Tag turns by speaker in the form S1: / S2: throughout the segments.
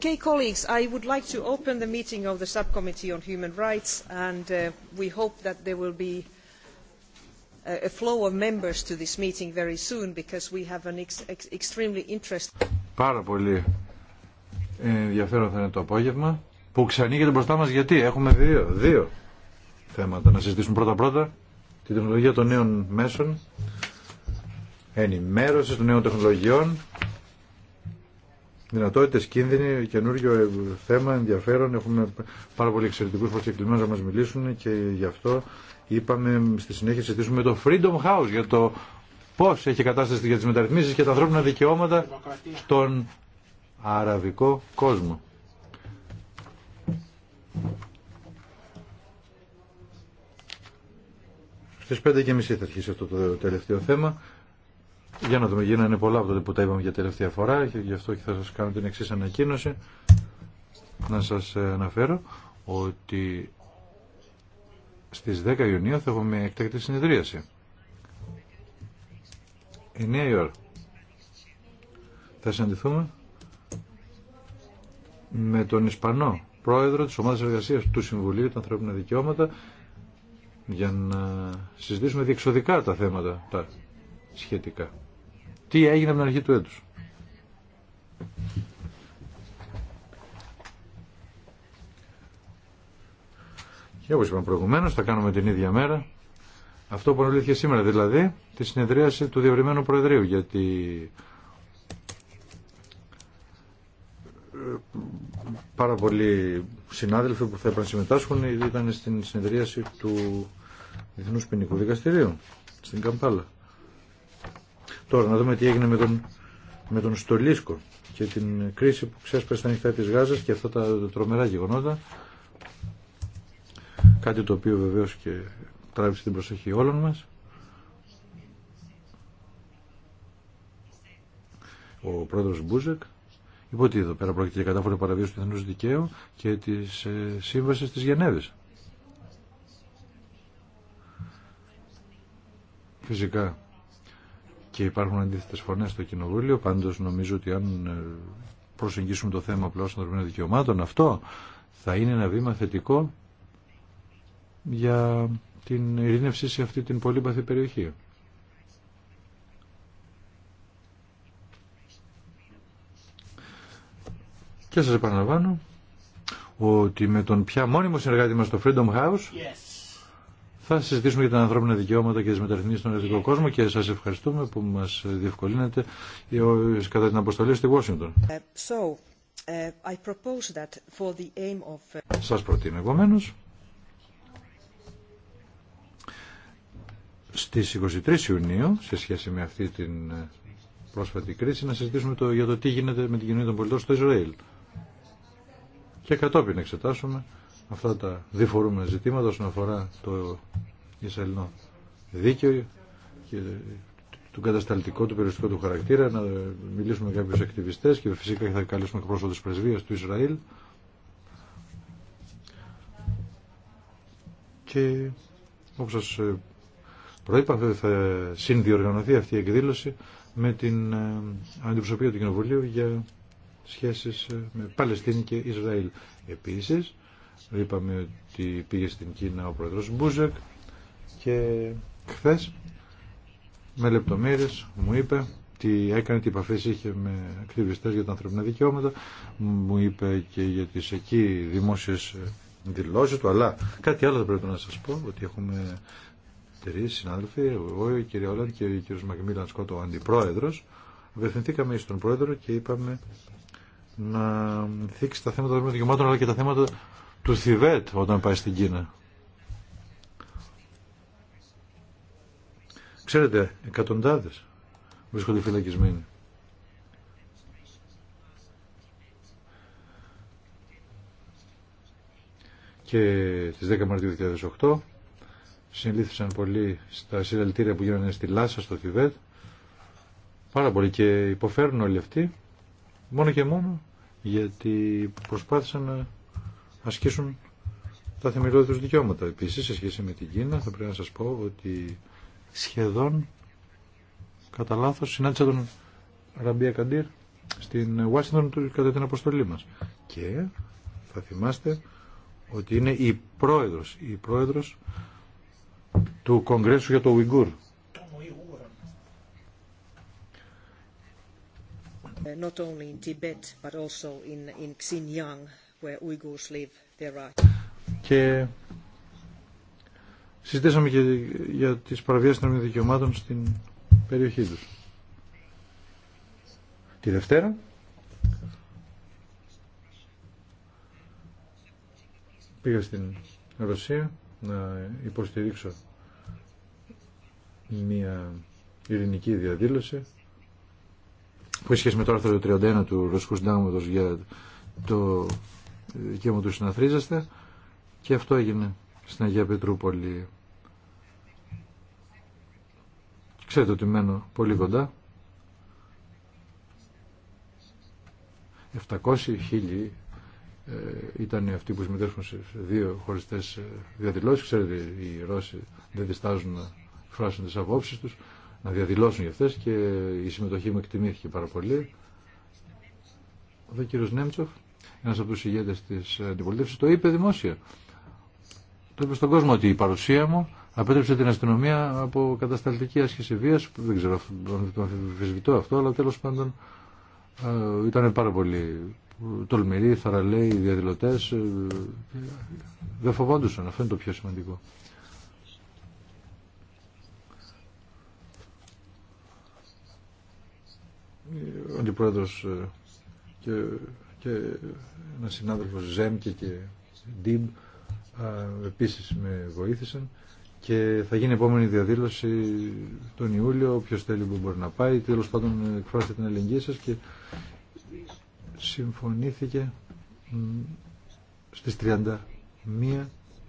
S1: colleagues i would like to open the meeting of the subcommittee on human rights and we hope that there will be a flow of members to this meeting very soon because we have an
S2: Πάρα πολύ ενδιαφέρον το απόγευμα που μπροστά μας γιατί έχουμε δύο, δύο θέματα να συζητήσουμε πρώτα πρώτα την τεχνολογία των νέων μέσων ενημέρωση των νέων τεχνολογιών δυνατότητε, κίνδυνοι, καινούριο θέμα, ενδιαφέρον. Έχουμε πάρα πολύ εξαιρετικού προσκεκλημένου να μα μιλήσουν και γι' αυτό είπαμε στη συνέχεια συζητήσουμε το Freedom House για το πώς έχει κατάσταση για τι μεταρρυθμίσει και τα ανθρώπινα δικαιώματα στον αραβικό κόσμο. Στις 5.30 θα αρχίσει αυτό το τελευταίο θέμα. Για να δούμε, γίνανε πολλά από τότε που τα είπαμε για τελευταία φορά και γι' αυτό και θα σας κάνω την εξή ανακοίνωση. Να σας ε, αναφέρω ότι στις 10 Ιουνίου θα έχουμε εκτακτή συνεδρίαση. 9 η ώρα. Θα συναντηθούμε με τον Ισπανό πρόεδρο της Ομάδας Εργασίας του Συμβουλίου τα Ανθρώπινα Δικαιώματα για να συζητήσουμε διεξοδικά τα θέματα σχετικά. Τι έγινε από την αρχή του έτους. Και όπως είπαμε προηγουμένως, θα κάνουμε την ίδια μέρα αυτό που αναλύθηκε σήμερα, δηλαδή τη συνεδρίαση του διευρυμένου Προεδρείου, γιατί ε, πάρα πολλοί συνάδελφοι που θα έπρεπε να συμμετάσχουν ήταν στην συνεδρίαση του Διεθνούς Ποινικού Δικαστηρίου στην Καμπάλα. Τώρα να δούμε τι έγινε με τον, με τον Στολίσκο και την κρίση που ξέσπασε στα νυχτά της Γάζας και αυτά τα τρομερά γεγονότα. Κάτι το οποίο βεβαίως και τράβησε την προσοχή όλων μας. Ο πρόεδρος Μπούζεκ είπε ότι εδώ πέρα πρόκειται για κατάφορη παραβίαση του εθνούς δικαίου και της ε, σύμβασης της Γενέβης. Φυσικά και υπάρχουν αντίθετε φωνέ στο Κοινοβούλιο. Πάντω νομίζω ότι αν ε, προσεγγίσουμε το θέμα απλώ των δικαιωμάτων, αυτό θα είναι ένα βήμα θετικό για την ειρήνευση σε αυτή την πολύπαθη περιοχή. Και σας επαναλαμβάνω ότι με τον πια μόνιμο συνεργάτη μας στο Freedom House θα συζητήσουμε για τα ανθρώπινα δικαιώματα και τι μεταρρυθμίσει στον ελληνικό κόσμο και σα ευχαριστούμε που μα διευκολύνετε ε, κατά την αποστολή στη Washington. Ε, ε, σα προτείνω επομένω στι 23 Ιουνίου σε σχέση με αυτή την πρόσφατη κρίση να συζητήσουμε το, για το τι γίνεται με την κοινωνία των πολιτών στο Ισραήλ. Και κατόπιν εξετάσουμε αυτά τα διφορούμενα ζητήματα όσον αφορά το Ισραηλινό δίκαιο και του κατασταλτικό, του περιοριστικό του χαρακτήρα, να μιλήσουμε με κάποιους ακτιβιστές και φυσικά θα καλέσουμε εκπρόσωπο της πρεσβείας του Ισραήλ. Και όπως σας ε, προείπα θα συνδιοργανωθεί αυτή η εκδήλωση με την ε, αντιπροσωπεία του Κοινοβουλίου για σχέσεις ε, με Παλαιστίνη και Ισραήλ. Επίσης, Είπαμε ότι πήγε στην Κίνα ο πρόεδρος Μπούζεκ και χθε με λεπτομέρειες μου είπε τι έκανε, τι επαφές είχε με ακτιβιστές για τα ανθρώπινα δικαιώματα, μου είπε και για τις εκεί δημόσιες δηλώσεις του, αλλά κάτι άλλο θα πρέπει να σας πω, ότι έχουμε τρει, συνάδελφοι, εγώ, η κυρία Όλαν και ο κύριος Μακμίλαν Σκότο, ο αντιπρόεδρος, απευθυνθήκαμε στον πρόεδρο και είπαμε να θίξει τα θέματα των δικαιωμάτων αλλά και τα θέματα του Θιβέτ όταν πάει στην Κίνα. Ξέρετε, εκατοντάδες βρίσκονται φυλακισμένοι. Και τις 10 Μαρτίου 2008 συνελήφθησαν πολλοί στα συλλαλητήρια που γίνανε στη Λάσα, στο Θιβέτ. Πάρα πολλοί και υποφέρουν όλοι αυτοί μόνο και μόνο γιατί προσπάθησαν να ασκήσουν τα θεμελιώδη του δικαιώματα. Επίσης, σε σχέση με την Κίνα, θα πρέπει να σας πω ότι σχεδόν, κατά λάθο συνάντησα τον Ραμπία Καντήρ στην Ουάσινγκτον κατά την αποστολή μα. Και θα θυμάστε ότι είναι η πρόεδρος, η πρόεδρος του Κογκρέσου για το Ουιγκούρ.
S1: Not only in Tibet, but also in, in Xinjiang,
S2: και συζητήσαμε και για τις παραβιάσεις των δικαιωμάτων στην περιοχή τους. Τη Δευτέρα πήγα στην Ρωσία να υποστηρίξω μια ειρηνική διαδήλωση που έχει σχέση με το άρθρο 31 του Ρωσικού Συντάγματος για το και μου του συναθρίζεστε και αυτό έγινε στην Αγία Πετρούπολη. Ξέρετε ότι μένω πολύ κοντά. 700.000 ε, ήταν αυτοί που συμμετέχουν σε δύο χωριστές ε, διαδηλώσει. Ξέρετε, οι Ρώσοι δεν διστάζουν να εκφράσουν τις απόψει τους να διαδηλώσουν για αυτές και η συμμετοχή μου εκτιμήθηκε πάρα πολύ. ο κύριος Νέμτσοφ ένα από του ηγέτε τη αντιπολίτευση, το είπε δημόσια. Το είπε στον κόσμο ότι η παρουσία μου απέτρεψε την αστυνομία από κατασταλτική άσκηση Δεν ξέρω αν το αμφισβητώ αυτό, αλλά τέλος πάντων ε, ήταν πάρα πολύ τολμηροί, θαραλέοι οι διαδηλωτές. Ε, δεν φοβόντουσαν. Αυτό είναι το πιο σημαντικό. Ο αντιπρόεδρος ε, και και ένας συνάδελφος Ζέμκε και Ντιμ επίσης με βοήθησαν και θα γίνει η επόμενη διαδήλωση τον Ιούλιο, όποιος θέλει που μπορεί να πάει, τέλος πάντων εκφράστε την αλληλεγγύη σα και συμφωνήθηκε στις 31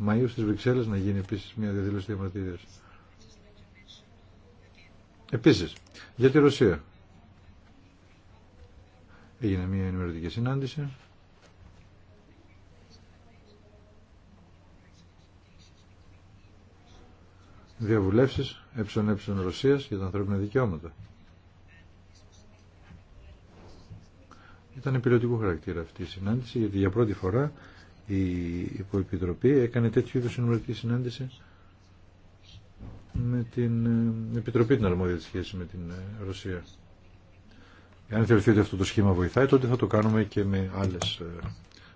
S2: Μαΐου στις Βρυξέλλες να γίνει επίσης μια διαδήλωση διαμαρτυρία. Επίσης, για τη Ρωσία. Έγινε μια ενημερωτική συνάντηση. Διαβουλεύσεις έψον Ρωσίας για τα ανθρώπινα δικαιώματα. Ήταν πιλωτικού χαρακτήρα αυτή η συνάντηση, γιατί για πρώτη φορά η υποεπιτροπή έκανε τέτοιου είδους ενημερωτική συνάντηση με την ε, Επιτροπή την Αρμόδια τη σχέση με την ε, Ρωσία. Εάν θεωρηθεί ότι αυτό το σχήμα βοηθάει, τότε θα το κάνουμε και με άλλες ε,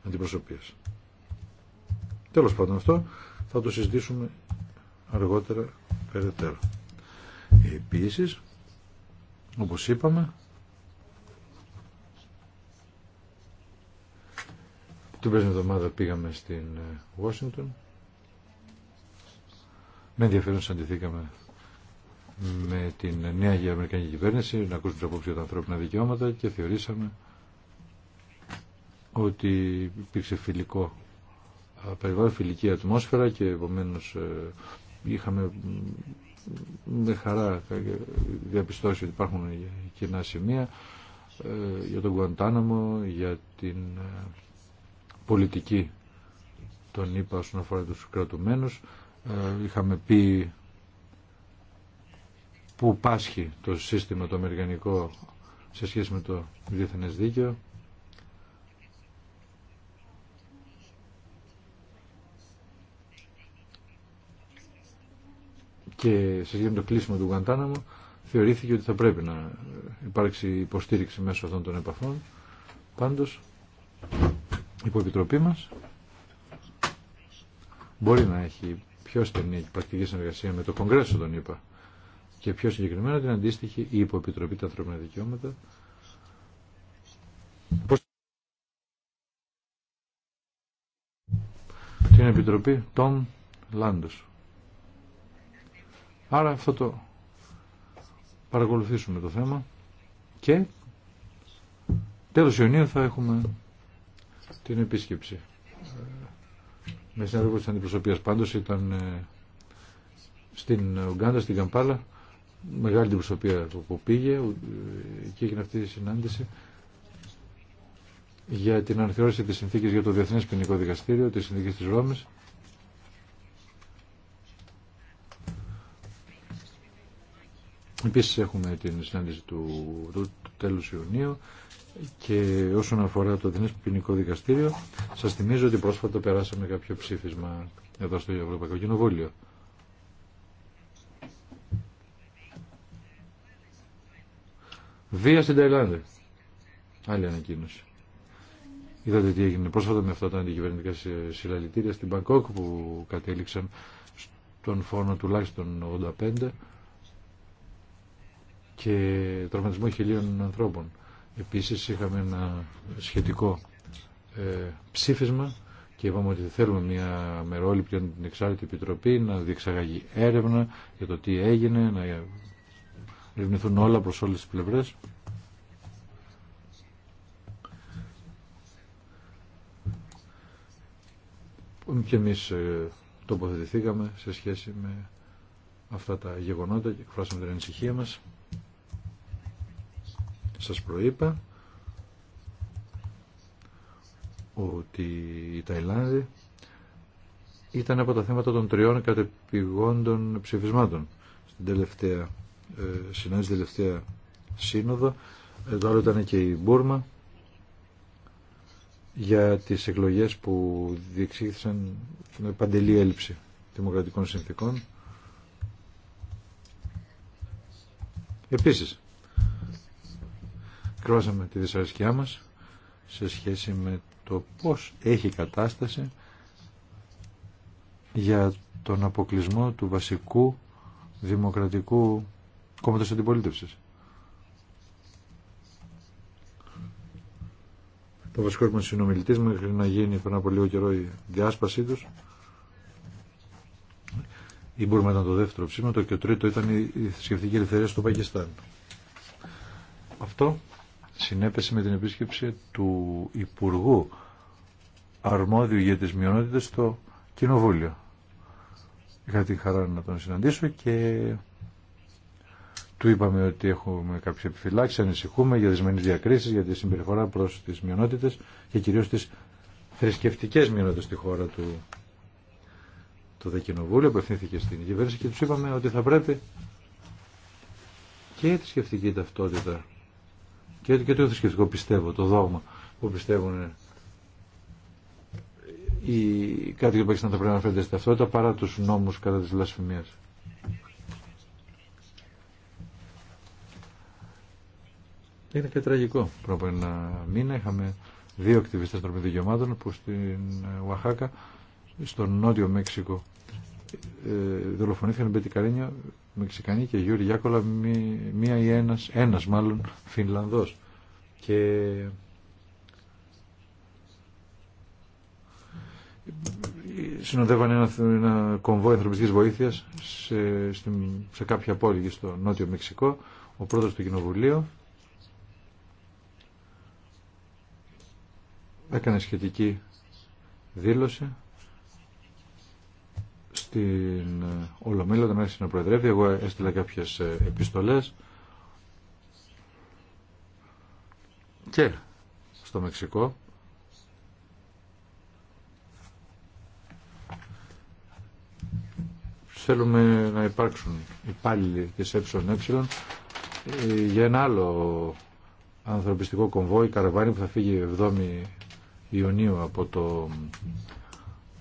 S2: αντιπροσωπείε. Τέλος πάντων αυτό θα το συζητήσουμε αργότερα περαιτέρω. Επίσης, όπως είπαμε, την πρώτη εβδομάδα πήγαμε στην Ουάσιγκτον. Ε, με ενδιαφέρον συναντηθήκαμε με την νέα Αμερικανική κυβέρνηση να ακούσουμε τις απόψεις για τα ανθρώπινα δικαιώματα και θεωρήσαμε ότι υπήρξε φιλικό περιβάλλον, φιλική ατμόσφαιρα και επομένω ε, είχαμε με χαρά ε, διαπιστώσει ότι υπάρχουν κοινά σημεία ε, για τον Κουαντάναμο, για την πολιτική των ΗΠΑ όσον αφορά τους κρατουμένους. Είχαμε πει που πάσχει το σύστημα το αμερικανικό σε σχέση με το διεθνές δίκαιο. Και σε σχέση με το κλείσιμο του Γουαντάναμου θεωρήθηκε ότι θα πρέπει να υπάρξει υποστήριξη μέσω αυτών των επαφών. Πάντως, η επιτροπή μας μπορεί να έχει πιο στενή πρακτική συνεργασία με το Κογκρέσο, τον είπα και πιο συγκεκριμένα την αντίστοιχη η Υποεπιτροπή τα Ανθρώπινα Δικαιώματα. Την Επιτροπή των Λάντος. Άρα αυτό το παρακολουθήσουμε το θέμα και τέλος Ιουνίου θα έχουμε την επίσκεψη. Με συνάδελφο της αντιπροσωπείας πάντως ήταν ε, στην Ουγγάντα, στην Καμπάλα μεγάλη την προσωπία που πήγε και έγινε αυτή η συνάντηση για την αναθεώρηση της συνθήκης για το Διεθνές Ποινικό Δικαστήριο, της συνθήκης της Ρώμης. Επίσης έχουμε την συνάντηση του, του τέλους Ιουνίου και όσον αφορά το Διεθνές Ποινικό Δικαστήριο σας θυμίζω ότι πρόσφατα περάσαμε κάποιο ψήφισμα εδώ στο Ευρωπαϊκό Κοινοβούλιο. Βία στην Ταϊλάνδη. Άλλη ανακοίνωση. Είδατε τι έγινε πρόσφατα με αυτά τα αντικυβερνητικά συλλαλητήρια στην Μπαγκόκ που κατέληξαν στον φόνο τουλάχιστον 85 και τραυματισμό χιλίων ανθρώπων. Επίσης είχαμε ένα σχετικό ε, ψήφισμα και είπαμε ότι θέλουμε μια μερόληπτη ανεξάρτητη επιτροπή να διεξαγαγεί έρευνα για το τι έγινε, ερευνηθούν όλα προς όλες τις πλευρές. Και εμείς ε, τοποθετηθήκαμε σε σχέση με αυτά τα γεγονότα και εκφράσαμε την ανησυχία μας. Σας προείπα ότι η Ταϊλάνδη ήταν από τα θέματα των τριών κατεπηγόντων ψηφισμάτων στην τελευταία ε, συνάντηση τελευταία σύνοδο. Το άλλο ήταν και η Μπούρμα για τις εκλογές που διεξήχθησαν με παντελή έλλειψη δημοκρατικών συνθήκων. Επίσης, κρόσαμε τη δυσαρεσκιά μας σε σχέση με το πώς έχει κατάσταση για τον αποκλεισμό του βασικού δημοκρατικού κόμματος αντιπολίτευση. Το βασικό μας συνομιλητής μέχρι να γίνει πριν από λίγο καιρό η διάσπασή τους ή μπορούμε ήταν το δεύτερο ψήματο και το τρίτο ήταν η θρησκευτική ελευθερία στο Πακιστάν. Αυτό συνέπεσε με την επίσκεψη του Υπουργού Αρμόδιου για τις Μειονότητες στο Κοινοβούλιο. Είχα την χαρά να τον συναντήσω και του είπαμε ότι έχουμε κάποιε επιφυλάξει, ανησυχούμε για δεσμενεί διακρίσει, για τη συμπεριφορά προ τι μειονότητε και κυρίω τι θρησκευτικέ μειονότητε στη χώρα του. Το Δεκοινοβούλιο απευθύνθηκε στην κυβέρνηση και του είπαμε ότι θα πρέπει και η θρησκευτική ταυτότητα και, το θρησκευτικό πιστεύω, το δόγμα που πιστεύουν οι κάτοικοι του Πακιστάν τα πρέπει να φέρνουν ταυτότητα παρά του νόμου κατά τη βλασφημίας. Είναι και τραγικό. Πριν ένα μήνα είχαμε δύο ακτιβιστές των δικαιωμάτων που στην Οαχάκα, ε, στο νότιο Μέξικο, ε, δολοφονήθηκαν Καρίνιο, Μεξικανή και Γιούρι Γιάκολα, μία ή ένας, ένας μάλλον, Φινλανδός. Και συνοδεύαν ένα, ένα κομβό ανθρωπιστικής βοήθειας σε, σε κάποια πόλη στο νότιο Μεξικό, ο πρόεδρος του Κοινοβουλίου έκανε σχετική δήλωση στην Ολομέλεια όταν άρχισε να προεδρεύει. Εγώ έστειλα κάποιες ε, επιστολές και στο Μεξικό θέλουμε να υπάρξουν υπάλληλοι της ΕΕ για ένα άλλο ανθρωπιστικό κομβόι, Καραβάνη που θα φύγει 7η Ιουνίου από το,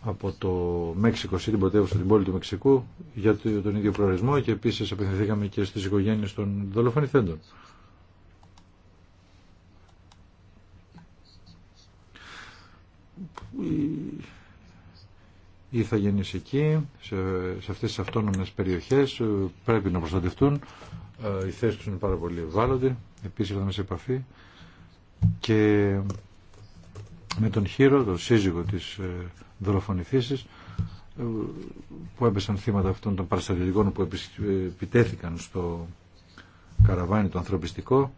S2: από το Μέξικο City, την πρωτεύουσα την πόλη του Μεξικού, για τον ίδιο προορισμό και επίσης απευθυνθήκαμε και στις οικογένειες των δολοφονηθέντων. Οι ηθαγενείς εκεί, σε, σε αυτές τις αυτόνομες περιοχές, πρέπει να προστατευτούν. Ε, οι θέσεις τους είναι πάρα πολύ ευάλωτοι. Επίσης, ήρθαμε σε επαφή και με τον Χείρο, τον σύζυγο της ε, δολοφονηθήσης ε, που έπεσαν θύματα αυτών των παραστατητικών που ε, επιτέθηκαν στο καραβάνι το ανθρωπιστικό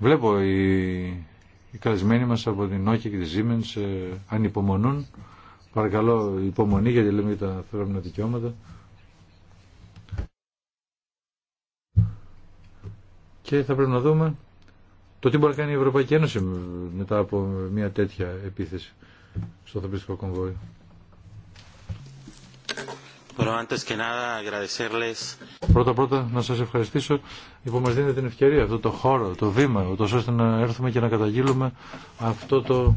S2: Βλέπω οι, οι καλεσμένοι μας από την Νόκια και τη Siemens ανυπομονούν. Παρακαλώ υπομονή γιατί λέμε για τα ανθρώπινα δικαιώματα. και θα πρέπει να δούμε το τι μπορεί να κάνει η Ευρωπαϊκή Ένωση μετά από μια τέτοια επίθεση στο ανθρωπιστικό κομβολιο Πρώτα πρώτα να σας ευχαριστήσω που μας δίνετε την ευκαιρία, αυτό το χώρο, το βήμα, ούτως ώστε να έρθουμε και να καταγγείλουμε αυτό το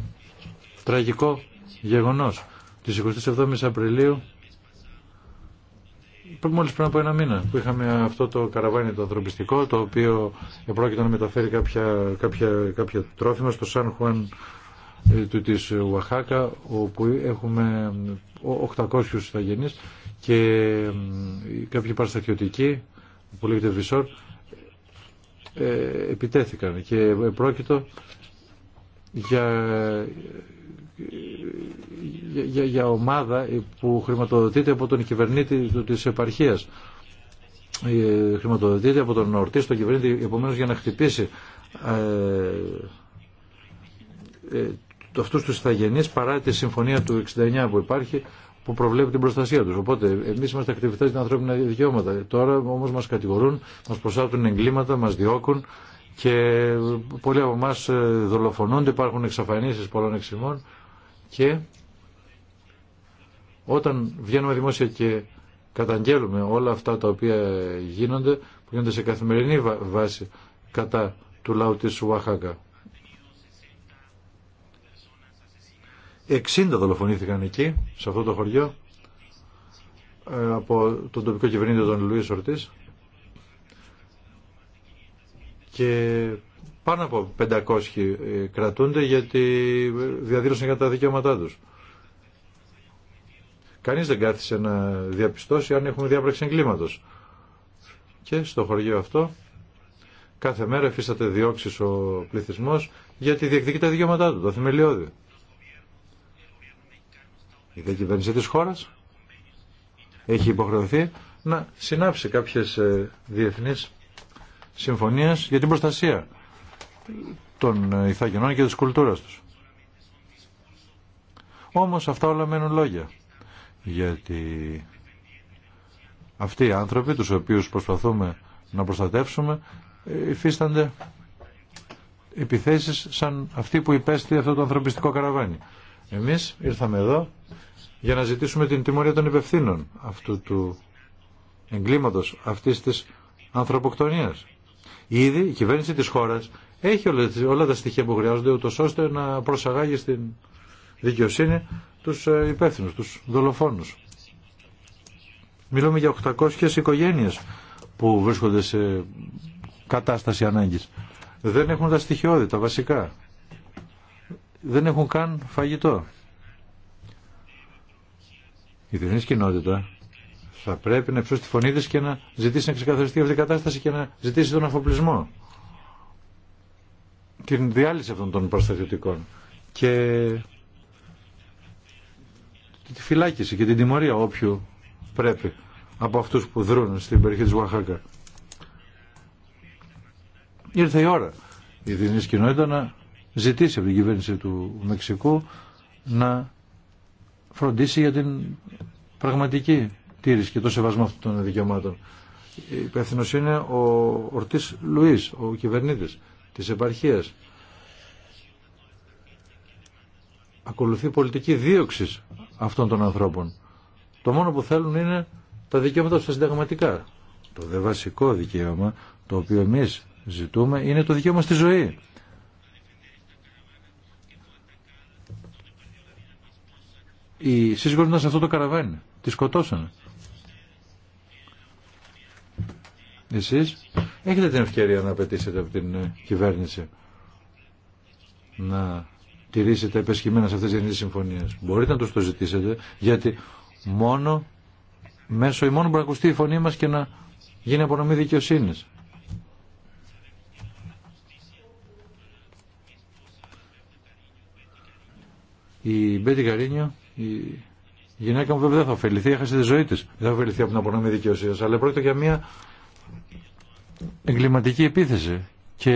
S2: τραγικό γεγονός της 27 Απριλίου μόλις πριν από ένα μήνα που είχαμε αυτό το καραβάνι το ανθρωπιστικό το οποίο επρόκειτο να μεταφέρει κάποια, κάποια, κάποια τρόφιμα στο Σαν Χουάν ε, του της Ουαχάκα όπου έχουμε 800 ε, ηθαγενείς και ε, κάποιοι παραστατιωτικοί που λέγεται Βισόρ επιτέθηκαν και επρόκειτο για ε, για, για ομάδα που χρηματοδοτείται από τον κυβερνήτη της επαρχίας ε, χρηματοδοτείται από τον ορτή στον κυβερνήτη επομένως για να χτυπήσει ε, ε, αυτούς τους ηθαγενείς παρά τη συμφωνία του 69 που υπάρχει που προβλέπει την προστασία τους. Οπότε εμείς είμαστε ακτιβιστέ για τα ανθρώπινα δικαιώματα. Τώρα όμως μας κατηγορούν, μας προσάπτουν εγκλήματα, μας διώκουν και πολλοί από εμά ε, δολοφονούνται, υπάρχουν εξαφανίσεις πολλών εξημών και όταν βγαίνουμε δημόσια και καταγγέλουμε όλα αυτά τα οποία γίνονται, που γίνονται σε καθημερινή βάση κατά του λαού της Ουαχάκα. εξήντα δολοφονήθηκαν εκεί, σε αυτό το χωριό, ε, από τον τοπικό κυβερνήτη τον Λουίς Ορτής και πάνω από 500 ε, κρατούνται γιατί ε, διαδήλωσαν για τα δικαιώματά τους. Κανείς δεν κάθισε να διαπιστώσει αν έχουμε διάπραξη εγκλήματος. Και στο χωριό αυτό κάθε μέρα εφίσταται διώξεις ο πληθυσμός γιατί διεκδικεί τα δικαιώματά του, το θεμελιώδη. Η δε κυβέρνηση της χώρας έχει υποχρεωθεί να συνάψει κάποιες ε, διεθνείς συμφωνίες για την προστασία των Ιθαγενών και της κουλτούρας τους. Όμως αυτά όλα μένουν λόγια. Γιατί αυτοί οι άνθρωποι, τους οποίους προσπαθούμε να προστατεύσουμε, υφίστανται επιθέσεις σαν αυτοί που υπέστη αυτό το ανθρωπιστικό καραβάνι. Εμείς ήρθαμε εδώ για να ζητήσουμε την τιμωρία των υπευθύνων αυτού του εγκλήματος, αυτής της ανθρωποκτονίας. Ήδη η κυβέρνηση της χώρας έχει όλα, τα στοιχεία που χρειάζονται ούτως ώστε να προσαγάγει στην δικαιοσύνη τους ε, υπεύθυνους, τους δολοφόνους. Μιλούμε για 800 οικογένειες που βρίσκονται σε κατάσταση ανάγκης. Δεν έχουν τα στοιχειώδη, τα βασικά. Δεν έχουν καν φαγητό. Η διεθνής κοινότητα θα πρέπει να υψώσει τη φωνή της και να ζητήσει να ξεκαθαριστεί αυτή η κατάσταση και να ζητήσει τον αφοπλισμό την διάλυση αυτών των προστατευτικών και τη φυλάκιση και την τιμωρία όποιου πρέπει από αυτούς που δρούν στην περιοχή της Οαχάκα. Ήρθε η ώρα η διεθνής κοινότητα να ζητήσει από την κυβέρνηση του Μεξικού να φροντίσει για την πραγματική τήρηση και το σεβασμό αυτών των δικαιωμάτων. Υπεύθυνο είναι ο Ορτής Λουής, ο κυβερνήτης της επαρχίας. Ακολουθεί πολιτική δίωξη αυτών των ανθρώπων. Το μόνο που θέλουν είναι τα δικαιώματα στα συνταγματικά. Το δε βασικό δικαίωμα το οποίο εμείς ζητούμε είναι το δικαίωμα στη ζωή. οι σύζυγος ήταν σε αυτό το καραβάνι. Τη σκοτώσανε. εσείς έχετε την ευκαιρία να απαιτήσετε από την ε, κυβέρνηση να τηρήσετε επεσχημένα σε αυτές τις διεθνείς συμφωνίες. Μπορείτε να τους το ζητήσετε γιατί μόνο μέσω ή μόνο μπορεί να ακουστεί η φωνή μας και να γίνει απονομή δικαιοσύνη. Η Μπέτη Καρίνιο, η γυναίκα μου βέβαια θα ωφεληθεί, έχασε τη ζωή της. Δεν θα ωφεληθεί από την απονομή δικαιοσύνη, αλλά πρόκειται για μια εγκληματική επίθεση και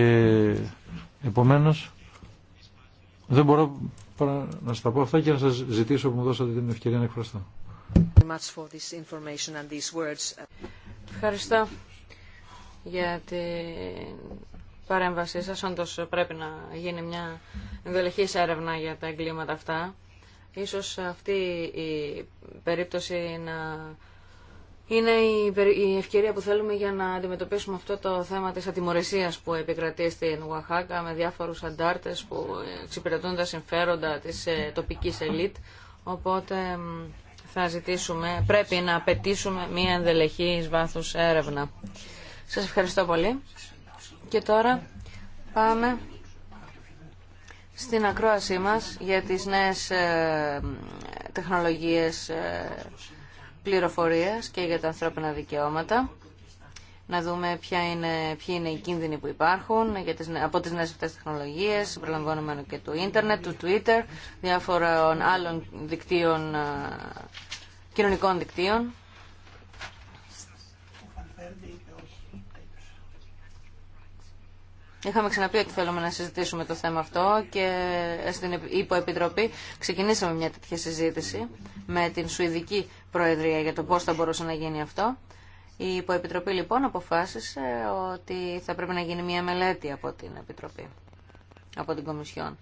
S2: επομένως δεν μπορώ παρά να τα πω αυτά και να σας ζητήσω που μου δώσατε την ευκαιρία να εκφραστώ.
S1: Ευχαριστώ για την
S3: παρέμβασή σας. Όντως πρέπει να γίνει μια ενδελεχής έρευνα για τα εγκλήματα αυτά. Ίσως αυτή η περίπτωση να είναι η ευκαιρία που θέλουμε για να αντιμετωπίσουμε αυτό το θέμα της ατιμορρησίας που επικρατεί στην Ουαχάκα με διάφορους αντάρτες που εξυπηρετούν τα συμφέροντα της ε, τοπικής ελίτ. Οπότε θα ζητήσουμε, πρέπει να απαιτήσουμε μία ενδελεχή εις βάθους έρευνα. Σας ευχαριστώ πολύ. Και τώρα πάμε στην ακρόασή μας για τις νέες ε, τεχνολογίες ε, πληροφορίας και για τα ανθρώπινα δικαιώματα. Να δούμε ποια είναι, ποιοι είναι οι κίνδυνοι που υπάρχουν για τις, από τις νέες αυτές τεχνολογίες, προλαμβάνωμένο και του ίντερνετ, του Twitter, διάφορων άλλων δικτύων, ε, κοινωνικών δικτύων. Είχαμε ξαναπεί ότι θέλουμε να συζητήσουμε το θέμα αυτό και στην υποεπιτροπή ξεκινήσαμε μια τέτοια συζήτηση με την Σουηδική Προεδρία για το πώς θα μπορούσε να γίνει αυτό. Η υποεπιτροπή λοιπόν αποφάσισε ότι θα πρέπει να γίνει μια μελέτη από την Επιτροπή, από την Κομισιόν.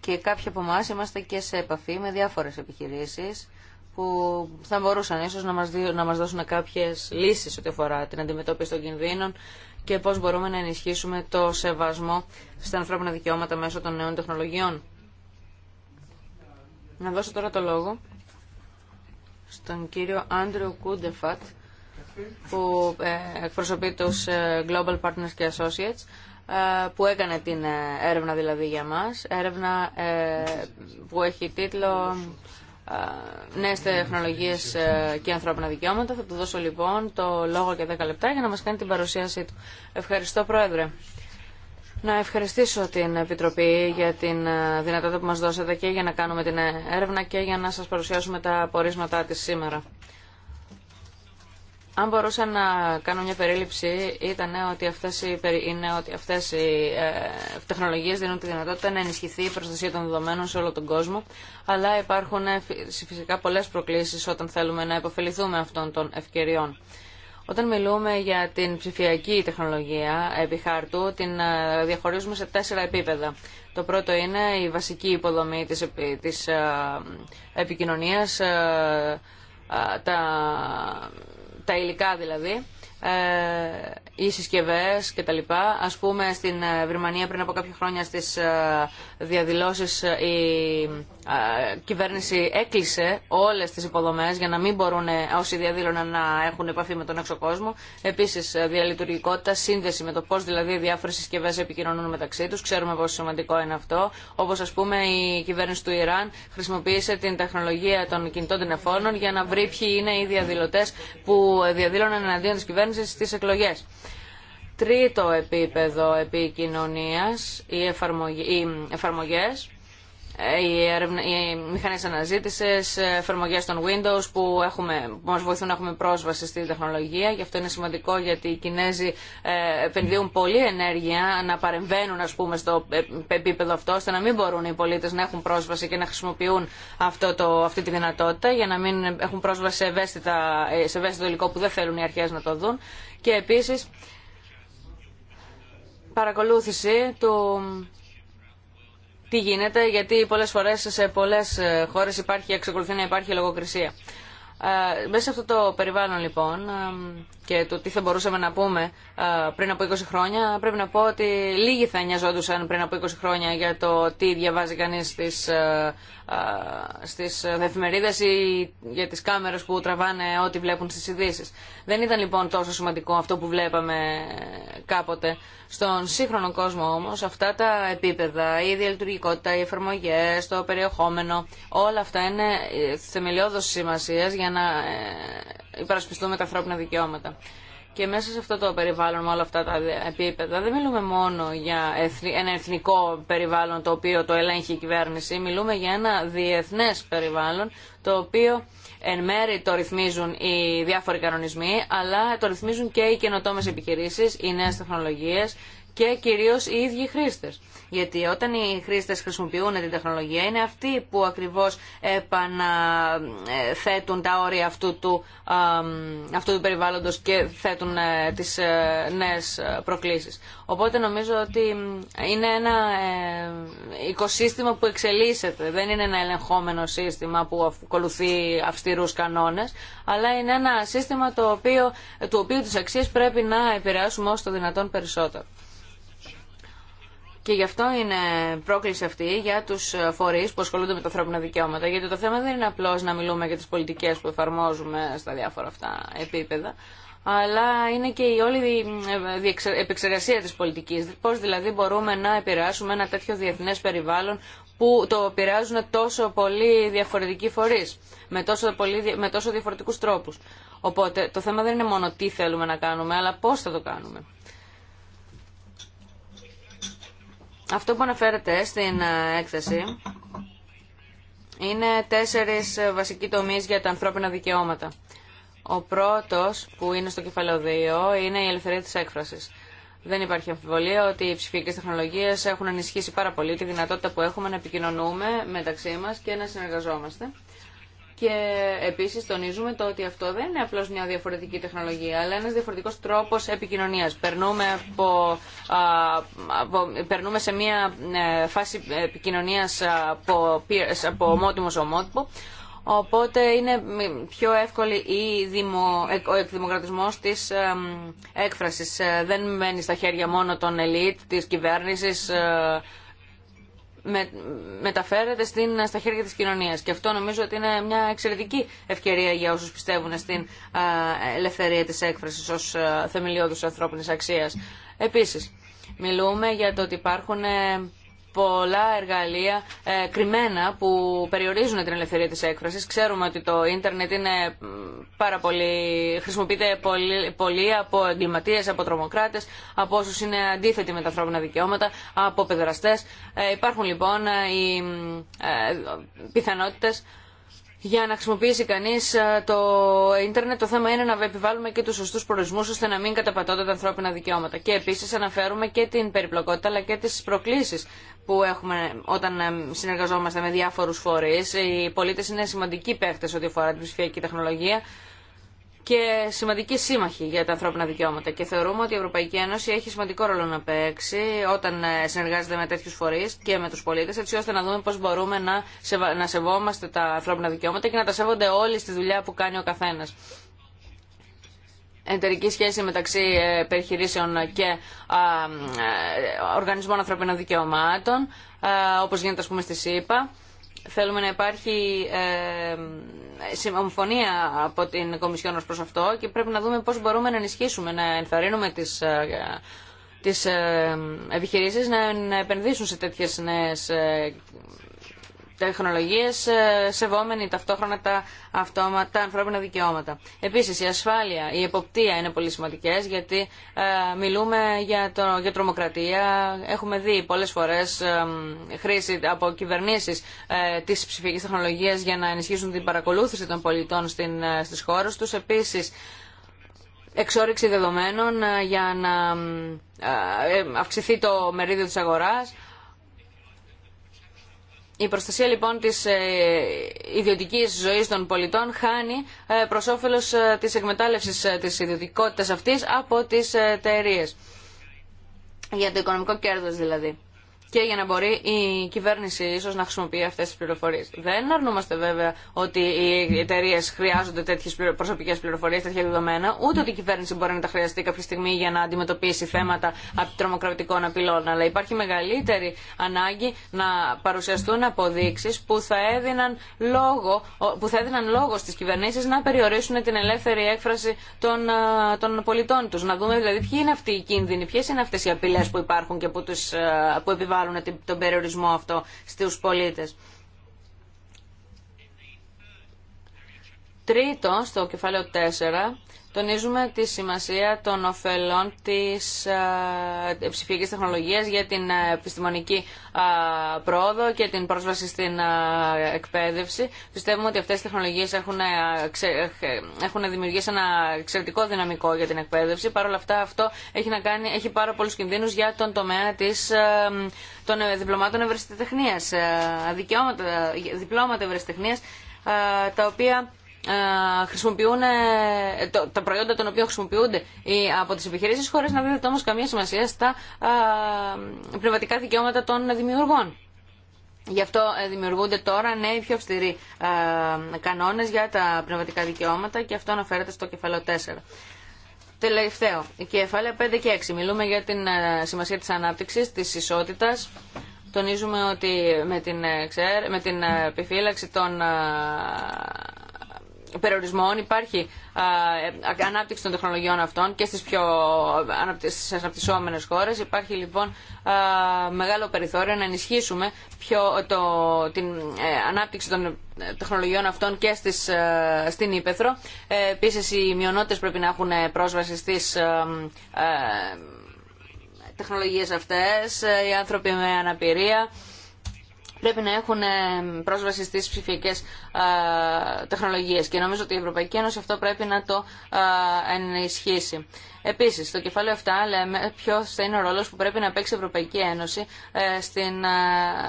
S3: Και κάποιοι από εμά είμαστε και σε επαφή με διάφορες επιχειρήσεις που θα μπορούσαν ίσως να μας, δώσουν κάποιες λύσεις ό,τι αφορά την αντιμετώπιση των κινδύνων, και πώ μπορούμε να ενισχύσουμε το σεβασμό στα ανθρώπινα δικαιώματα μέσω των νέων τεχνολογιών. Να δώσω τώρα το λόγο στον κύριο Άντριο Κούντεφατ που ε, εκπροσωπεί τους ε, Global Partners και Associates ε, που έκανε την έρευνα δηλαδή για μας έρευνα που έχει τίτλο νέες τεχνολογίες ε, και ανθρώπινα δικαιώματα. Θα του δώσω λοιπόν το λόγο και 10 λεπτά για να μας κάνει την παρουσίασή του. Ευχαριστώ Πρόεδρε. Να ευχαριστήσω την Επιτροπή για την ε, δυνατότητα που μας δώσατε και για να κάνουμε την ε, έρευνα και για να σας παρουσιάσουμε τα απορίσματα της σήμερα. Αν μπορούσα να κάνω μια περίληψη, ήταν ότι αυτές οι, είναι οι ε, τεχνολογίες δίνουν τη δυνατότητα να ενισχυθεί η προστασία των δεδομένων σε όλο τον κόσμο, αλλά υπάρχουν ε, φυσικά πολλέ προκλήσει όταν θέλουμε να υποφεληθούμε αυτών των ευκαιριών. Όταν μιλούμε για την ψηφιακή τεχνολογία επί χάρτου, την ε, διαχωρίζουμε σε τέσσερα επίπεδα. Το πρώτο είναι η βασική υποδομή της, της ε, επικοινωνίας, τα τα υλικά δηλαδή, ε, οι συσκευέ κτλ. Α πούμε στην ε, Βρυμανία πριν από κάποια χρόνια στις, ε, διαδηλώσεις ε, η ε, κυβέρνηση έκλεισε όλες τις υποδομές για να μην μπορούν ε, όσοι διαδήλωναν να έχουν επαφή με τον έξω κόσμο. Επίσης διαλειτουργικότητα, σύνδεση με το πώς δηλαδή οι διάφορες συσκευές επικοινωνούν μεταξύ τους. Ξέρουμε πόσο σημαντικό είναι αυτό. Όπως ας πούμε η κυβέρνηση του Ιράν χρησιμοποίησε την τεχνολογία των κινητών τηλεφώνων για να βρει ποιοι είναι οι διαδηλωτές που διαδήλωναν εναντίον της κυβέρνησης στις εκλογέ τρίτο επίπεδο επικοινωνίας, οι, εφαρμογε, οι εφαρμογές, οι, ερευνα, οι μηχανές αναζήτησης, εφαρμογές των Windows που, έχουμε, που μας βοηθούν να έχουμε πρόσβαση στη τεχνολογία. Γι' αυτό είναι σημαντικό γιατί οι Κινέζοι ε, επενδύουν πολλή ενέργεια να παρεμβαίνουν ας πούμε, στο ε, επίπεδο αυτό ώστε να μην μπορούν οι πολίτες να έχουν πρόσβαση και να χρησιμοποιούν αυτό το, αυτή τη δυνατότητα για να μην έχουν πρόσβαση σε, ε, σε ευαίσθητο υλικό που δεν θέλουν οι αρχές να το δουν. Και επίσης παρακολούθηση του τι γίνεται, γιατί πολλές φορές σε πολλές ε, χώρες υπάρχει, εξακολουθεί να υπάρχει λογοκρισία. Ε, μέσα σε αυτό το περιβάλλον λοιπόν και το τι θα μπορούσαμε να πούμε πριν από 20 χρόνια, πρέπει να πω ότι λίγοι θα νοιαζόντουσαν πριν από 20 χρόνια για το τι διαβάζει κανεί στις, στις εφημερίδες ή για τις κάμερες που τραβάνε ό,τι βλέπουν στις ειδήσει. Δεν ήταν λοιπόν τόσο σημαντικό αυτό που βλέπαμε κάποτε. Στον σύγχρονο κόσμο όμως αυτά τα επίπεδα, η διαλειτουργικότητα, οι εφαρμογέ το περιεχόμενο, όλα αυτά είναι ε, θεμελιώδος σημασία για να ε, υπερασπιστούμε τα ανθρώπινα δικαιώματα. Και μέσα σε αυτό το περιβάλλον, με όλα αυτά τα επίπεδα, δεν μιλούμε μόνο για ένα εθνικό περιβάλλον το οποίο το ελέγχει η κυβέρνηση. Μιλούμε για ένα διεθνές περιβάλλον το οποίο εν μέρη το ρυθμίζουν οι διάφοροι κανονισμοί, αλλά το ρυθμίζουν και οι καινοτόμε επιχειρήσει, οι νέε τεχνολογίε και κυρίω οι ίδιοι χρήστε. Γιατί όταν οι χρήστε χρησιμοποιούν την τεχνολογία είναι αυτοί που ακριβώς επαναθέτουν τα όρια αυτού του, αυτού του περιβάλλοντος και θέτουν ε, τις ε, νέες ε, προκλήσεις. Οπότε νομίζω ότι είναι ένα οικοσύστημα που εξελίσσεται. Δεν είναι ένα ελεγχόμενο σύστημα που ακολουθεί αυστηρού κανόνε, αλλά είναι ένα σύστημα το οποίο, του οποίου τι αξίες πρέπει να επηρεάσουμε όσο το δυνατόν περισσότερο. Και γι' αυτό είναι πρόκληση αυτή για του φορεί που ασχολούνται με τα ανθρώπινα δικαιώματα. Γιατί το θέμα δεν είναι απλώ να μιλούμε για τι πολιτικέ που εφαρμόζουμε στα διάφορα αυτά επίπεδα, αλλά είναι και η όλη ε, επεξεργασία τη πολιτική. Πώ δηλαδή μπορούμε να επηρεάσουμε ένα τέτοιο διεθνέ περιβάλλον που το επηρεάζουν τόσο πολλοί διαφορετικοί φορεί, με τόσο, πολύ, με τόσο διαφορετικούς τρόπους. Οπότε το θέμα δεν είναι μόνο τι θέλουμε να κάνουμε, αλλά πώ θα το κάνουμε. Αυτό που αναφέρεται στην ε, έκθεση είναι τέσσερις ε, βασικοί τομείς για τα ανθρώπινα δικαιώματα. Ο πρώτος που είναι στο κεφαλαίο 2 είναι η ελευθερία της έκφρασης. Δεν υπάρχει αμφιβολία ότι οι ψηφιακές τεχνολογίες έχουν ενισχύσει πάρα πολύ τη δυνατότητα που έχουμε να επικοινωνούμε μεταξύ μας και να συνεργαζόμαστε. Και επίσης τονίζουμε το ότι αυτό δεν είναι απλώ μια διαφορετική τεχνολογία, αλλά ένας διαφορετικός τρόπος επικοινωνίας. Περνούμε, περνούμε σε μια ε, φάση επικοινωνίας από, από ομότιμο σε ομότυπο, Οπότε είναι πιο εύκολη η δημο, ο εκδημοκρατισμός της έκφραση. έκφρασης. Ε, δεν μένει στα χέρια μόνο των ελίτ, της κυβέρνησης, ε, με, μεταφέρεται στην, στα χέρια της κοινωνίας. Και αυτό νομίζω ότι είναι μια εξαιρετική ευκαιρία για όσους πιστεύουν στην ελευθερία της έκφρασης ως θεμελιώδους ανθρώπινης αξίας. Επίσης, μιλούμε για το ότι υπάρχουν... Ε, πολλά εργαλεία ε, κρυμμένα που περιορίζουν την ελευθερία της έκφρασης. Ξέρουμε ότι το ίντερνετ είναι πάρα πολύ, χρησιμοποιείται πολύ, από εγκληματίες, από τρομοκράτες, από όσους είναι αντίθετοι με τα ανθρώπινα δικαιώματα, από παιδραστές. Ε, υπάρχουν λοιπόν ε, οι ε, πιθανότητες για να χρησιμοποιήσει κανείς ε, το ίντερνετ. Το θέμα είναι να επιβάλλουμε και τους σωστού προορισμού, ώστε να μην καταπατώνται τα ανθρώπινα δικαιώματα. Και επίσης αναφέρουμε και την περιπλοκότητα αλλά και τι προκλήσεις που έχουμε όταν ε, συνεργαζόμαστε με διάφορους φορείς. Οι πολίτε είναι σημαντικοί παίχτε ό,τι αφορά την ψηφιακή τεχνολογία και σημαντική σύμμαχοι για τα ανθρώπινα δικαιώματα και θεωρούμε ότι η Ευρωπαϊκή Ένωση έχει σημαντικό ρόλο να παίξει όταν ε, συνεργάζεται με τέτοιου φορεί και με του πολίτε, έτσι ώστε να δούμε πώ μπορούμε να, να σεβόμαστε τα ανθρώπινα δικαιώματα και να τα σέβονται όλοι στη δουλειά που κάνει ο καθένα. Εταιρική σχέση μεταξύ ε, περιχειρήσεων και ε, οργανισμών ανθρωπίνων δικαιωμάτων, όπω γίνεται α πούμε στη ΣΥΠΑ. Θέλουμε να υπάρχει συμφωνία από την Κομισιόν ω προς αυτό και πρέπει να δούμε πώ μπορούμε να ενισχύσουμε, να ενθαρρύνουμε τις, ε, τις ε, επιχειρήσεις να επενδύσουν σε τέτοιες νέες ε, τεχνολογίες ε, σεβόμενοι ταυτόχρονα τα, αυτόματα, ανθρώπινα δικαιώματα. Επίσης η ασφάλεια, η εποπτεία είναι πολύ σημαντικέ, γιατί ε, μιλούμε για, το, για τρομοκρατία. Έχουμε δει πολλές φορές ε, χρήση από κυβερνήσεις ε, της ψηφιακής τεχνολογίας για να ενισχύσουν την παρακολούθηση των πολιτών στι ε, στις χώρες τους. Επίσης εξόριξη δεδομένων για να αυξηθεί το μερίδιο της αγοράς η προστασία λοιπόν της ε, ιδιωτικής ζωής των πολιτών χάνει ε, προς όφελος ε, της εκμετάλλευσης της ιδιωτικότητας αυτής από τις εταιρείε. Για το οικονομικό κέρδος δηλαδή και για να μπορεί η κυβέρνηση ίσως να χρησιμοποιεί αυτές τις πληροφορίες. Δεν αρνούμαστε βέβαια ότι οι εταιρείε χρειάζονται τέτοιες προσωπικές πληροφορίες, τέτοια δεδομένα, ούτε ότι η κυβέρνηση μπορεί να τα χρειαστεί κάποια στιγμή για να αντιμετωπίσει θέματα τρομοκρατικών απειλών. Αλλά υπάρχει μεγαλύτερη ανάγκη να παρουσιαστούν αποδείξεις που θα έδιναν λόγο, που θα έδιναν λόγο στις κυβερνήσεις να περιορίσουν την ελεύθερη έκφραση των, των πολιτών τους. Να δούμε δηλαδή ποιοι είναι αυτοί οι κίνδυνοι, ποιε είναι αυτές οι που υπάρχουν και που, που επιβάλλουν τον περιορισμό αυτό στους πολίτες. Τρίτο, στο κεφάλαιο 4, Τονίζουμε τη σημασία των ωφελών της ψηφιακής τεχνολογίας για την επιστημονική πρόοδο και την πρόσβαση στην εκπαίδευση. Πιστεύουμε ότι αυτές οι τεχνολογίες έχουν, έχουν δημιουργήσει ένα εξαιρετικό δυναμικό για την εκπαίδευση. Παρ' όλα αυτά αυτό έχει, να κάνει, έχει πάρα πολλούς κινδύνους για τον τομέα της, των ε, διπλωμάτων ευρεσιτεχνίας, διπλώματα ευρεσιτεχνίας, τα οποία ε, χρησιμοποιούν ε, τα προϊόντα των οποίων χρησιμοποιούνται από τις επιχειρήσεις χωρίς να δίνεται όμως καμία σημασία στα ε, πνευματικά δικαιώματα των δημιουργών. Γι' αυτό δημιουργούνται τώρα νέοι πιο αυστηροί α, κανόνες για τα πνευματικά δικαιώματα και αυτό αναφέρεται στο κεφάλαιο 4. Τελευταίο, η κεφάλαια 5 και 6. Μιλούμε για την σημασία της ανάπτυξης, της ισότητας, Τονίζουμε ότι με την, με την επιφύλαξη των περιορισμών υπάρχει ε, ανάπτυξη των τεχνολογιών αυτών και στις πιο αναπτυσσόμενες χώρες. Υπάρχει λοιπόν μεγάλο περιθώριο να ενισχύσουμε πιο το, την ε, ανάπτυξη των ε, τεχνολογιών αυτών και στις, στην Ήπεθρο. Επίση οι μειονότητες πρέπει να έχουν πρόσβαση στις τεχνολογίες αυτές, οι άνθρωποι με αναπηρία πρέπει να έχουν ε, πρόσβαση στις ψηφιακές ε, τεχνολογίες και νομίζω ότι η Ευρωπαϊκή Ένωση αυτό πρέπει να το ε, ενισχύσει. Επίσης, στο κεφάλαιο 7 λέμε ποιος θα είναι ο ρόλος που πρέπει να παίξει η Ευρωπαϊκή Ένωση στην,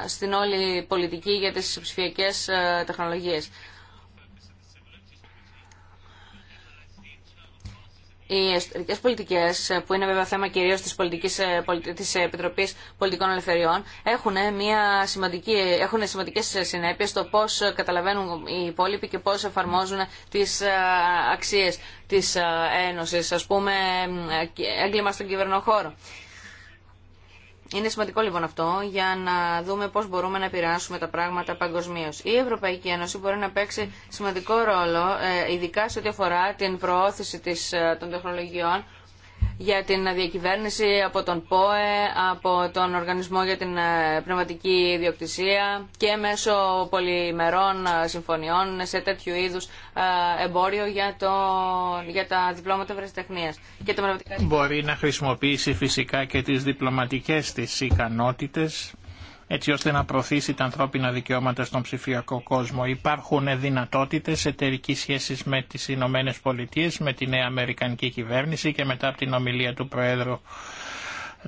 S3: στην όλη πολιτική για τις ψηφιακές τεχνολογίες. οι εσωτερικέ πολιτικέ, ε, που είναι βέβαια θέμα κυρίω τη της ε, Επιτροπή Πολιτικών Ελευθεριών, έχουν, μια σημαντική, έχουν σημαντικές συνέπειες στο πώ καταλαβαίνουν οι υπόλοιποι και πώ εφαρμόζουν τι ε, αξίε τη Ένωση, α πούμε έγκλημα στον κυβερνοχώρο. Είναι σημαντικό λοιπόν αυτό για να δούμε πώς μπορούμε να επηρεάσουμε τα πράγματα παγκοσμίω. Η Ευρωπαϊκή Ένωση μπορεί να παίξει σημαντικό ρόλο, ε, ειδικά σε ό,τι αφορά την προώθηση ε, των τεχνολογιών για την διακυβέρνηση από τον ΠΟΕ, από τον Οργανισμό για την ε, Πνευματική Ιδιοκτησία και μέσω πολυμερών ε, συμφωνιών σε τέτοιου είδους ε, εμπόριο για, το, για τα διπλώματα βρεσιτεχνίας. Και το πνευματικά...
S4: Μπορεί να χρησιμοποιήσει φυσικά και τις διπλωματικές της ικανότητες έτσι ώστε να προωθήσει τα ανθρώπινα δικαιώματα στον ψηφιακό κόσμο. Υπάρχουν δυνατότητε εταιρική σχέσης με τις Ηνωμένε Πολιτείε, με τη νέα Αμερικανική κυβέρνηση και μετά από την ομιλία του Προέδρου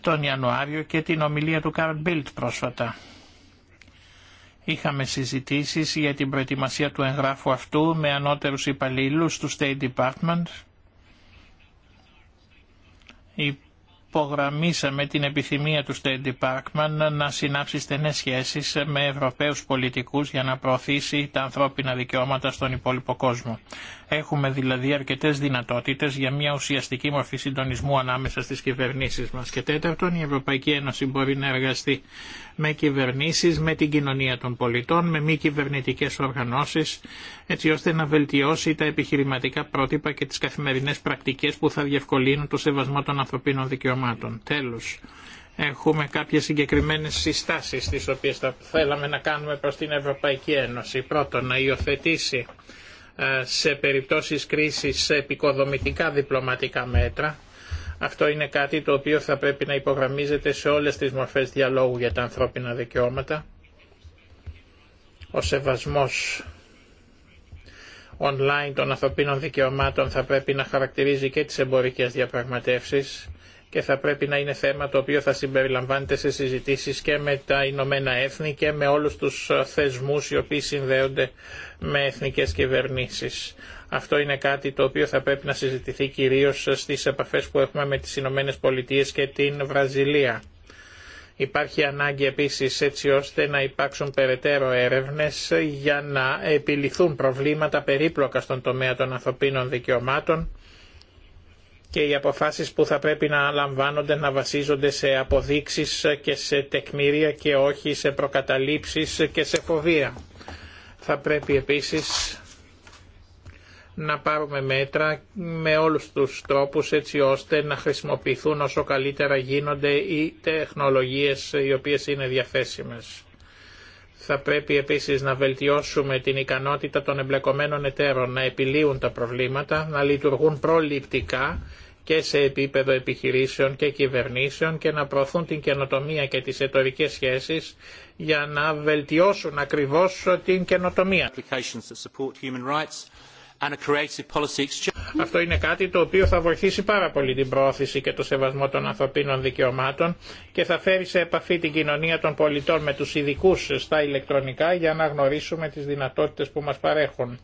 S4: τον Ιανουάριο και την ομιλία του Καρλ Μπίλτ πρόσφατα. Είχαμε συζητήσεις για την προετοιμασία του εγγράφου αυτού με ανώτερους υπαλλήλους του State Department υπογραμμίσαμε την επιθυμία του Στέντι Πάρκμαν να συνάψει στενές σχέσεις με Ευρωπαίους πολιτικούς για να προωθήσει τα ανθρώπινα δικαιώματα στον υπόλοιπο κόσμο. Έχουμε δηλαδή αρκετέ δυνατότητε για μια ουσιαστική μορφή συντονισμού ανάμεσα στι κυβερνήσει μα Και τέταρτον, η Ευρωπαϊκή Ένωση μπορεί να εργαστεί με κυβερνήσει, με την κοινωνία των πολιτών, με μη κυβερνητικέ οργανώσει, έτσι ώστε να βελτιώσει τα επιχειρηματικά πρότυπα και τι καθημερινέ πρακτικέ που θα διευκολύνουν το σεβασμό των ανθρωπίνων δικαιωμάτων. Τέλο έχουμε κάποιε συγκεκριμένε συστάσει τι οποίε θα θέλαμε να κάνουμε προ την Ευρωπαϊκή Ένωση. Πρώτον, να υιοθετήσει ε, σε περιπτώσεις κρίσης σε επικοδομητικά διπλωματικά μέτρα. Αυτό είναι κάτι το οποίο θα πρέπει να υπογραμμίζεται σε όλες τις μορφές διαλόγου για τα ανθρώπινα δικαιώματα. Ο σεβασμός online των ανθρωπίνων δικαιωμάτων θα πρέπει να χαρακτηρίζει και τις εμπορικές διαπραγματεύσεις και θα πρέπει να είναι θέμα το οποίο θα συμπεριλαμβάνεται σε συζητήσεις και με τα Ηνωμένα Έθνη και με όλους τους θεσμούς οι οποίοι συνδέονται με εθνικές κυβερνήσεις. Αυτό είναι κάτι το οποίο θα πρέπει να συζητηθεί κυρίως στις επαφές που έχουμε με τις Ηνωμένε Πολιτείες και την Βραζιλία. Υπάρχει ανάγκη επίσης έτσι ώστε να υπάρξουν περαιτέρω έρευνες για να επιληθούν προβλήματα περίπλοκα στον τομέα των ανθρωπίνων δικαιωμάτων και οι αποφάσεις που θα πρέπει να λαμβάνονται να βασίζονται σε αποδείξεις και σε τεκμήρια και όχι σε προκαταλήψεις και σε φοβία. Θα πρέπει επίσης να πάρουμε μέτρα με όλους τους τρόπους έτσι ώστε να χρησιμοποιηθούν όσο καλύτερα γίνονται οι τεχνολογίες οι οποίες είναι διαθέσιμες. Θα πρέπει επίσης να βελτιώσουμε την ικανότητα των εμπλεκομένων εταίρων να επιλύουν τα προβλήματα, να λειτουργούν προληπτικά και σε επίπεδο επιχειρήσεων και κυβερνήσεων και να προωθούν την καινοτομία και τις ετορικές σχέσεις για να βελτιώσουν ακριβώς την καινοτομία. Αυτό είναι κάτι το οποίο θα βοηθήσει πάρα πολύ την προώθηση και το σεβασμό των ανθρωπίνων δικαιωμάτων και θα φέρει σε επαφή την κοινωνία των πολιτών με τους ειδικού στα ηλεκτρονικά για να γνωρίσουμε τις δυνατότητες που μας παρέχουν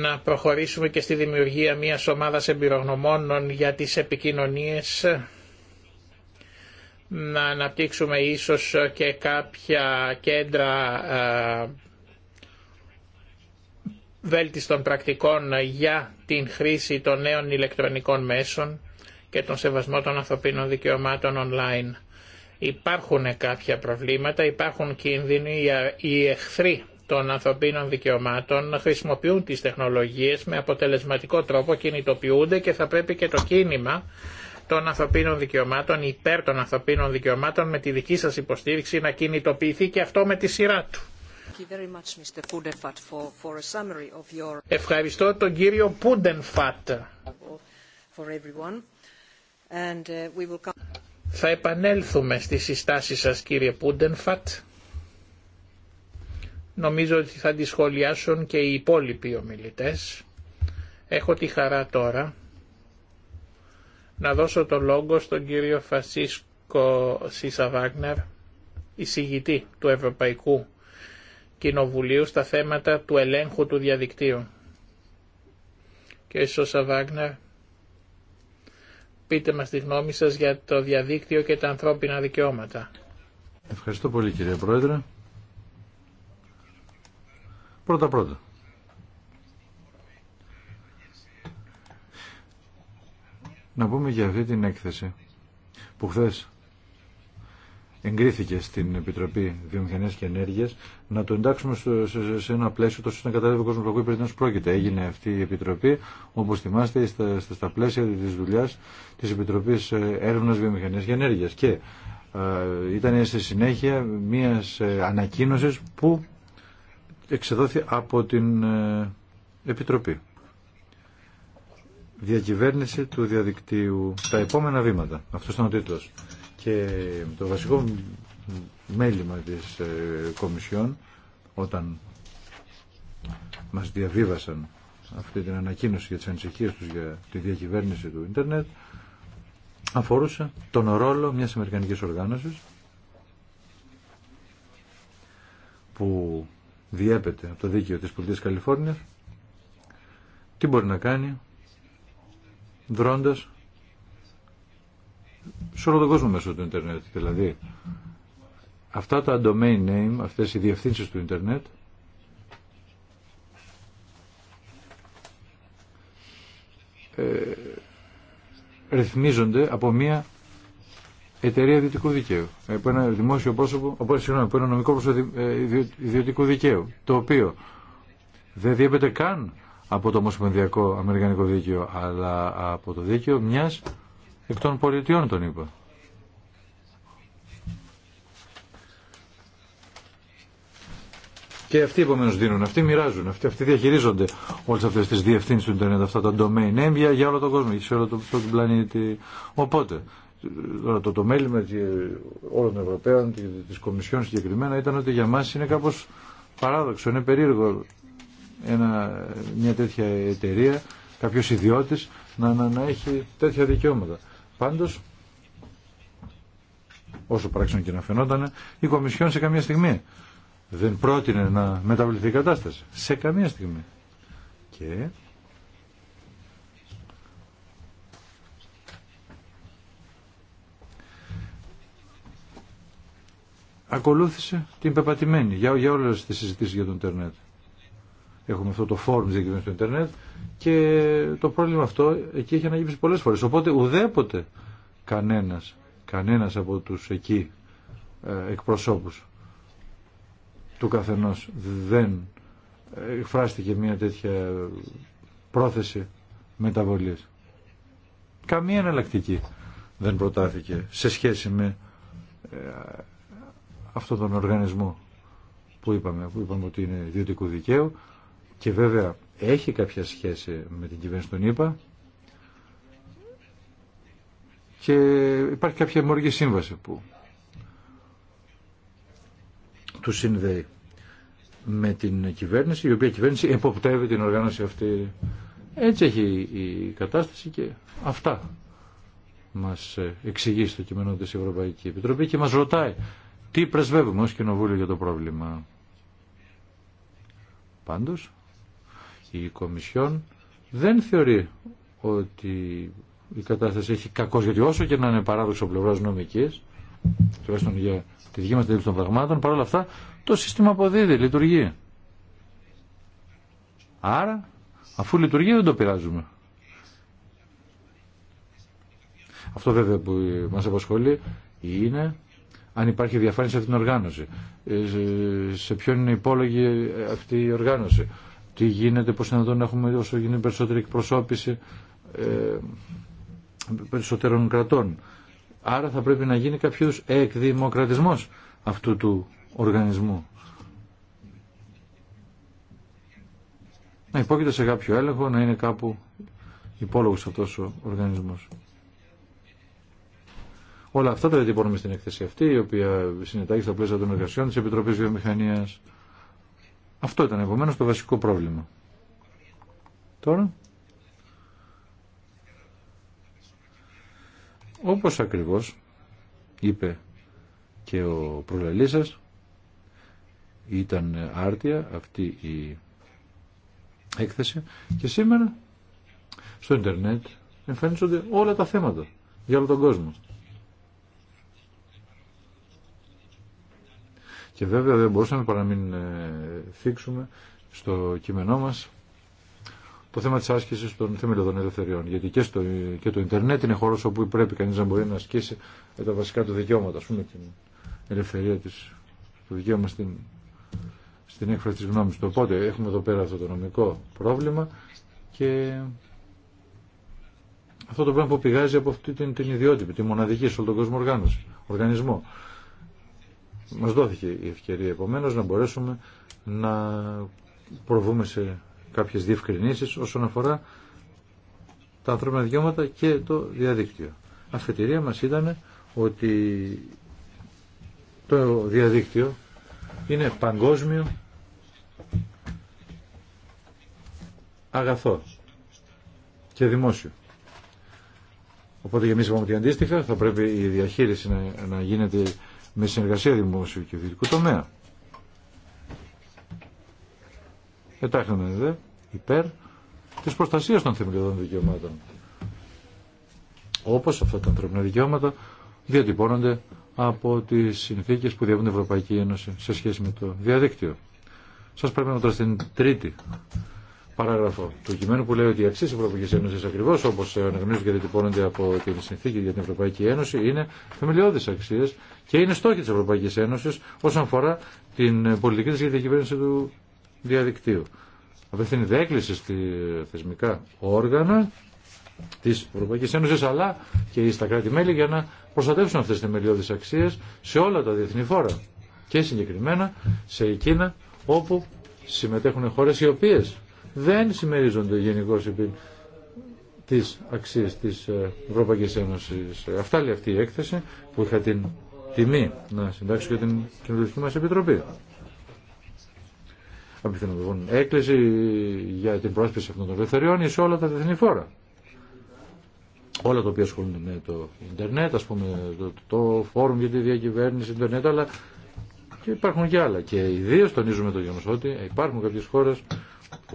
S4: να προχωρήσουμε και στη δημιουργία μιας ομάδας εμπειρογνωμόνων για τις επικοινωνίες, να αναπτύξουμε ίσως και κάποια κέντρα ε, βέλτιστων πρακτικών για την χρήση των νέων ηλεκτρονικών μέσων και τον σεβασμό των ανθρωπίνων δικαιωμάτων online. Υπάρχουν κάποια προβλήματα, υπάρχουν κίνδυνοι, οι εχθροί των ανθρωπίνων δικαιωμάτων χρησιμοποιούν τις τεχνολογίες με αποτελεσματικό τρόπο, κινητοποιούνται και θα πρέπει και το κίνημα των ανθρωπίνων δικαιωμάτων, υπέρ των ανθρωπίνων δικαιωμάτων με τη δική σας υποστήριξη να κινητοποιηθεί και αυτό με τη σειρά του. Ευχαριστώ τον κύριο Πούντενφατ. Uh, θα επανέλθουμε στις συστάσεις σας κύριε Πούντενφατ. Νομίζω ότι θα τη σχολιάσουν και οι υπόλοιποι ομιλητές. Έχω τη χαρά τώρα να δώσω το λόγο στον κύριο Φασίσκο Σίσα Βάγνερ, εισηγητή του Ευρωπαϊκού Κοινοβουλίου στα θέματα του ελέγχου του διαδικτύου. Κύριε Σίσα Βάγνερ, πείτε μας τη γνώμη σας για το διαδίκτυο και τα ανθρώπινα δικαιώματα.
S2: Ευχαριστώ πολύ κύριε Πρόεδρε. Πρώτα πρώτα. Να πούμε για αυτή την έκθεση που χθε εγκρίθηκε στην Επιτροπή Βιομηχανία και Ενέργεια να το εντάξουμε σε, ένα πλαίσιο τόσο να καταλάβει ο κόσμο που πρόκειται. Έγινε αυτή η Επιτροπή, όπω θυμάστε, στα, στα, πλαίσια τη δουλειά τη Επιτροπή ε, Έρευνα Βιομηχανία και Ενέργεια. Και ε, ήταν σε συνέχεια μια ε, ανακοίνωση που εξεδόθη από την ε, Επιτροπή. Διακυβέρνηση του διαδικτύου. Τα επόμενα βήματα. Αυτό ήταν ο τίτλος. Και το βασικό μέλημα της ε, Κομισιόν όταν μας διαβίβασαν αυτή την ανακοίνωση για τις ανησυχίες τους για τη διακυβέρνηση του ίντερνετ αφορούσε τον ρόλο μιας Αμερικανικής οργάνωσης που διέπεται από το δίκαιο της πολιτείας Καλιφόρνιας τι μπορεί να κάνει δρώντας σε όλο τον κόσμο μέσω του ίντερνετ δηλαδή αυτά τα domain name αυτές οι διευθύνσεις του ίντερνετ ε, ρυθμίζονται από μία εταιρεία ιδιωτικού δικαίου, ε, από ένα δημόσιο πρόσωπο, από, συγγνώμη, από ένα νομικό πρόσωπο ε, ιδιωτικού δικαίου, το οποίο δεν διέπεται καν από το Ομοσπονδιακό Αμερικανικό Δίκαιο, αλλά από το δίκαιο μια εκ των πολιτιών, τον είπα. Και αυτοί επομένω δίνουν, αυτοί μοιράζουν, αυτοί, αυτοί διαχειρίζονται όλε αυτέ τι διευθύνσει του Ιντερνετ, αυτά τα domain name για, όλο τον κόσμο, για όλο τον το πλανήτη. Οπότε, το, το μέλημα όλων των Ευρωπαίων τη της Κομισιόν συγκεκριμένα ήταν ότι για μας είναι κάπως παράδοξο, είναι περίεργο ένα, μια τέτοια εταιρεία, κάποιος ιδιώτης να, να, να έχει τέτοια δικαιώματα. Πάντως, όσο πράξουν και να φαινόταν, η Κομισιόν σε καμία στιγμή δεν πρότεινε να μεταβληθεί η κατάσταση. Σε καμία στιγμή. Και ακολούθησε την πεπατημένη για, για όλες τις συζητήσεις για το Ιντερνετ. Έχουμε αυτό το φόρμα τη στο του Ιντερνετ και το πρόβλημα αυτό εκεί έχει αναγύψει πολλές φορές. Οπότε ουδέποτε κανένας, κανένας από τους εκεί ε, εκπροσώπους του καθενός δεν εκφράστηκε μια τέτοια πρόθεση μεταβολής. Καμία εναλλακτική δεν προτάθηκε σε σχέση με ε, αυτόν τον οργανισμό που είπαμε, που είπαμε ότι είναι ιδιωτικού δικαίου και βέβαια έχει κάποια σχέση με την κυβέρνηση των ΗΠΑ και υπάρχει κάποια μόργη σύμβαση που του συνδέει με την κυβέρνηση, η οποία κυβέρνηση εποπτεύει την οργάνωση αυτή. Έτσι έχει η κατάσταση και αυτά μας εξηγεί στο κείμενο της Ευρωπαϊκή Επιτροπή και μας ρωτάει τι πρεσβεύουμε ως κοινοβούλιο για το πρόβλημα. Πάντως, η Κομισιόν δεν θεωρεί ότι η κατάσταση έχει κακό, γιατί όσο και να είναι παράδοξο πλευρά νομική, τουλάχιστον για τη δική μας τελείωση των πραγμάτων, παρόλα αυτά το σύστημα αποδίδει, λειτουργεί. Άρα, αφού λειτουργεί, δεν το πειράζουμε. Αυτό βέβαια που μα απασχολεί είναι αν υπάρχει διαφάνεια σε αυτήν την οργάνωση, ε, σε ποιον είναι υπόλογη ε, αυτή η οργάνωση, τι γίνεται, πώς είναι να έχουμε όσο γίνεται περισσότερη εκπροσώπηση ε, περισσότερων κρατών. Άρα θα πρέπει να γίνει κάποιος εκδημοκρατισμός αυτού του οργανισμού. Να υπόκειται σε κάποιο έλεγχο, να είναι κάπου υπόλογος αυτός ο οργανισμός. Όλα αυτά τα διατυπώνουμε στην εκθέση αυτή, η οποία συνετάγει στα πλαίσια των εργασιών τη Επιτροπή Βιομηχανία. Αυτό ήταν επομένω το βασικό πρόβλημα. Τώρα. Όπως ακριβώς είπε και ο προλαλή σα, ήταν άρτια αυτή η έκθεση και σήμερα στο ίντερνετ εμφανίζονται όλα τα θέματα για όλο τον κόσμο. Και βέβαια δεν μπορούσαμε παρά να μην ε, θίξουμε στο κείμενό μας το θέμα της άσκησης των θεμελιωδών ελευθεριών. Γιατί και, στο, και το Ιντερνετ είναι χώρος όπου πρέπει κανείς να μπορεί να ασκήσει τα βασικά του δικαιώματα, ας πούμε την ελευθερία της, το δικαίωμα στην, στην έκφραση της γνώμης Το Οπότε έχουμε εδώ πέρα αυτό το νομικό πρόβλημα και αυτό το πράγμα που πηγάζει από αυτή την, την ιδιότυπη, τη μοναδική σε όλο τον κόσμο οργάνωση, οργανισμό μας δόθηκε η ευκαιρία επομένως να μπορέσουμε να προβούμε σε κάποιες διευκρινήσεις όσον αφορά τα ανθρώπινα δικαιώματα και το διαδίκτυο. Αφετηρία μας ήταν ότι το διαδίκτυο είναι παγκόσμιο αγαθό και δημόσιο. Οπότε και εμείς είπαμε ότι αντίστοιχα θα πρέπει η διαχείριση να γίνεται με συνεργασία δημόσιου και ιδιωτικού τομέα. Ετάχνουμε δε υπέρ τη προστασία των θεμελιωδών δικαιωμάτων. Όπω αυτά τα ανθρώπινα δικαιώματα διατυπώνονται από τι συνθήκε που διαβούν την Ευρωπαϊκή Ένωση σε σχέση με το διαδίκτυο. Σα πρέπει τώρα στην τρίτη παράγραφο του κειμένου που λέει ότι οι αξίε τη Ευρωπαϊκή Ένωση, ακριβώ όπω αναγνωρίζουν και διατυπώνονται από την συνθήκη για την Ευρωπαϊκή Ένωση, είναι θεμελιώδει αξίε και είναι στόχοι τη Ευρωπαϊκή Ένωση όσον αφορά την πολιτική τη για την κυβέρνηση του διαδικτύου. Απευθύνει δέκληση στη θεσμικά όργανα τη Ευρωπαϊκή Ένωση αλλά και στα κράτη-μέλη για να προστατεύσουν αυτέ τι θεμελιώδει αξίε σε όλα τα διεθνή φόρα και συγκεκριμένα σε εκείνα όπου συμμετέχουν χώρε οι οποίε δεν συμμερίζονται γενικώ επί τις αξίες της ε, Ευρωπαϊκής Ένωσης. Αυτά λέει αυτή η έκθεση που είχα την τιμή να συντάξω για την κοινωνική μα επιτροπή. Απίθυνο λοιπόν έκκληση για την πρόσπιση αυτών των ελευθεριών σε όλα τα διεθνή φόρα. Όλα τα οποία ασχολούνται με το Ιντερνετ, α πούμε, το, το φόρουμ για τη διακυβέρνηση Ιντερνετ, αλλά και υπάρχουν και άλλα. Και ιδίω τονίζουμε το γεγονό ότι υπάρχουν κάποιε χώρε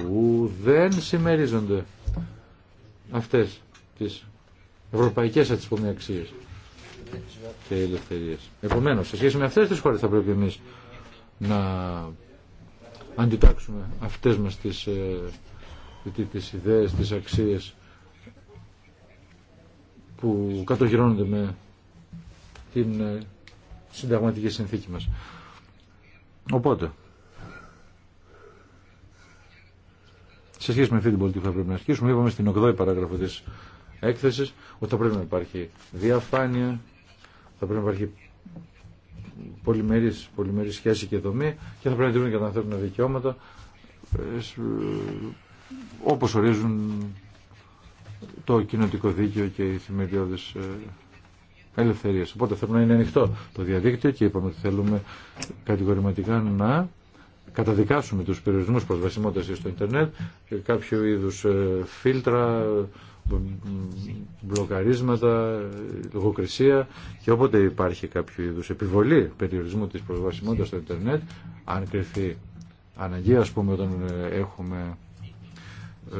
S2: που δεν συμμερίζονται αυτές τις ευρωπαϊκές πούμε αξίες και ελευθερίες. Επομένως, σε σχέση με αυτές τις χώρες θα πρέπει εμείς να αντιτάξουμε αυτές μας τις, ε, τις ιδέες, τις αξίες που κατοχυρώνονται με την ε, συνταγματική συνθήκη μας. Οπότε, σε σχέση με αυτή την πολιτική που θα πρέπει να ασκήσουμε, είπαμε στην 8η παράγραφο τη έκθεση ότι θα πρέπει να υπάρχει διαφάνεια, θα πρέπει να υπάρχει πολυμερής, πολυμερής σχέση και δομή και θα πρέπει να τηρούν και τα ανθρώπινα δικαιώματα ε, όπως ορίζουν το κοινοτικό δίκαιο και οι θεμελιώδεις ε, ελευθερίες. Οπότε θέλουμε να είναι ανοιχτό το διαδίκτυο και είπαμε ότι θέλουμε κατηγορηματικά να καταδικάσουμε τους περιορισμούς προσβασιμότητας στο ίντερνετ και κάποιο είδους ε, φίλτρα, μπλοκαρίσματα, λογοκρισία και όποτε υπάρχει κάποιο είδους επιβολή περιορισμού της προσβασιμότητας στο ίντερνετ αν κρυθεί αναγκαία ας πούμε όταν ε, έχουμε ε,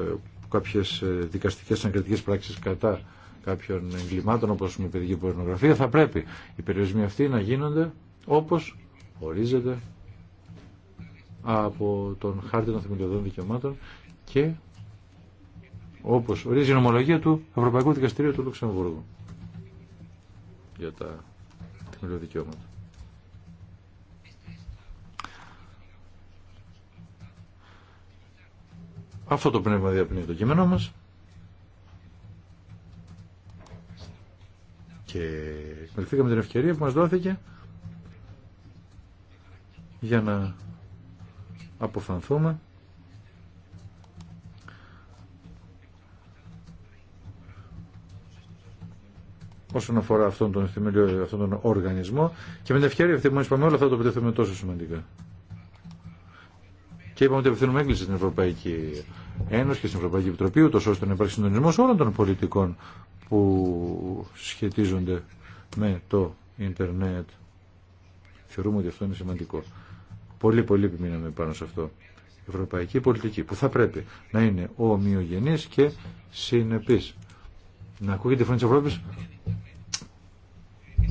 S2: κάποιες δικαστικές ανακριτικές πράξεις κατά κάποιων εγκλημάτων όπως με παιδική πορνογραφία θα πρέπει οι περιορισμοί αυτοί να γίνονται όπως ορίζεται από τον χάρτη των θεμελιωδών δικαιωμάτων και όπως ορίζει η νομολογία του Ευρωπαϊκού Δικαστηρίου του Λουξεμβούργου για τα θεμελιωδικαιώματα. δικαιώματα. Αυτό το πνεύμα διαπνέει το κείμενό μας και εκμεληθήκαμε την ευκαιρία που μας δόθηκε για να αποφανθούμε όσον αφορά αυτόν τον θεμελιό, αυτόν τον οργανισμό και με την ευκαιρία αυτή που είπαμε όλα αυτά το επιτεθούμε τόσο σημαντικά. Και είπαμε ότι απευθύνουμε έγκληση στην Ευρωπαϊκή Ένωση και στην Ευρωπαϊκή Επιτροπή, ούτως ώστε να υπάρξει συντονισμός όλων των πολιτικών που σχετίζονται με το ίντερνετ. Θεωρούμε ότι αυτό είναι σημαντικό. Πολύ πολύ επιμείναμε πάνω σε αυτό. ευρωπαϊκή πολιτική που θα πρέπει να είναι ομοιογενής και συνεπής. Να ακούγεται η φωνή της Ευρώπης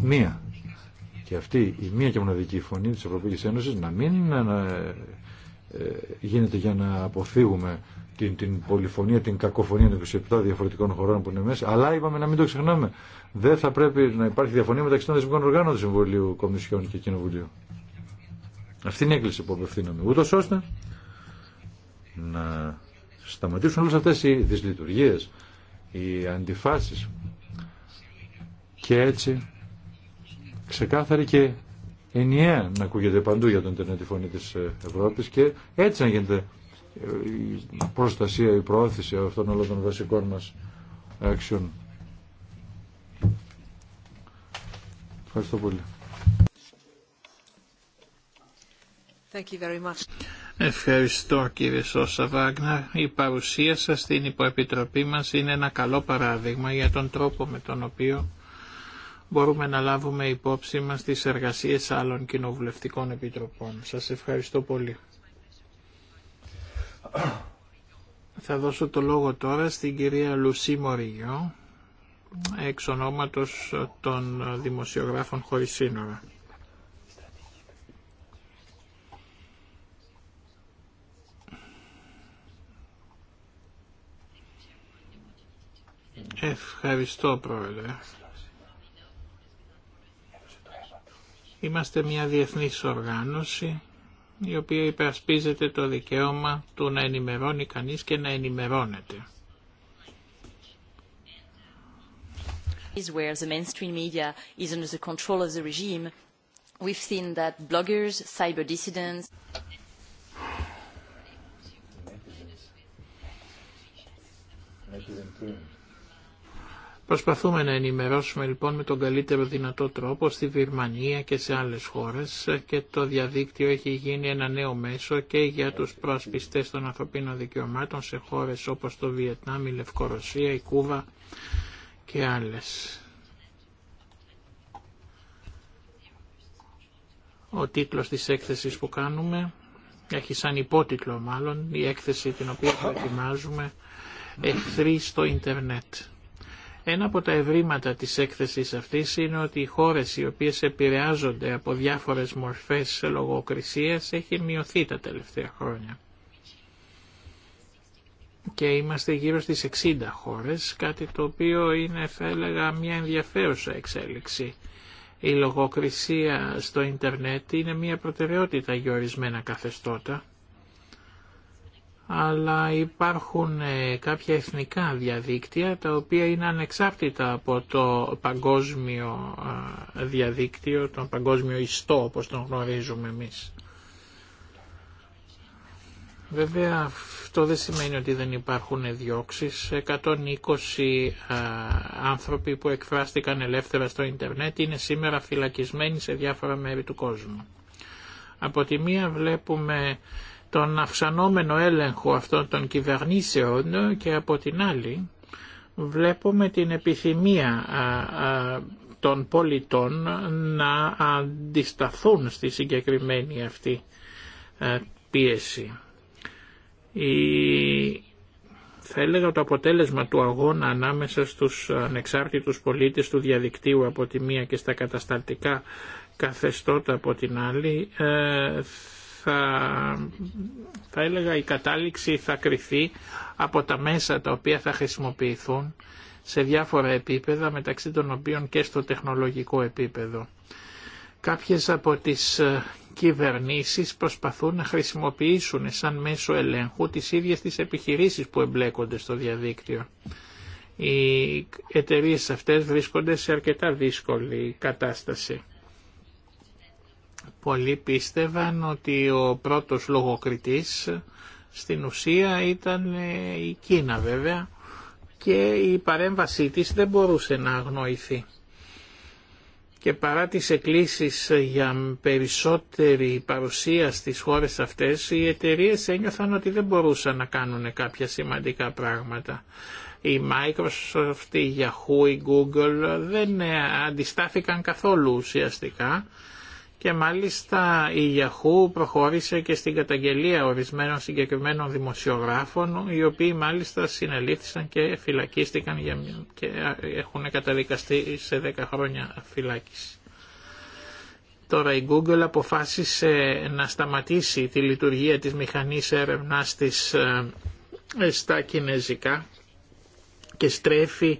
S2: μία. Και αυτή η μία και μοναδική φωνή της Ευρωπαϊκής Ένωσης να μην να, ε, γίνεται για να αποφύγουμε την, την πολυφωνία, την κακοφωνία των 27 διαφορετικών χωρών που είναι μέσα. Αλλά είπαμε να μην το ξεχνάμε. Δεν θα πρέπει να υπάρχει διαφωνία μεταξύ των δεσμικών οργάνων του Συμβουλίου, Κομισιών και Κοινοβουλίου. Αυτή είναι η έκκληση που απευθύνομαι. Ούτω ώστε να σταματήσουν όλε αυτές οι δυσλειτουργίε, οι αντιφάσεις και έτσι ξεκάθαρη και ενιαία να ακούγεται παντού για τον τερνετή φωνή της Ευρώπης και έτσι να γίνεται η προστασία, η προώθηση αυτών όλων των βασικών μας αξιών. Ευχαριστώ πολύ.
S4: Ευχαριστώ κύριε Σώσα Βάγναρ. Η παρουσία σας στην υποεπιτροπή μας είναι ένα καλό παράδειγμα για τον τρόπο με τον οποίο μπορούμε να λάβουμε υπόψη μας τις εργασίες άλλων κοινοβουλευτικών επιτροπών. Σας ευχαριστώ πολύ. Θα δώσω το λόγο τώρα στην κυρία Λουσί Μωριγιό, εξ ονόματος των δημοσιογράφων χωρίς σύνορα. Ευχαριστώ πρόεδρε. Είμαστε μια διεθνής οργάνωση η οποία υπερασπίζεται το δικαίωμα του να ενημερώνει κανείς και να ενημερώνεται.
S1: where the mainstream media is
S3: under the control of the regime, we've seen that bloggers, cyber dissidents,
S2: Thank you.
S4: Προσπαθούμε να ενημερώσουμε λοιπόν με τον καλύτερο δυνατό τρόπο στη Βυρμανία και σε άλλες χώρες και το διαδίκτυο έχει γίνει ένα νέο μέσο και για τους προασπιστές των ανθρωπίνων δικαιωμάτων σε χώρες όπως το Βιετνάμ, η Λευκορωσία, η Κούβα και άλλες. Ο τίτλος της έκθεσης που κάνουμε έχει σαν υπότιτλο μάλλον η έκθεση την οποία προετοιμάζουμε «Εχθροί στο Ιντερνετ». Ένα από τα ευρήματα της έκθεσης αυτής είναι ότι οι χώρες οι οποίες επηρεάζονται από διάφορες μορφές λογοκρισίας έχει μειωθεί τα τελευταία χρόνια. Και είμαστε γύρω στις 60 χώρες, κάτι το οποίο είναι θα έλεγα μια ενδιαφέρουσα εξέλιξη. Η λογοκρισία στο ίντερνετ είναι μια προτεραιότητα για ορισμένα καθεστώτα αλλά υπάρχουν ε, κάποια εθνικά διαδίκτυα τα οποία είναι ανεξάρτητα από το παγκόσμιο διαδίκτυο, τον παγκόσμιο ιστό όπως τον γνωρίζουμε εμείς. Βέβαια αυτό δεν σημαίνει ότι δεν υπάρχουν διώξεις. 120 άνθρωποι που εκφράστηκαν ελεύθερα στο ίντερνετ είναι σήμερα φυλακισμένοι σε διάφορα μέρη του κόσμου. Από τη μία βλέπουμε τον αυξανόμενο έλεγχο αυτών των κυβερνήσεων και από την άλλη βλέπουμε την επιθυμία των πολιτών να αντισταθούν στη συγκεκριμένη αυτή πίεση. Η, θα έλεγα το αποτέλεσμα του αγώνα ανάμεσα στους ανεξάρτητους πολίτες του διαδικτύου από τη μία και στα κατασταλτικά καθεστώτα από την άλλη ε, θα, έλεγα η κατάληξη θα κρυθεί από τα μέσα τα οποία θα χρησιμοποιηθούν σε διάφορα επίπεδα μεταξύ των οποίων και στο τεχνολογικό επίπεδο. Κάποιες από τις ε, κυβερνήσεις προσπαθούν να χρησιμοποιήσουν σαν μέσο ελέγχου τις ίδιες τις επιχειρήσεις που εμπλέκονται στο διαδίκτυο. Οι εταιρείες αυτές βρίσκονται σε αρκετά δύσκολη κατάσταση. Πολλοί πίστευαν ότι ο πρώτος λογοκριτής στην ουσία ήταν ε, η Κίνα βέβαια και η παρέμβασή της δεν μπορούσε να αγνοηθεί. Και παρά τις εκκλήσεις για περισσότερη παρουσία στις χώρες αυτές, οι εταιρείε ένιωθαν ότι δεν μπορούσαν να κάνουν κάποια σημαντικά πράγματα. Η Microsoft, η Yahoo, η Google δεν ε, αντιστάθηκαν καθόλου ουσιαστικά και μάλιστα η Yahoo προχώρησε και στην καταγγελία ορισμένων συγκεκριμένων δημοσιογράφων οι οποίοι μάλιστα συνελήφθησαν και φυλακίστηκαν και έχουν καταδικαστεί σε 10 χρόνια φυλάκιση. Τώρα η Google αποφάσισε να σταματήσει τη λειτουργία της μηχανής έρευνάς της ε, στα κινέζικα και στρέφει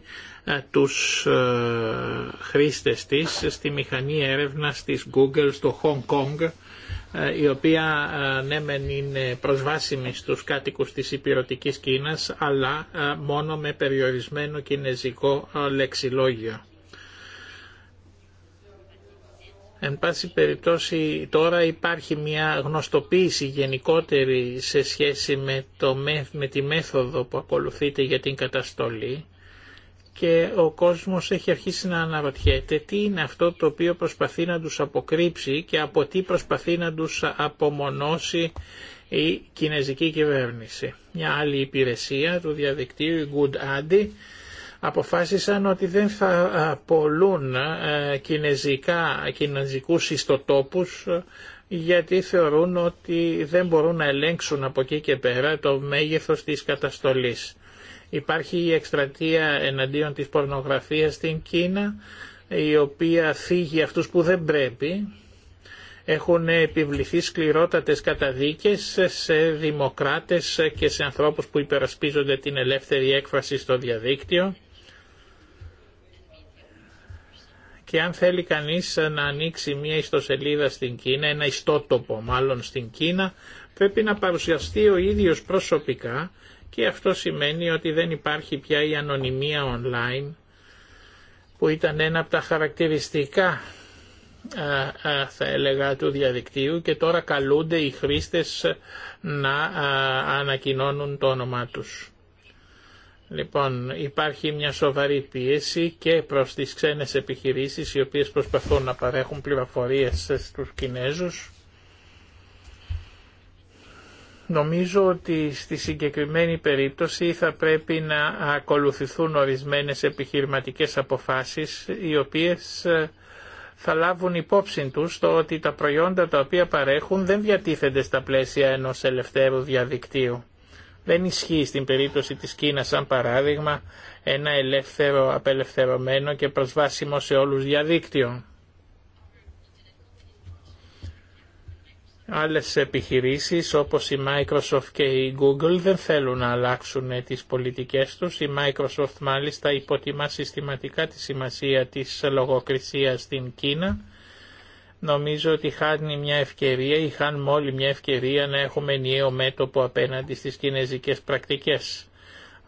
S4: τους ε, χρήστες της στη μηχανή έρευνας της Google στο Hong Kong ε, η οποία ε, ναι μεν είναι προσβάσιμη στους κάτοικους της υπηρετικής Κίνας αλλά μόνο με περιορισμένο κινέζικο λεξιλόγιο. Εν πάση περιπτώσει τώρα υπάρχει μια γνωστοποίηση γενικότερη σε σχέση με, το, με τη μέθοδο που ακολουθείται για την καταστολή και ο κόσμος έχει αρχίσει να αναρωτιέται τι είναι αυτό το οποίο προσπαθεί να τους αποκρύψει και από τι προσπαθεί να τους απομονώσει η κινέζικη κυβέρνηση. Μια άλλη υπηρεσία του διαδικτύου, η Good Andy, αποφάσισαν ότι δεν θα πολλούν ε, κινέζικα, κινέζικους ιστοτόπους ε, γιατί θεωρούν ότι δεν μπορούν να ελέγξουν από εκεί και πέρα το μέγεθος της καταστολής. Υπάρχει η εκστρατεία εναντίον της πορνογραφίας στην Κίνα, η οποία φύγει αυτούς που δεν πρέπει. Έχουν επιβληθεί σκληρότατες καταδίκες σε δημοκράτες και σε ανθρώπους που υπερασπίζονται την ελεύθερη έκφραση στο διαδίκτυο. και αν θέλει κανείς να ανοίξει μια ιστοσελίδα στην Κίνα, ένα ιστότοπο μάλλον στην Κίνα, πρέπει να παρουσιαστεί ο ίδιος προσωπικά και αυτό σημαίνει ότι δεν υπάρχει πια η ανωνυμία online που ήταν ένα από τα χαρακτηριστικά θα έλεγα του διαδικτύου και τώρα καλούνται οι χρήστες να ανακοινώνουν το όνομά τους. Λοιπόν, υπάρχει μια σοβαρή πίεση και προς τις ξένες επιχειρήσεις οι οποίες προσπαθούν να παρέχουν πληροφορίες στους Κινέζους Νομίζω ότι στη συγκεκριμένη περίπτωση θα πρέπει να ακολουθηθούν ορισμένες επιχειρηματικές αποφάσεις οι οποίες ε, θα λάβουν υπόψη τους το ότι τα προϊόντα τα οποία παρέχουν δεν διατίθενται στα πλαίσια ενός ελευθέρου διαδικτύου. Δεν ισχύει στην περίπτωση της Κίνας σαν παράδειγμα ένα ελεύθερο, απελευθερωμένο και προσβάσιμο σε όλους διαδίκτυο. Άλλες επιχειρήσεις όπως η Microsoft και η Google δεν θέλουν να αλλάξουν ε, τις πολιτικές τους. Η Microsoft μάλιστα υποτιμά συστηματικά τη σημασία της λογοκρισίας στην Κίνα. Νομίζω ότι χάνει μια ευκαιρία ή χάνουμε όλοι μια ευκαιρία να έχουμε ενιαίο μέτωπο απέναντι στις κινέζικες πρακτικές.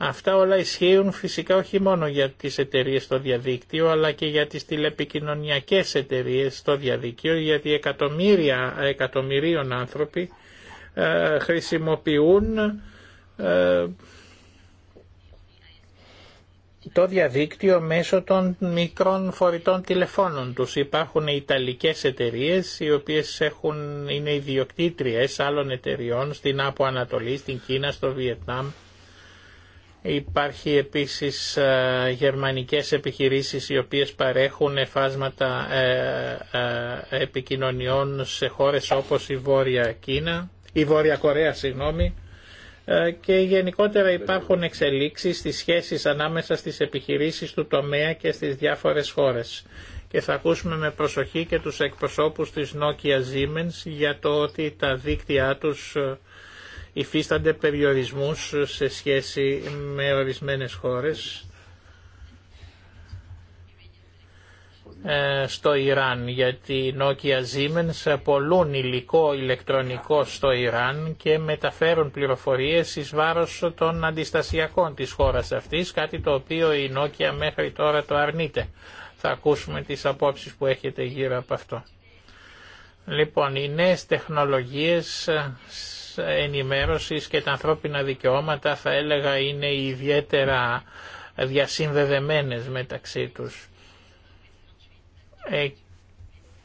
S4: Αυτά όλα ισχύουν φυσικά όχι μόνο για τις εταιρείες στο διαδίκτυο αλλά και για τις τηλεπικοινωνιακές εταιρείες στο διαδίκτυο γιατί εκατομμύρια εκατομμυρίων άνθρωποι ε, χρησιμοποιούν ε, το διαδίκτυο μέσω των μικρών φορητών τηλεφώνων τους. Υπάρχουν ιταλικές εταιρείες οι οποίες έχουν, είναι ιδιοκτήτριες άλλων εταιριών στην Άπο Ανατολή, στην Κίνα, στο Βιετνάμ Υπάρχει επίσης ε, γερμανικές επιχειρήσεις οι οποίες παρέχουν φάσματα ε, ε, επικοινωνιών σε χώρες όπως η Βόρεια Κίνα, η Βόρεια Κορέα, συγγνώμη, και γενικότερα υπάρχουν εξελίξεις στις σχέσεις ανάμεσα στις επιχειρήσεις του τομέα και στις διάφορες χώρες. Και θα ακούσουμε με προσοχή και τους εκπροσώπους της Nokia Siemens για το ότι τα δίκτυά τους υφίστανται περιορισμούς σε σχέση με ορισμένες χώρες ε, στο Ιράν γιατί η Nokia Siemens πολλούν υλικό ηλεκτρονικό στο Ιράν και μεταφέρουν πληροφορίες εις βάρος των αντιστασιακών της χώρας αυτής κάτι το οποίο η Nokia μέχρι τώρα το αρνείται. Θα ακούσουμε τις απόψεις που έχετε γύρω από αυτό. Λοιπόν, οι τεχνολογίες ενημέρωσης και τα ανθρώπινα δικαιώματα θα έλεγα είναι ιδιαίτερα διασυνδεδεμένες μεταξύ τους. Ε,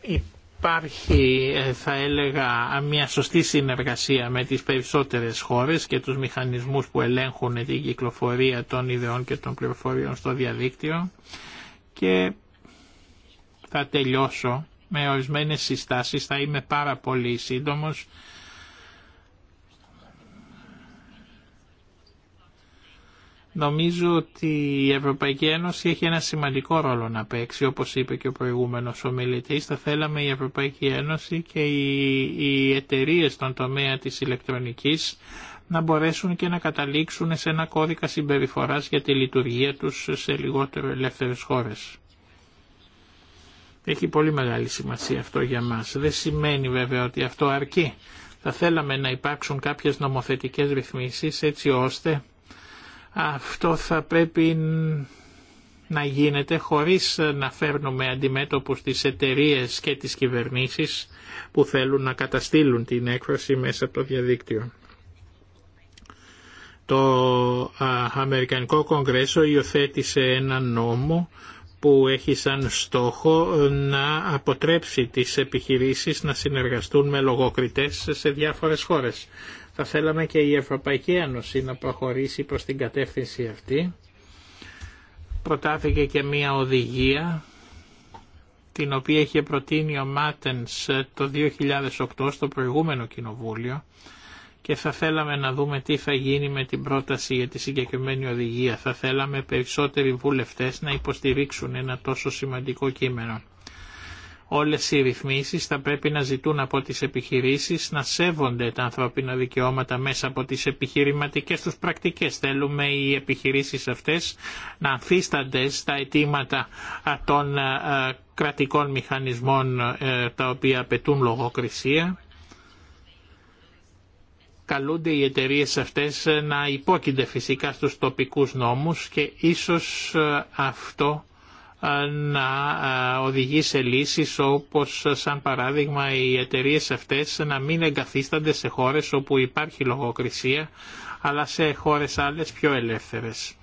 S4: υπάρχει θα έλεγα μια σωστή συνεργασία με τις περισσότερες χώρες και τους μηχανισμούς που ελέγχουν την κυκλοφορία των ιδεών και των πληροφοριών στο διαδίκτυο και θα τελειώσω με ορισμένες συστάσεις, θα είμαι πάρα πολύ σύντομος Νομίζω ότι η Ευρωπαϊκή Ένωση έχει ένα σημαντικό ρόλο να παίξει, όπως είπε και ο προηγούμενος ομιλητής. Θα θέλαμε η Ευρωπαϊκή Ένωση και οι, οι εταιρείε στον τομέα της ηλεκτρονικής να μπορέσουν και να καταλήξουν σε ένα κώδικα συμπεριφοράς για τη λειτουργία τους σε λιγότερο ελεύθερες χώρες. Έχει πολύ μεγάλη σημασία αυτό για μας. Δεν σημαίνει βέβαια ότι αυτό αρκεί. Θα θέλαμε να υπάρξουν κάποιες νομοθετικές ρυθμίσεις έτσι ώστε αυτό θα πρέπει να γίνεται χωρίς να φέρνουμε αντιμέτωπους τις εταιρείε και τις κυβερνήσεις που θέλουν να καταστήλουν την έκφραση μέσα από το διαδίκτυο. Το Αμερικανικό Κογκρέσο υιοθέτησε ένα νόμο που έχει σαν στόχο να αποτρέψει τις επιχειρήσεις να συνεργαστούν με λογοκριτές σε διάφορες χώρες. Θα θέλαμε και η Ευρωπαϊκή Ένωση να προχωρήσει προς την κατεύθυνση αυτή. Προτάθηκε και μία οδηγία την οποία είχε προτείνει ο Μάτενς ε, το 2008 στο προηγούμενο κοινοβούλιο και θα θέλαμε να δούμε τι θα γίνει με την πρόταση για τη συγκεκριμένη οδηγία. Θα θέλαμε περισσότεροι βουλευτές να υποστηρίξουν ένα τόσο σημαντικό κείμενο. Όλες οι ρυθμίσεις θα πρέπει να ζητούν από τις επιχειρήσεις να σέβονται τα ανθρώπινα δικαιώματα μέσα από τις επιχειρηματικές τους πρακτικές. Θέλουμε οι επιχειρήσεις αυτές να ανθίστανται στα αιτήματα των κρατικών μηχανισμών ε, τα οποία απαιτούν λογοκρισία. Καλούνται οι εταιρείες αυτές ε, να υπόκεινται φυσικά στους τοπικούς νόμους και ίσως ε, αυτό να ε, οδηγεί σε λύσεις όπως σαν παράδειγμα οι εταιρείε αυτές να μην εγκαθίστανται σε χώρες όπου υπάρχει λογοκρισία αλλά σε χώρες άλλες πιο ελεύθερες.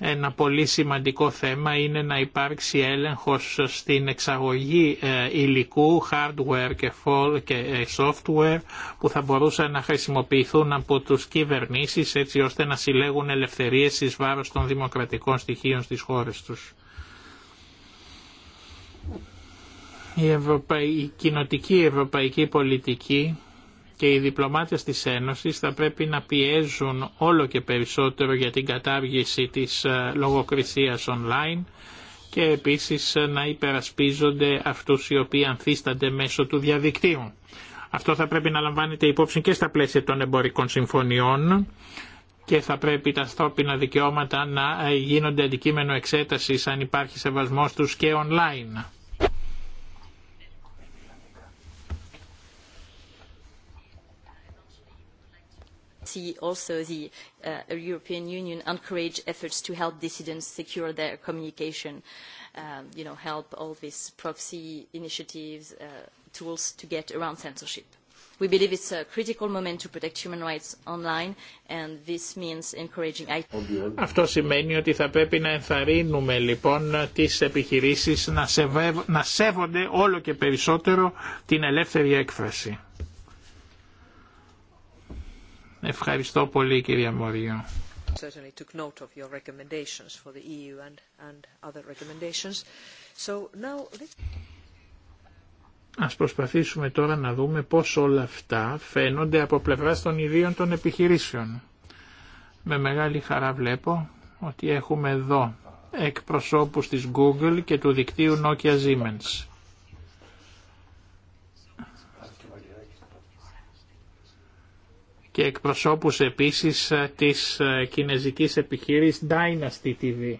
S4: Ένα πολύ σημαντικό θέμα είναι να υπάρξει έλεγχος στην εξαγωγή ε, υλικού, hardware και ε, software που θα μπορούσαν να χρησιμοποιηθούν από τους κυβερνήσεις έτσι ώστε να συλλέγουν ελευθερίες εις βάρος των δημοκρατικών στοιχείων στις χώρες τους. Η, Ευρωπαϊ... η κοινοτική ευρωπαϊκή πολιτική και οι διπλωμάτες της Ένωσης θα πρέπει να πιέζουν όλο και περισσότερο για την κατάργηση της ε, λογοκρισίας online και επίσης ε, να υπερασπίζονται αυτούς οι οποίοι ανθίστανται μέσω του διαδικτύου. Αυτό θα πρέπει να λαμβάνεται υπόψη και στα πλαίσια των εμπορικών συμφωνιών και θα πρέπει τα στόπινα δικαιώματα να ε, γίνονται αντικείμενο εξέτασης αν υπάρχει σεβασμός τους και online.
S1: see also the European Union
S3: encourage efforts to help dissidents secure their communication, you know, help all these proxy initiatives, tools to get around censorship. We believe it's a critical moment to protect human rights online and this means encouraging
S4: Αυτό σημαίνει ότι θα πρέπει να ενθαρρύνουμε λοιπόν τις επιχειρήσεις να, σεβε... να σέβονται όλο και περισσότερο την ελεύθερη έκφραση. Ευχαριστώ πολύ κυρία Μωριό.
S1: Certainly
S4: Ας προσπαθήσουμε τώρα να δούμε πώς όλα αυτά φαίνονται από πλευράς των ιδίων των επιχειρήσεων. Με μεγάλη χαρά βλέπω ότι έχουμε εδώ εκπροσώπους της Google και του δικτύου Nokia Siemens. και εκπροσώπους επίσης ε, της ε, κινέζικης επιχείρησης Dynasty TV.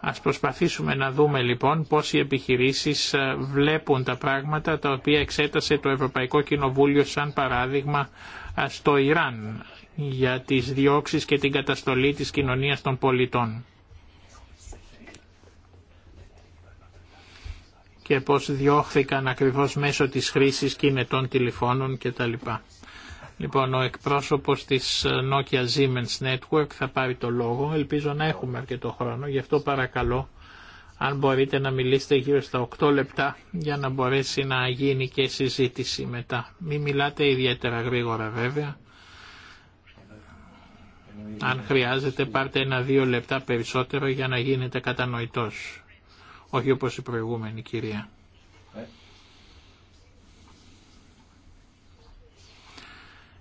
S4: Ας προσπαθήσουμε να δούμε λοιπόν πώς οι επιχειρήσεις ε, βλέπουν τα πράγματα τα οποία εξέτασε το Ευρωπαϊκό Κοινοβούλιο σαν παράδειγμα στο Ιράν για τις διώξεις και την καταστολή της κοινωνίας των πολιτών. και πώς διώχθηκαν ακριβώς μέσω της χρήσης κινητών τηλεφώνων κτλ. Λοιπόν, ο εκπρόσωπος της Nokia Siemens Network θα πάρει το λόγο. Ελπίζω να έχουμε αρκετό χρόνο, γι' αυτό παρακαλώ αν μπορείτε να μιλήσετε γύρω στα 8 λεπτά για να μπορέσει να γίνει και συζήτηση μετά. Μην μιλάτε ιδιαίτερα γρήγορα βέβαια. Αν χρειάζεται πάρτε ένα-δύο λεπτά περισσότερο για να γίνετε κατανοητός όχι όπως η προηγούμενη κυρία.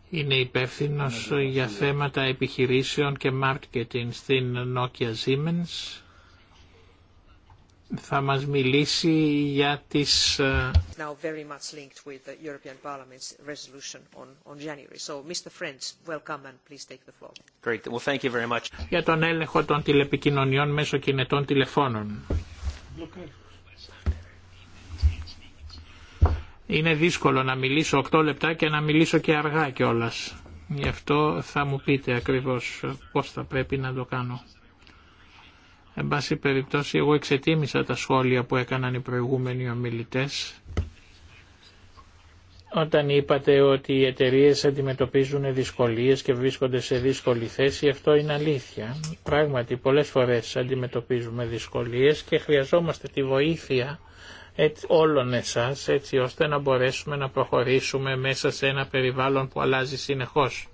S4: Είναι υπεύθυνο για θέματα επιχειρήσεων και marketing στην Nokia Siemens. Θα μας μιλήσει για τις... Now very
S1: much linked with the European Parliament's resolution on, on January. So, Mr. Friends, welcome and please take the floor.
S4: Great. Well, thank you very much. Για τον έλεγχο των τηλεπικοινωνιών μέσω κινητών τηλεφώνων. Είναι δύσκολο να μιλήσω 8 λεπτά και να μιλήσω και αργά κιόλα. Γι' αυτό θα μου πείτε ακριβώς πώς θα πρέπει να το κάνω. Εν πάση περιπτώσει, εγώ εξετίμησα τα σχόλια που έκαναν οι προηγούμενοι ομιλητές όταν είπατε ότι οι εταιρείε αντιμετωπίζουν δυσκολίες και βρίσκονται σε δύσκολη θέση, αυτό είναι αλήθεια. Πράγματι, πολλές φορές αντιμετωπίζουμε δυσκολίες και χρειαζόμαστε τη βοήθεια όλων εσάς έτσι ώστε να μπορέσουμε να προχωρήσουμε μέσα σε ένα περιβάλλον που αλλάζει συνεχώς.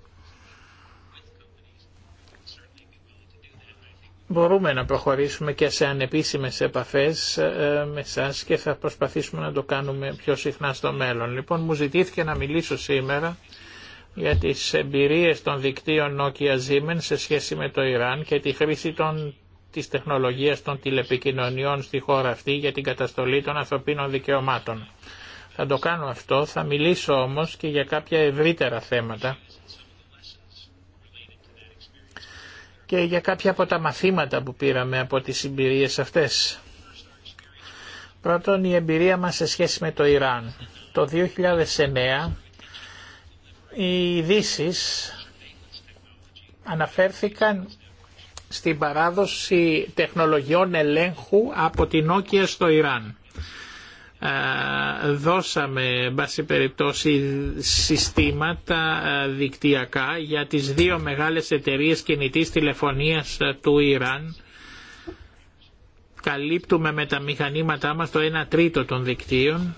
S4: μπορούμε να προχωρήσουμε και σε ανεπίσημες επαφές ε, ε, με σας και θα προσπαθήσουμε να το κάνουμε πιο συχνά στο μέλλον. Λοιπόν, μου ζητήθηκε να μιλήσω σήμερα για τις εμπειρίες των δικτύων Nokia Siemens σε σχέση με το Ιράν και τη χρήση των, της τεχνολογίας των τηλεπικοινωνιών στη χώρα αυτή για την καταστολή των ανθρωπίνων δικαιωμάτων. Θα το κάνω αυτό, θα μιλήσω όμως και για κάποια ευρύτερα θέματα και για κάποια από τα μαθήματα που πήραμε από τις εμπειρίες αυτές. Πρώτον, η εμπειρία μας σε σχέση με το Ιράν. Το 2009 οι ειδήσει αναφέρθηκαν στην παράδοση τεχνολογιών ελέγχου από την Όκια στο Ιράν δώσαμε βάση περιπτώσει συστήματα δικτυακά για τις δύο μεγάλες εταιρείες κινητής τηλεφωνίας του Ιράν καλύπτουμε με τα μηχανήματά μας το 1 τρίτο των δικτύων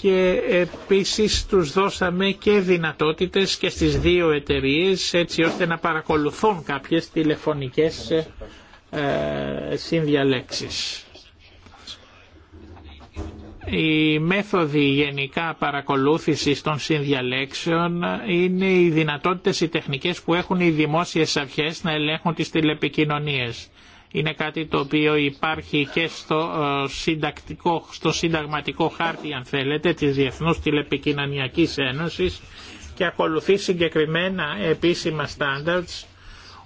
S4: και επίσης τους δώσαμε και δυνατότητες και στις δύο εταιρείες έτσι ώστε να παρακολουθούν κάποιες τηλεφωνικές ε, ε, συνδιαλέξεις. Οι μέθοδοι γενικά παρακολούθησης των συνδιαλέξεων είναι οι δυνατότητες οι τεχνικές που έχουν οι δημόσιες αρχές να ελέγχουν τις τηλεπικοινωνίες. Είναι κάτι το οποίο υπάρχει και στο, ε, συντακτικό, στο συνταγματικό χάρτη, αν θέλετε, της Διεθνούς Τηλεπικοινωνιακής Ένωσης και ακολουθεί συγκεκριμένα επίσημα standards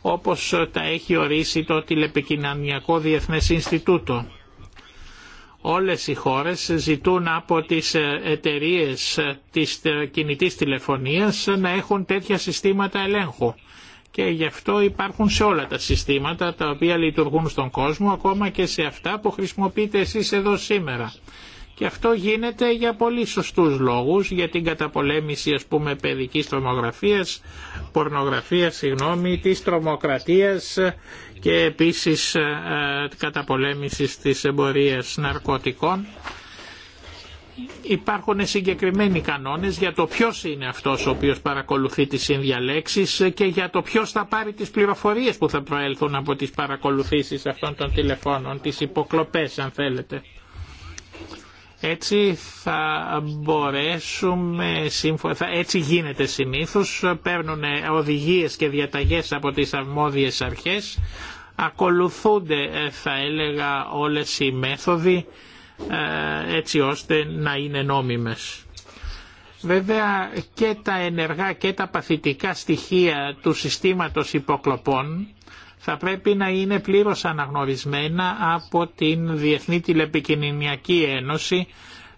S4: όπως τα έχει ορίσει το Τηλεπικοινωνιακό Διεθνές Ινστιτούτο όλες οι χώρες ζητούν από τις εταιρείες της κινητής τηλεφωνίας να έχουν τέτοια συστήματα ελέγχου. Και γι' αυτό υπάρχουν σε όλα τα συστήματα τα οποία λειτουργούν στον κόσμο, ακόμα και σε αυτά που χρησιμοποιείτε εσείς εδώ σήμερα. Και αυτό γίνεται για πολύ σωστούς λόγους, για την καταπολέμηση ας πούμε παιδικής τρομογραφίας, πορνογραφίας, συγγνώμη, της τρομοκρατίας και επίσης ε, ε, καταπολέμησης της εμπορίας ναρκωτικών. Υπάρχουν συγκεκριμένοι κανόνες για το ποιος είναι αυτός ο οποίος παρακολουθεί τις συνδιαλέξεις και για το ποιος θα πάρει τις πληροφορίες που θα προέλθουν από τις παρακολουθήσεις αυτών των τηλεφώνων, τις υποκλοπές αν θέλετε. Έτσι θα μπορέσουμε, έτσι γίνεται συνήθως, παίρνουν οδηγίες και διαταγές από τις αρμόδιες αρχές, ακολουθούνται ε, θα έλεγα όλες οι μέθοδοι ε, έτσι ώστε να είναι νόμιμες. Βέβαια και τα ενεργά και τα παθητικά στοιχεία του συστήματος υποκλοπών θα πρέπει να είναι πλήρως αναγνωρισμένα από την Διεθνή Τηλεπικοινωνιακή Ένωση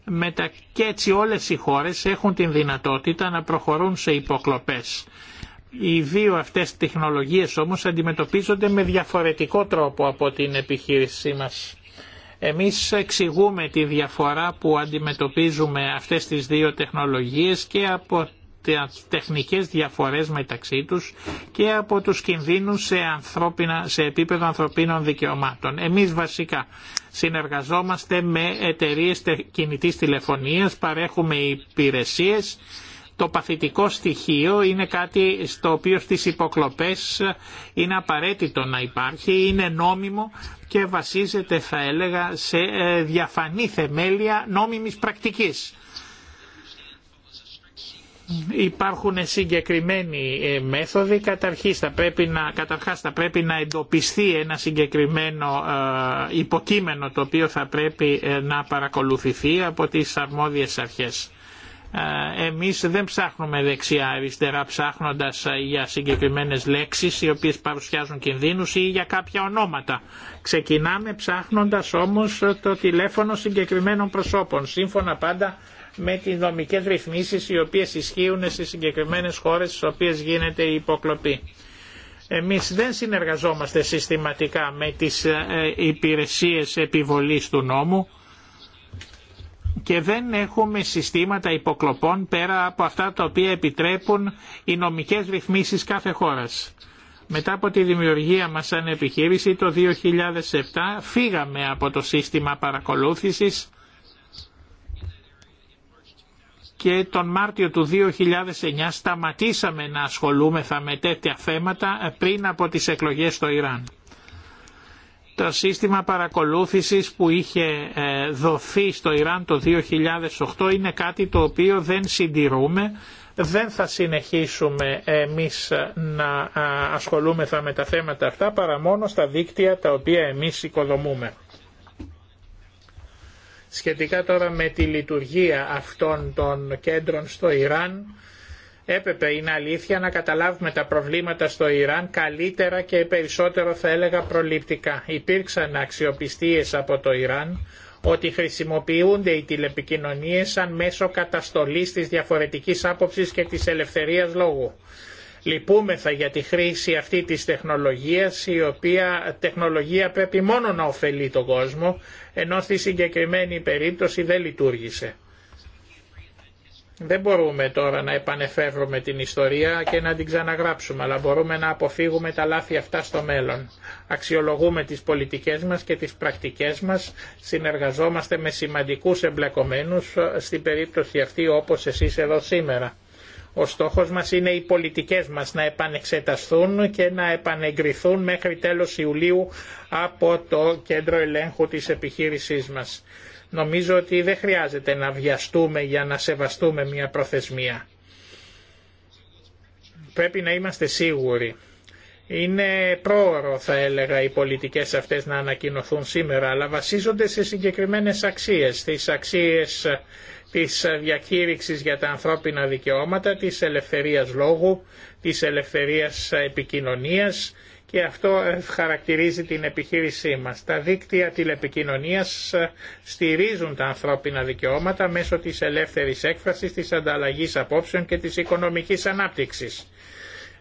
S4: μετα... και έτσι όλες οι χώρες έχουν την δυνατότητα να προχωρούν σε υποκλοπές. Οι δύο αυτές τεχνολογίες όμως αντιμετωπίζονται με διαφορετικό τρόπο από την επιχείρησή μας. Εμείς εξηγούμε τη διαφορά που αντιμετωπίζουμε αυτές τις δύο τεχνολογίες και από τεχνικές διαφορές μεταξύ τους και από τους κινδύνους σε, ανθρώπινα, σε επίπεδο ανθρωπίνων δικαιωμάτων. Εμείς βασικά συνεργαζόμαστε με εταιρείες κινητής τηλεφωνίας, παρέχουμε υπηρεσίες. Το παθητικό στοιχείο είναι κάτι στο οποίο στις υποκλοπές είναι απαραίτητο να υπάρχει, είναι νόμιμο και βασίζεται θα έλεγα σε ε, διαφανή θεμέλια νόμιμης πρακτικής υπάρχουν συγκεκριμένοι ε, μέθοδοι. Καταρχής θα πρέπει να, καταρχάς θα πρέπει να εντοπιστεί ένα συγκεκριμένο ε, υποκείμενο το οποίο θα πρέπει ε, να παρακολουθηθεί από τις αρμόδιες αρχές. Εμείς δεν ψάχνουμε δεξιά-αριστερά ψάχνοντας για συγκεκριμένες λέξεις οι οποίες παρουσιάζουν κινδύνους ή για κάποια ονόματα. Ξεκινάμε ψάχνοντας όμως το τηλέφωνο συγκεκριμένων προσώπων, σύμφωνα πάντα με τις νομικές ρυθμίσεις οι οποίες ισχύουν στις συγκεκριμένες χώρες στις οποίες γίνεται η υποκλοπή. Εμείς δεν συνεργαζόμαστε συστηματικά με τις ε, υπηρεσίες επιβολής του νόμου και δεν έχουμε συστήματα υποκλοπών πέρα από αυτά τα οποία επιτρέπουν οι νομικές ρυθμίσεις κάθε χώρας. Μετά από τη δημιουργία μας σαν επιχείρηση το 2007 φύγαμε από το σύστημα παρακολούθησης και τον Μάρτιο του 2009 σταματήσαμε να ασχολούμεθα με τέτοια θέματα ε, πριν από τις εκλογές στο Ιράν. Το σύστημα παρακολούθησης που είχε ε, δοθεί στο Ιράν το 2008 είναι κάτι το οποίο δεν συντηρούμε, δεν θα συνεχίσουμε εμείς ε, να ασχολούμεθα με τα θέματα αυτά παρά μόνο στα δίκτυα τα οποία εμείς οικοδομούμε. Σχετικά τώρα με τη λειτουργία αυτών των κέντρων στο Ιράν, έπρεπε είναι αλήθεια να καταλάβουμε τα προβλήματα στο Ιράν καλύτερα και περισσότερο θα έλεγα προληπτικά. Υπήρξαν αξιοπιστίες από το Ιράν ότι χρησιμοποιούνται οι τηλεπικοινωνίες σαν μέσο καταστολής της διαφορετικής άποψης και της ελευθερίας λόγου. Λυπούμεθα για τη χρήση αυτή της τεχνολογίας, η οποία τεχνολογία πρέπει μόνο να ωφελεί τον κόσμο ενώ στη συγκεκριμένη περίπτωση δεν λειτουργήσε. Δεν μπορούμε τώρα να επανεφεύρουμε την ιστορία και να την ξαναγράψουμε, αλλά μπορούμε να αποφύγουμε τα λάθη αυτά στο μέλλον. Αξιολογούμε τις πολιτικές μας και τις πρακτικές μας, συνεργαζόμαστε με σημαντικούς εμπλεκομένους, ε, στην περίπτωση αυτή όπως εσείς εδώ σήμερα. Ο στόχος μας είναι οι πολιτικές μας να επανεξεταστούν και να επανεγκριθούν μέχρι τέλος Ιουλίου από το κέντρο ελέγχου της επιχείρησής μας. Νομίζω ότι δεν χρειάζεται να βιαστούμε για να σεβαστούμε μια προθεσμία. Πρέπει να είμαστε σίγουροι. Είναι πρόωρο θα έλεγα οι πολιτικές αυτές να ανακοινωθούν σήμερα αλλά βασίζονται σε συγκεκριμένες αξίες. στις αξίες της διακήρυξης για τα ανθρώπινα δικαιώματα, της ελευθερίας λόγου, της ελευθερίας επικοινωνίας και αυτό χαρακτηρίζει την επιχείρησή μας. Τα δίκτυα τηλεπικοινωνίας ε, στηρίζουν τα ανθρώπινα δικαιώματα μέσω της ελεύθερης έκφρασης, της ανταλλαγής απόψεων και της οικονομικής ανάπτυξης.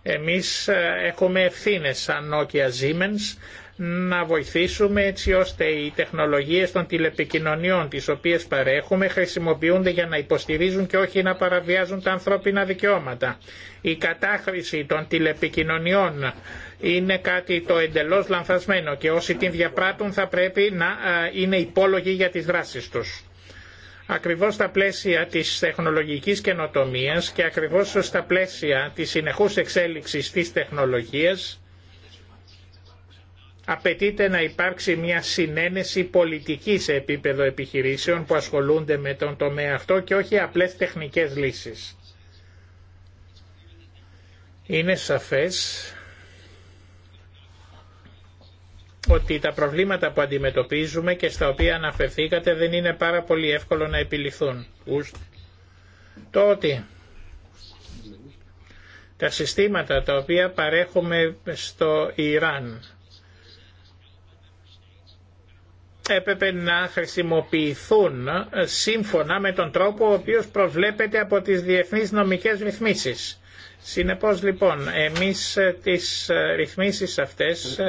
S4: Εμείς ε, έχουμε ευθύνες σαν Nokia Siemens να βοηθήσουμε έτσι ώστε οι τεχνολογίες των τηλεπικοινωνιών τις οποίες παρέχουμε χρησιμοποιούνται για να υποστηρίζουν και όχι να παραβιάζουν τα ανθρώπινα δικαιώματα. Η κατάχρηση των τηλεπικοινωνιών είναι κάτι το εντελώς λανθασμένο και όσοι την διαπράττουν θα πρέπει να είναι υπόλογοι για τις δράσεις τους. Ακριβώς στα πλαίσια της τεχνολογικής καινοτομίας και ακριβώς στα πλαίσια της συνεχούς εξέλιξης της τεχνολογίας απαιτείται να υπάρξει μια συνένεση πολιτική σε επίπεδο επιχειρήσεων που ασχολούνται με τον τομέα αυτό και όχι απλές τεχνικές λύσεις. Είναι σαφές ότι τα προβλήματα που αντιμετωπίζουμε και στα οποία αναφερθήκατε δεν είναι πάρα πολύ εύκολο να επιληθούν. Το ότι τα συστήματα τα οποία παρέχουμε στο Ιράν έπρεπε να χρησιμοποιηθούν σύμφωνα με τον τρόπο ο οποίος προβλέπεται από τις διεθνείς νομικές ρυθμίσεις. Συνεπώς λοιπόν εμείς τις ρυθμίσεις αυτές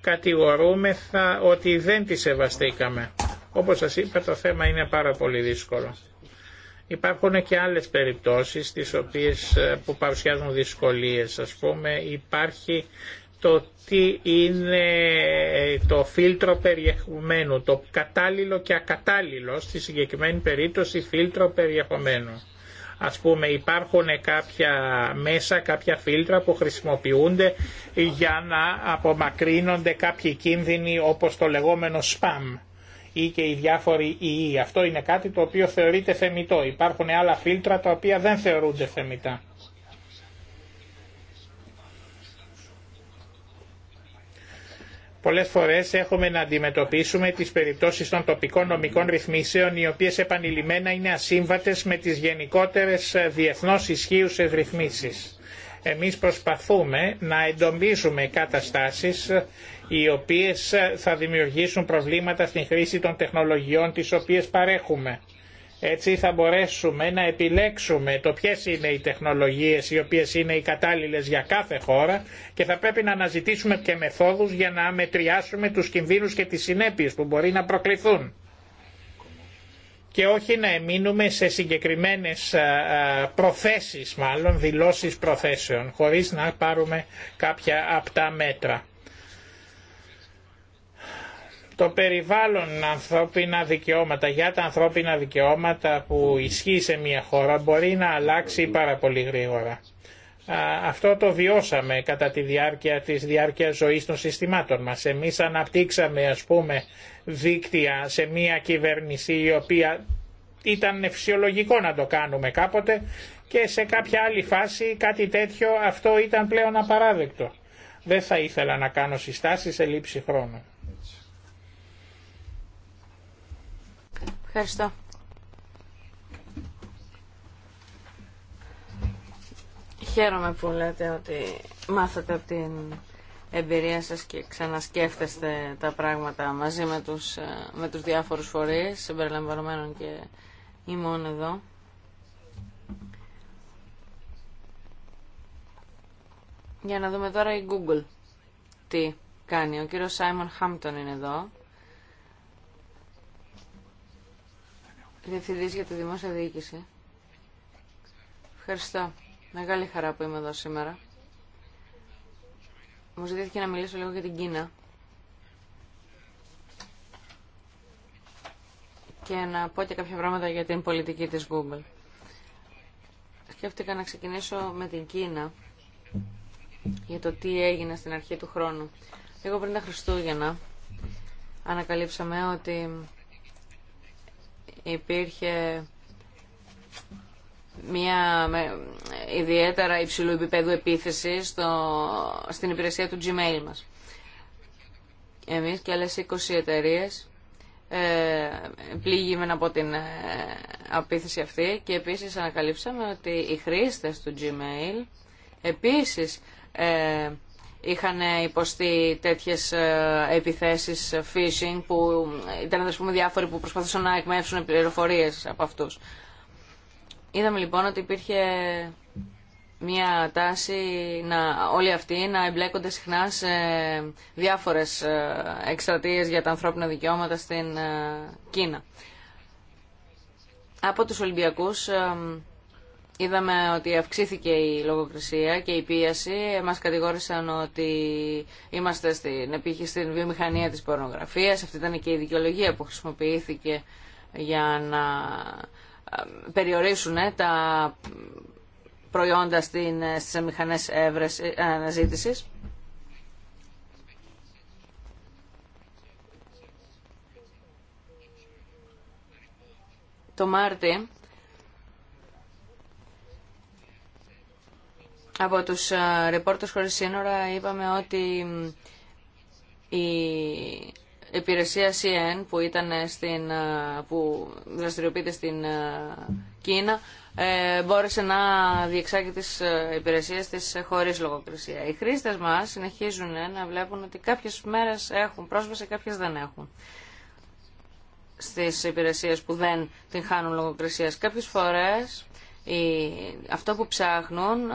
S4: κατηγορούμε ότι δεν τις σεβαστήκαμε. Όπως σας είπα το θέμα είναι πάρα πολύ δύσκολο. Υπάρχουν και άλλες περιπτώσεις τις οποίες, που παρουσιάζουν δυσκολίες. Ας πούμε υπάρχει το τι είναι το φίλτρο περιεχομένου, το κατάλληλο και ακατάλληλο, στη συγκεκριμένη περίπτωση φίλτρο περιεχομένου. Ας πούμε υπάρχουν κάποια μέσα, κάποια φίλτρα που χρησιμοποιούνται για να απομακρύνονται κάποιοι κίνδυνοι όπως το λεγόμενο spam ή και οι διάφοροι ΙΙ. E e. Αυτό είναι κάτι το οποίο θεωρείται θεμητό. Υπάρχουν άλλα φίλτρα τα οποία δεν θεωρούνται θεμητά. Πολλές φορές έχουμε να αντιμετωπίσουμε τις περιπτώσεις των τοπικών νομικών ρυθμίσεων οι οποίες επανειλημμένα είναι ασύμβατες με τις γενικότερες ε, διεθνώς ισχύουσες ρυθμίσεις. Εμείς προσπαθούμε να εντομίζουμε καταστάσεις ε, οι οποίες ε, θα δημιουργήσουν προβλήματα στην χρήση των τεχνολογιών τις οποίες παρέχουμε έτσι θα μπορέσουμε να επιλέξουμε το ποιες είναι οι τεχνολογίες οι οποίες είναι οι κατάλληλες για κάθε χώρα και θα πρέπει να αναζητήσουμε και μεθόδους για να μετριάσουμε τους κινδύνους και τις συνέπειες που μπορεί να προκληθούν και όχι να εμείνουμε σε συγκεκριμένες προθέσεις μάλλον, δηλώσεις προθέσεων, χωρίς να πάρουμε κάποια απτά μέτρα το περιβάλλον ανθρώπινα δικαιώματα, για τα ανθρώπινα δικαιώματα που ισχύει σε μια χώρα μπορεί να αλλάξει πάρα πολύ γρήγορα. Αυτό το βιώσαμε κατά τη διάρκεια της διάρκειας ζωής των συστημάτων μας. Εμείς αναπτύξαμε ας πούμε δίκτυα σε μια κυβέρνηση η οποία ήταν φυσιολογικό να το κάνουμε κάποτε και σε κάποια άλλη φάση κάτι τέτοιο αυτό ήταν πλέον απαράδεκτο. Δεν θα ήθελα να κάνω συστάσεις σε λήψη χρόνου. Ευχαριστώ.
S3: Χαίρομαι που λέτε ότι μάθατε από την εμπειρία σας και ξανασκέφτεστε τα πράγματα μαζί με τους, ε, με τους διάφορους φορείς, συμπεριλαμβανομένων και ημών εδώ. Για να δούμε τώρα η Google τι κάνει. Ο κύριος Σάιμον Χάμπτον είναι εδώ Διευθυντής για τη Δημόσια Διοίκηση. Ευχαριστώ. Μεγάλη χαρά που είμαι εδώ σήμερα. Μου ζητήθηκε να μιλήσω λίγο για την Κίνα. Και να πω και κάποια πράγματα για την πολιτική της Google. Σκέφτηκα να ξεκινήσω με την Κίνα για το τι έγινε στην αρχή του χρόνου. Λίγο πριν τα Χριστούγεννα ανακαλύψαμε ότι υπήρχε μια ιδιαίτερα υψηλού επίπεδου επίθεση στο, στην υπηρεσία του Gmail μας. Εμείς και άλλες 20 εταιρείε ε, από την ε, απίθεση αυτή και επίσης ανακαλύψαμε ότι οι χρήστες του Gmail επίσης ε, είχαν υποστεί τέτοιες ε, επιθέσεις ε, phishing που ήταν ας διάφοροι που προσπαθούσαν να εκμεύσουν πληροφορίες από αυτούς. Είδαμε λοιπόν ότι υπήρχε μια τάση να, όλοι αυτοί να εμπλέκονται συχνά σε διάφορες ε, εκστρατείες για τα ανθρώπινα δικαιώματα στην Κίνα. Από τους Ολυμπιακούς Είδαμε ότι αυξήθηκε η λογοκρισία και η πίεση. Μας κατηγόρησαν ότι είμαστε στην, επίχει, στην βιομηχανία της πορνογραφίας. Αυτή ήταν και η δικαιολογία που χρησιμοποιήθηκε για να ε, περιορίσουν ε, τα προϊόντα στην, ε, στις μηχανές αναζήτησης. Το Μάρτι Από τους ρεπόρτους χωρίς σύνορα είπαμε ότι η υπηρεσία CN που, ήταν στην, ε, που δραστηριοποιείται στην ε, Κίνα ε, μπόρεσε να διεξάγει τις υπηρεσίες της χωρίς λογοκρισία. Οι χρήστες μας συνεχίζουν να βλέπουν ότι κάποιες μέρες έχουν πρόσβαση, κάποιες δεν έχουν στις υπηρεσίες που δεν την χάνουν λογοκρισίας. Κάποιες φορές αυτό που ψάχνουν ε,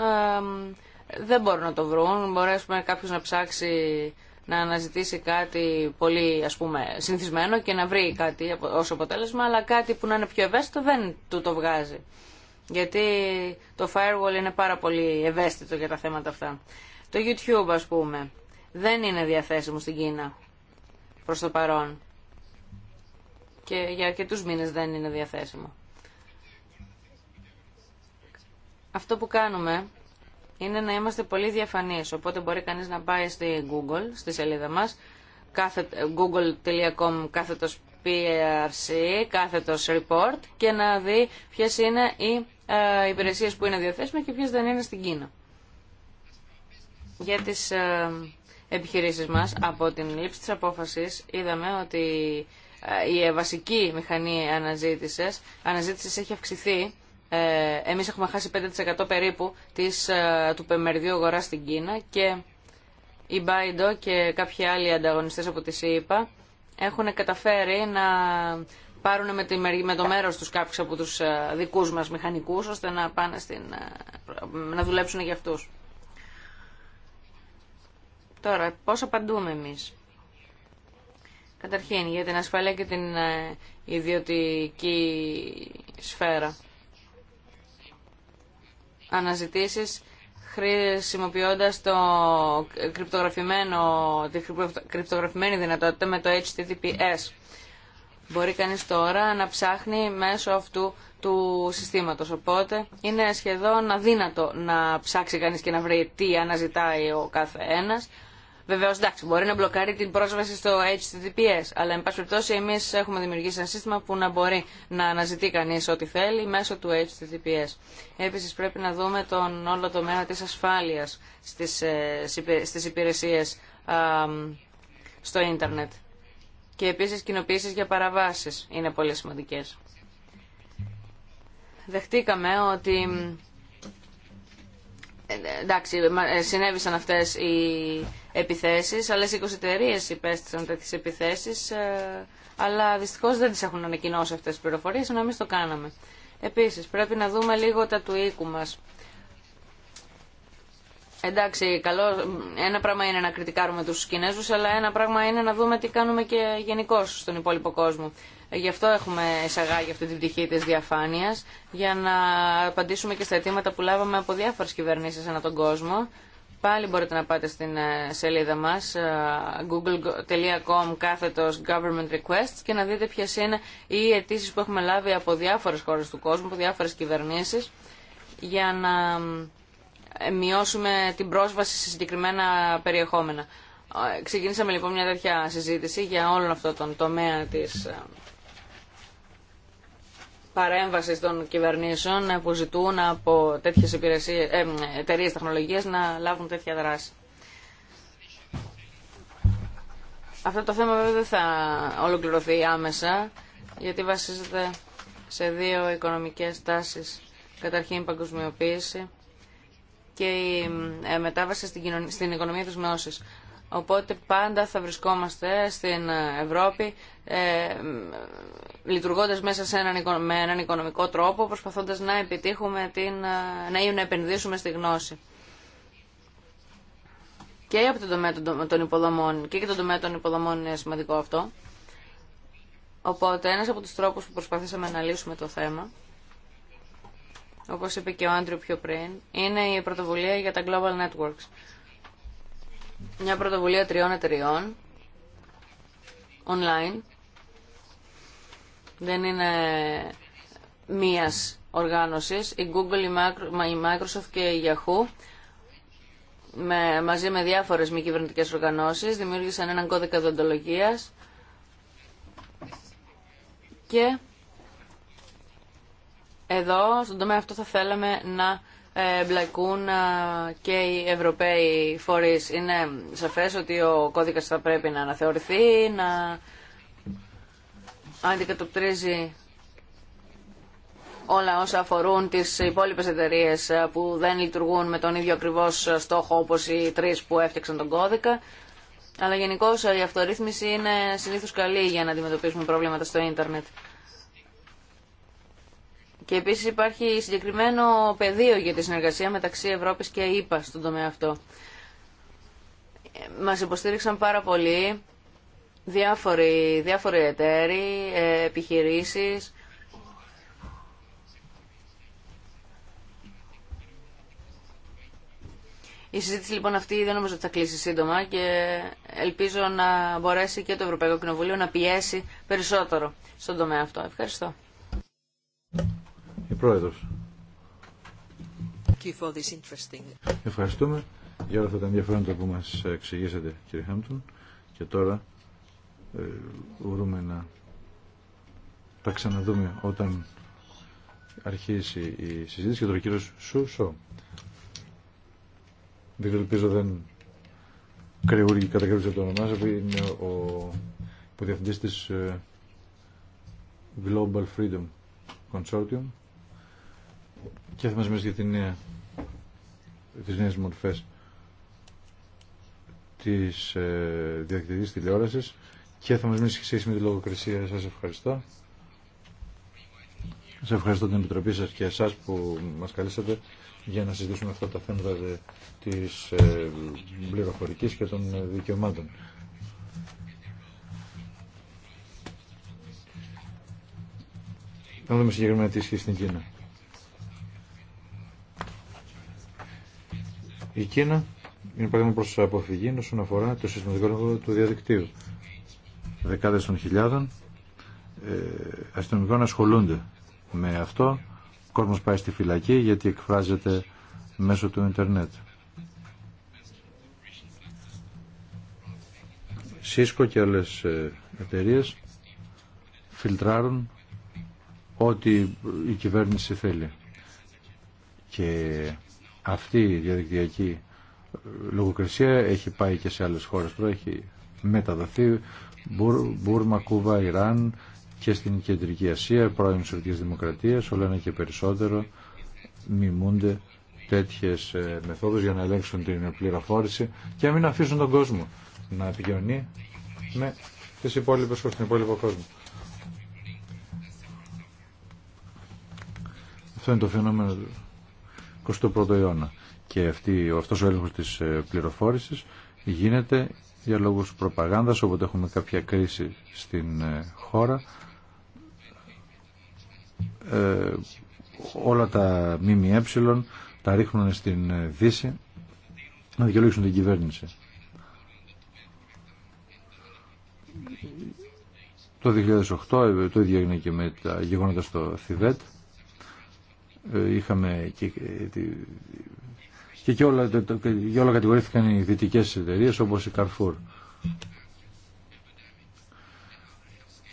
S3: δεν μπορούν να το βρουν. Μπορέσουμε κάποιος να ψάξει να αναζητήσει κάτι πολύ ας πούμε συνηθισμένο και να βρει κάτι ως αποτέλεσμα, αλλά κάτι που να είναι πιο ευαίσθητο δεν του το βγάζει. Γιατί το firewall είναι πάρα πολύ ευαίσθητο για τα θέματα αυτά. Το YouTube ας πούμε δεν είναι διαθέσιμο στην Κίνα προς το παρόν και για αρκετούς μήνες δεν είναι διαθέσιμο. Αυτό που κάνουμε είναι να είμαστε πολύ διαφανείς, οπότε μπορεί κανείς να πάει στη Google, στη σελίδα μας, google.com κάθετος PRC, κάθετος report και να δει ποιες είναι οι ε, υπηρεσίες που είναι διαθέσιμες και ποιες δεν είναι στην Κίνα. Για τις ε, επιχειρήσεις μας, από την λήψη της απόφασης, είδαμε ότι ε, η βασική μηχανή αναζήτησης, αναζήτησης έχει αυξηθεί ε, εμείς έχουμε χάσει 5% περίπου της, ε, του πεμεριδίου αγορά στην Κίνα και η Μπάιντο και κάποιοι άλλοι ανταγωνιστές από τη ΣΥΠΑ έχουν καταφέρει να πάρουν με, το μέρος τους κάποιους από τους ε, δικούς μας μηχανικούς ώστε να, πάνε στην, να δουλέψουν για αυτούς. Τώρα, πώς απαντούμε εμείς. Καταρχήν, για την ασφαλεία και την ιδιωτική σφαίρα αναζητήσεις χρησιμοποιώντα το κρυπτογραφημένο, τη κρυπτογραφημένη δυνατότητα με το HTTPS. Μπορεί κανείς τώρα να ψάχνει μέσω αυτού του συστήματος. Οπότε είναι σχεδόν αδύνατο να ψάξει κανείς και να βρει τι αναζητάει ο κάθε Βεβαίω, εντάξει, μπορεί να μπλοκάρει την πρόσβαση στο HTTPS, αλλά εν πάση περιπτώσει εμεί έχουμε δημιουργήσει ένα σύστημα που να μπορεί να αναζητεί κανεί ό,τι θέλει μέσω του HTTPS. Επίση, πρέπει να δούμε τον όλο τομέα τη ασφάλεια στι ε, υπηρεσίε στο ίντερνετ. Και επίσης κοινοποιήσει για παραβάσεις είναι πολύ σημαντικέ. Δεχτήκαμε ότι ε, εντάξει, ε, συνέβησαν αυτές οι επιθέσεις. Άλλες 20 εταιρείε υπέστησαν τέτοιες επιθέσεις, ε, αλλά δυστυχώς δεν τις έχουν ανακοινώσει αυτές τις πληροφορίες, ενώ εμείς το κάναμε. Επίσης, πρέπει να δούμε λίγο τα του οίκου μας. Εντάξει, καλό, ένα πράγμα είναι να κριτικάρουμε τους Κινέζους, αλλά ένα πράγμα είναι να δούμε τι κάνουμε και γενικώ στον υπόλοιπο κόσμο. Ε, γι' αυτό έχουμε εισαγάγει αυτή την πτυχή της διαφάνειας, για να απαντήσουμε και στα αιτήματα που λάβαμε από διάφορες κυβερνήσεις ανά τον κόσμο Πάλι μπορείτε να πάτε στην ε, σελίδα μας ε, google.com κάθετος government requests και να δείτε ποιες είναι οι αιτήσει που έχουμε λάβει από διάφορες χώρες του κόσμου, από διάφορες κυβερνήσεις για να ε, μειώσουμε την πρόσβαση σε συγκεκριμένα περιεχόμενα. Ξεκινήσαμε λοιπόν μια τέτοια συζήτηση για όλο αυτό τον τομέα της Παρέμβαση των κυβερνήσεων ε, που ζητούν από τέτοιες υπηρεσίες, ε, εταιρείες τεχνολογίας να λάβουν τέτοια δράση. Αυτό το θέμα βέβαια δεν θα ολοκληρωθεί άμεσα, γιατί βασίζεται σε δύο οικονομικές τάσεις. Καταρχήν η παγκοσμιοποίηση και η ε, μετάβαση στην, στην οικονομία της γνώσης. Οπότε πάντα θα βρισκόμαστε στην Ευρώπη ε, λειτουργώντας μέσα σε έναν, με έναν οικονομικό τρόπο, προσπαθώντας να επιτύχουμε την, ε, να επενδύσουμε στη γνώση. Και από τον τομέα των υποδομών και για τον τομέα των υποδομών είναι σημαντικό αυτό. Οπότε ένας από τους τρόπους που προσπαθήσαμε να λύσουμε το θέμα, όπως είπε και ο Άντριο πιο πριν, είναι η πρωτοβουλία για τα Global Networks. Μια πρωτοβουλία τριών εταιριών, online, δεν είναι μίας οργάνωσης. Η Google, η Microsoft και η Yahoo με, μαζί με διάφορες μη κυβερνητικέ οργανώσεις δημιούργησαν έναν κώδικα δοντολογίας και εδώ στον τομέα αυτό θα θέλαμε να ε, μπλακούν ε, και οι Ευρωπαίοι φορείς. Είναι σαφές ότι ο κώδικας θα πρέπει να αναθεωρηθεί, να αντικατοπτρίζει όλα όσα αφορούν τις υπόλοιπες εταιρείε ε, που δεν λειτουργούν με τον ίδιο ακριβώ ε, στόχο όπως οι τρεις που έφτιαξαν τον κώδικα. Αλλά γενικώ ε, η αυτορύθμιση είναι συνήθως καλή για να αντιμετωπίσουμε προβλήματα στο ίντερνετ. Και επίσης υπάρχει συγκεκριμένο πεδίο για τη συνεργασία μεταξύ Ευρώπης και ΕΥΠΑ ΕΕ στον τομέα αυτό. Μας υποστήριξαν πάρα πολύ διάφοροι, διάφοροι εταίροι, ε, επιχειρήσεις. Η συζήτηση λοιπόν αυτή δεν νομίζω ότι θα κλείσει σύντομα και ελπίζω να μπορέσει και το Ευρωπαϊκό Κοινοβουλίο να πιέσει περισσότερο στον τομέα αυτό. Ευχαριστώ.
S2: Η Πρόεδρος. Ευχαριστούμε για όλα αυτά τα ενδιαφέροντα που μας εξηγήσατε κύριε Χάμπτον και τώρα ε, μπορούμε να τα ξαναδούμε όταν αρχίσει η συζήτηση και το κύριο Σούσο. Δεν ελπίζω δεν κρυούργη κατά κάποιο από το όνομά σας, είναι ο υποδιευθυντής της ε, Global Freedom Consortium και θα μας μιλήσει για τη νέα, τις νέες μορφές της ε, τηλεόρασης και θα μας μιλήσει και με τη λογοκρισία. Σας ευχαριστώ. Σας ευχαριστώ την Επιτροπή σας και εσάς που μας καλήσατε για να συζητήσουμε αυτά τα θέματα της ε, πληροφορικής και των δικαιωμάτων. Να δούμε συγκεκριμένα τι ισχύει στην Κίνα. Η Κίνα είναι παράδειγμα προς αποφυγή όσον αφορά το συστηματικό λόγο του διαδικτύου δεκάδες των χιλιάδων ε, αστυνομικών ασχολούνται με αυτό. Ο κόσμος πάει στη φυλακή γιατί εκφράζεται μέσω του ίντερνετ. ΣΥΣΚΟ και άλλες ε, εταιρείε φιλτράρουν ό,τι η κυβέρνηση θέλει. Και αυτή η διαδικτυακή λογοκρισία έχει πάει και σε άλλες χώρες τώρα, έχει μεταδοθεί Μπούρμα, Κούβα, Ιράν και στην Κεντρική Ασία, πρώην Σοβιετικής Δημοκρατίας, όλα ένα και περισσότερο μιμούνται τέτοιες ε, μεθόδους για να ελέγξουν την πληροφόρηση και να μην αφήσουν τον κόσμο να επικοινωνεί με τις υπόλοιπες προς την υπόλοιπο κόσμο. Αυτό είναι το φαινόμενο του 21ου αιώνα και αυτή, αυτός ο έλεγχος της ε, πληροφόρησης γίνεται για λόγους προπαγάνδας, όποτε έχουμε κάποια κρίση στην ε, χώρα. Ε, όλα τα ΜΜΕ τα ρίχνουν στην ε, Δύση να δικαιολογήσουν την κυβέρνηση. Το 2008 το ίδιο έγινε και με τα γεγονότα στο Θιβέτ. Είχαμε και και για όλα, και όλα κατηγορήθηκαν οι δυτικέ εταιρείε όπως η Καρφούρ.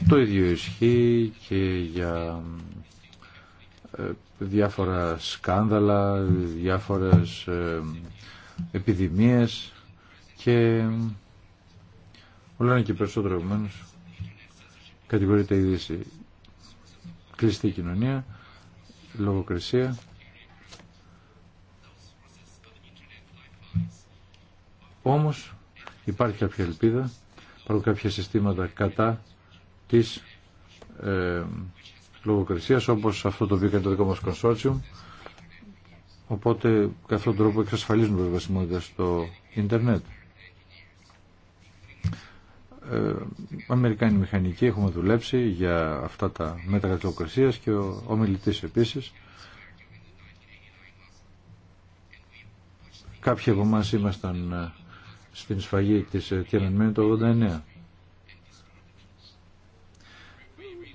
S2: Το ίδιο ισχύει και για ε, διάφορα σκάνδαλα, διάφορες ε, επιδημίες και όλα είναι και περισσότερο επομένως κατηγορείται η Δύση. Κλειστή κοινωνία, λογοκρισία Όμως υπάρχει κάποια ελπίδα, υπάρχουν κάποια συστήματα κατά της ε, λογοκρισίας όπως αυτό το βήκαν το δικό μας κονσόρτσιουμ οπότε κατά αυτόν τον τρόπο εξασφαλίζουν την στο ίντερνετ. Ε, Αμερικάνοι μηχανικοί έχουμε δουλέψει για αυτά τα μέτρα λογοκρισίας και ο, ομιλητής επίσης. Κάποιοι από εμά ήμασταν ε, στην σφαγή της Τιανανμένη ε, το 89.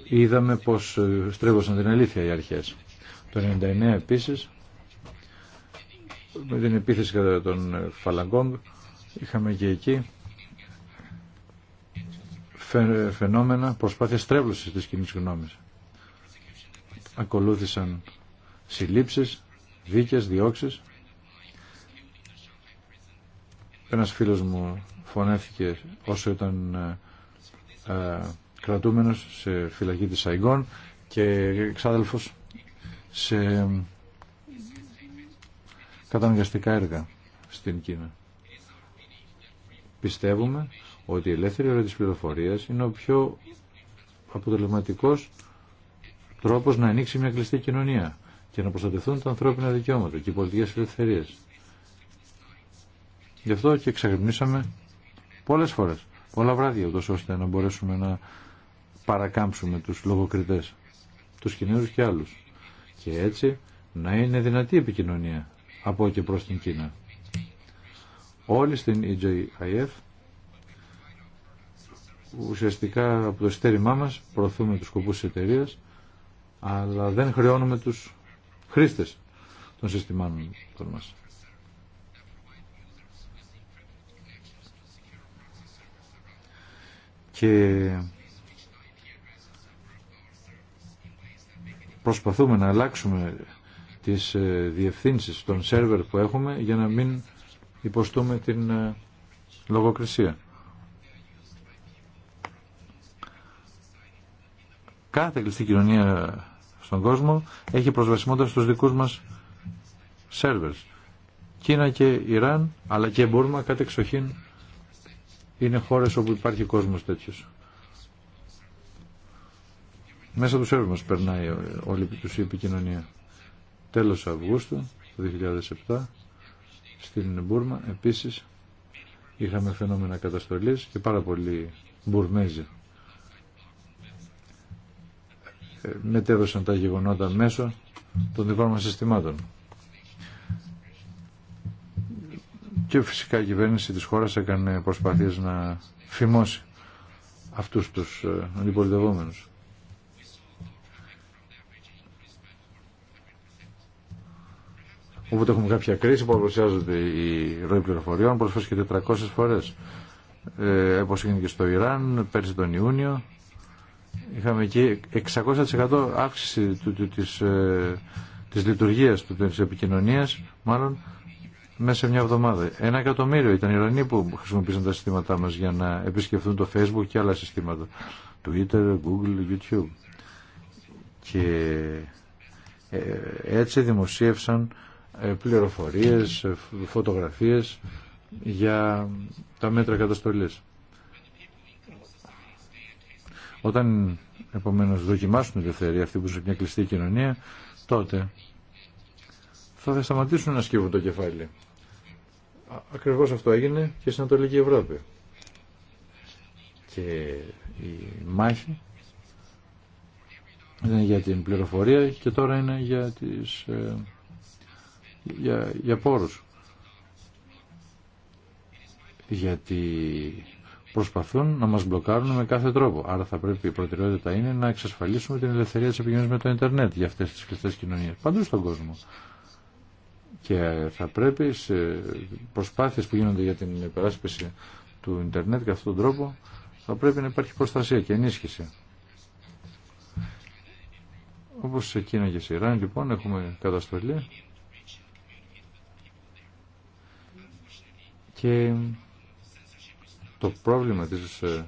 S2: Είδαμε πως ε, στρέβωσαν την αλήθεια οι αρχές. Το 99 επίσης, με την επίθεση κατά των Φαλαγκόγκ, ε, είχαμε και εκεί φαινόμενα προσπάθειας στρέβλωσης της κοινής γνώμης. Ακολούθησαν συλλήψεις, δίκες, διώξεις ένας φίλος μου φωνεύτηκε όσο ήταν ε, ε, κρατούμενος σε φυλακή της Σαϊγκόν και εξάδελφος σε καταναγκαστικά έργα στην Κίνα. Πιστεύουμε ότι η ελεύθερη ώρα της πληροφορίας είναι ο πιο αποτελεσματικός τρόπος να ανοίξει μια κλειστή κοινωνία και να προστατευτούν τα ανθρώπινα δικαιώματα και οι πολιτικές ελευθερίες. Γι' αυτό και ξαγρυπνήσαμε πολλές φορές, πολλά βράδια, ώστε να μπορέσουμε να παρακάμψουμε τους λογοκριτές, τους Κινέζους και άλλους. Και έτσι να είναι δυνατή η επικοινωνία από και προς την Κίνα. Όλοι στην EJIF ουσιαστικά από το στέρημά μας προωθούμε τους σκοπούς της εταιρεία, αλλά δεν χρεώνουμε τους χρήστες των συστημάτων μας. και προσπαθούμε να αλλάξουμε τις ε, διευθύνσεις των σερβερ που έχουμε για να μην υποστούμε την ε, λογοκρισία. Κάθε κλειστή κοινωνία στον κόσμο έχει προσβασιμότητα στους δικούς μας σερβερς. Κίνα και Ιράν, αλλά και Μπούρμα εξοχήν είναι χώρες όπου υπάρχει κόσμος τέτοιος. Μέσα του σέρβου μας περνάει όλη τους η επικοινωνία. Τέλος Αυγούστου 2007 στην Μπούρμα επίσης είχαμε φαινόμενα καταστολής και πάρα πολλοί Μπουρμέζοι ε, μετέδωσαν τα γεγονότα μέσω των δικών μας συστημάτων. και φυσικά η κυβέρνηση της χώρας έκανε προσπάθειες να φημώσει αυτούς τους ε, αντιπολιτευόμενους. Οπότε έχουμε κάποια κρίση που παρουσιάζονται οι ροή πληροφοριών προσφέρει και 400 φορές. Ε, όπως έγινε και στο Ιράν πέρσι τον Ιούνιο είχαμε εκεί 600% αύξηση του, της, ε, της λειτουργίας του, της επικοινωνίας μάλλον μέσα σε μια εβδομάδα. Ένα εκατομμύριο ήταν οι Ιρανοί που χρησιμοποίησαν τα συστήματά μας για να επισκεφθούν το Facebook και άλλα συστήματα. Twitter, Google, YouTube. Και ε, έτσι δημοσίευσαν ε, πληροφορίες, ε, φωτογραφίες για τα μέτρα καταστολής. Όταν επομένως δοκιμάσουν την ελευθερία αυτή που είναι μια κλειστή κοινωνία, τότε θα σταματήσουν να σκύβουν το κεφάλι. Ακριβώς αυτό έγινε και στην Ανατολική Ευρώπη. Και η μάχη ήταν για την πληροφορία και τώρα είναι για, τις, ε, για, για πόρους. Γιατί προσπαθούν να μας μπλοκάρουν με κάθε τρόπο. Άρα θα πρέπει η προτεραιότητα είναι να εξασφαλίσουμε την ελευθερία της επικοινωνίας με το ίντερνετ για αυτές τις κλειστές κοινωνίες. Παντού στον κόσμο. Και θα πρέπει σε προσπάθειες που γίνονται για την υπεράσπιση του Ιντερνετ και αυτόν τον τρόπο θα πρέπει να υπάρχει προστασία και ενίσχυση. Όπως σε Κίνα και σε Ιράν λοιπόν έχουμε καταστολή και το πρόβλημα της ε,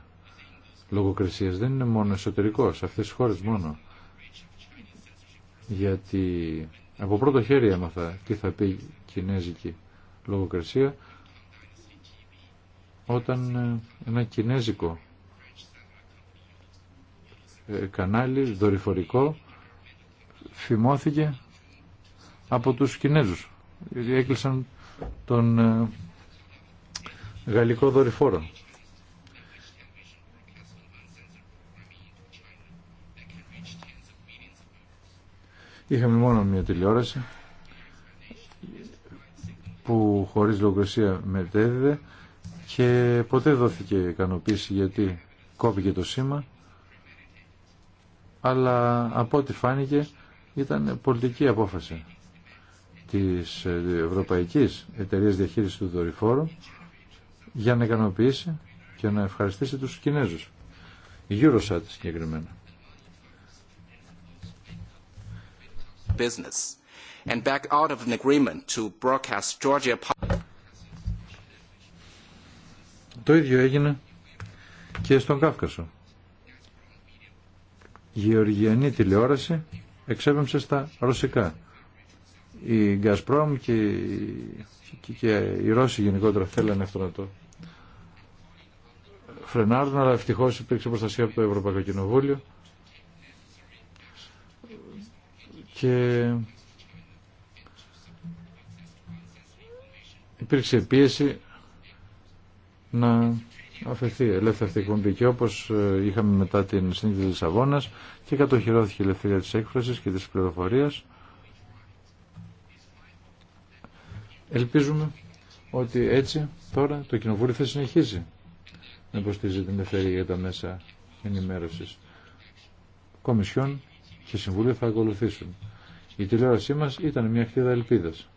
S2: λογοκρισίας δεν είναι μόνο εσωτερικό σε αυτές τις χώρες μόνο γιατί από πρώτο χέρι έμαθα τι θα πει κινέζικη λογοκρασία όταν ε, ένα κινέζικο ε, κανάλι δορυφορικό φημώθηκε από τους Κινέζους. Ε, έκλεισαν τον γαλλικό δορυφόρο. Είχαμε μόνο μια τηλεόραση που χωρίς λογοκρισία μετέδιδε και ποτέ δόθηκε ικανοποίηση γιατί κόπηκε το σήμα αλλά από ό,τι φάνηκε ήταν πολιτική απόφαση της Ευρωπαϊκής Εταιρείας Διαχείρισης του Δορυφόρου για να ικανοποιήσει και να ευχαριστήσει τους Κινέζους. Η Eurosat συγκεκριμένα. Το ίδιο έγινε και στον Κάφκασο. Η γεωργιανή τηλεόραση εξέπεμψε στα ρωσικά. Η Γκασπρόμ και, και, οι Ρώσοι γενικότερα θέλανε αυτό να το φρενάρουν, αλλά ευτυχώς υπήρξε προστασία από το Ευρωπαϊκό Κοινοβούλιο και υπήρξε πίεση να αφαιθεί ελεύθερη αυτή η εκπομπή και όπως ε, είχαμε μετά την συνήθεια της Αβώνας και κατοχυρώθηκε η ελευθερία της έκφρασης και της πληροφορίας ελπίζουμε ότι έτσι τώρα το κοινοβούλιο θα συνεχίσει να υποστηρίζει την ελευθερία για τα μέσα ενημέρωσης Κομισιόν και Συμβούλιο θα ακολουθήσουν. Η τηλεόρασή μας ήταν μια χτίδα ελπίδας.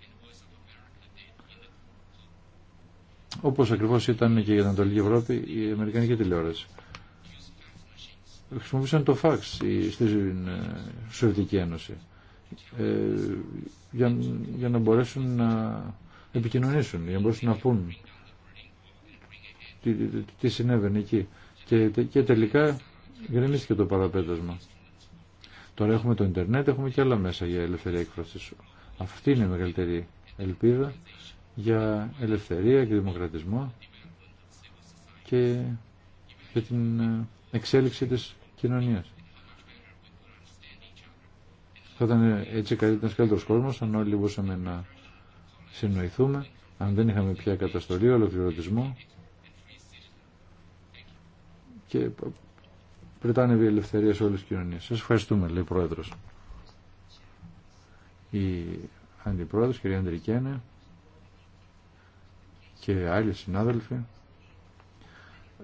S2: Όπως ακριβώς ήταν και για την Ανατολική Ευρώπη η Αμερικανική τηλεόραση. Χρησιμοποίησαν το φαξ στη Σοβιετική Ένωση ε, για, για να μπορέσουν να επικοινωνήσουν, για να μπορέσουν να πούν τι, τι συνέβαινε εκεί. Και, και τελικά γκρεμίστηκε το παραπέτασμα. Τώρα έχουμε το Ιντερνετ, έχουμε και άλλα μέσα για ελευθερία έκφραση. Αυτή είναι η μεγαλύτερη ελπίδα για ελευθερία και δημοκρατισμό και για την ε, εξέλιξη της κοινωνίας. Θα ήταν ε, έτσι καλύτερο καλύτερος κόσμος αν όλοι μπορούσαμε να συνοηθούμε, αν δεν είχαμε πια καταστολή, ολοκληρωτισμό και Πρετάνευε η ελευθερία σε όλες τις κοινωνίες. Σας ευχαριστούμε, λέει ο Πρόεδρος. Η Αντιπρόεδρος, κυρία Αντρικένε, και άλλοι συνάδελφοι,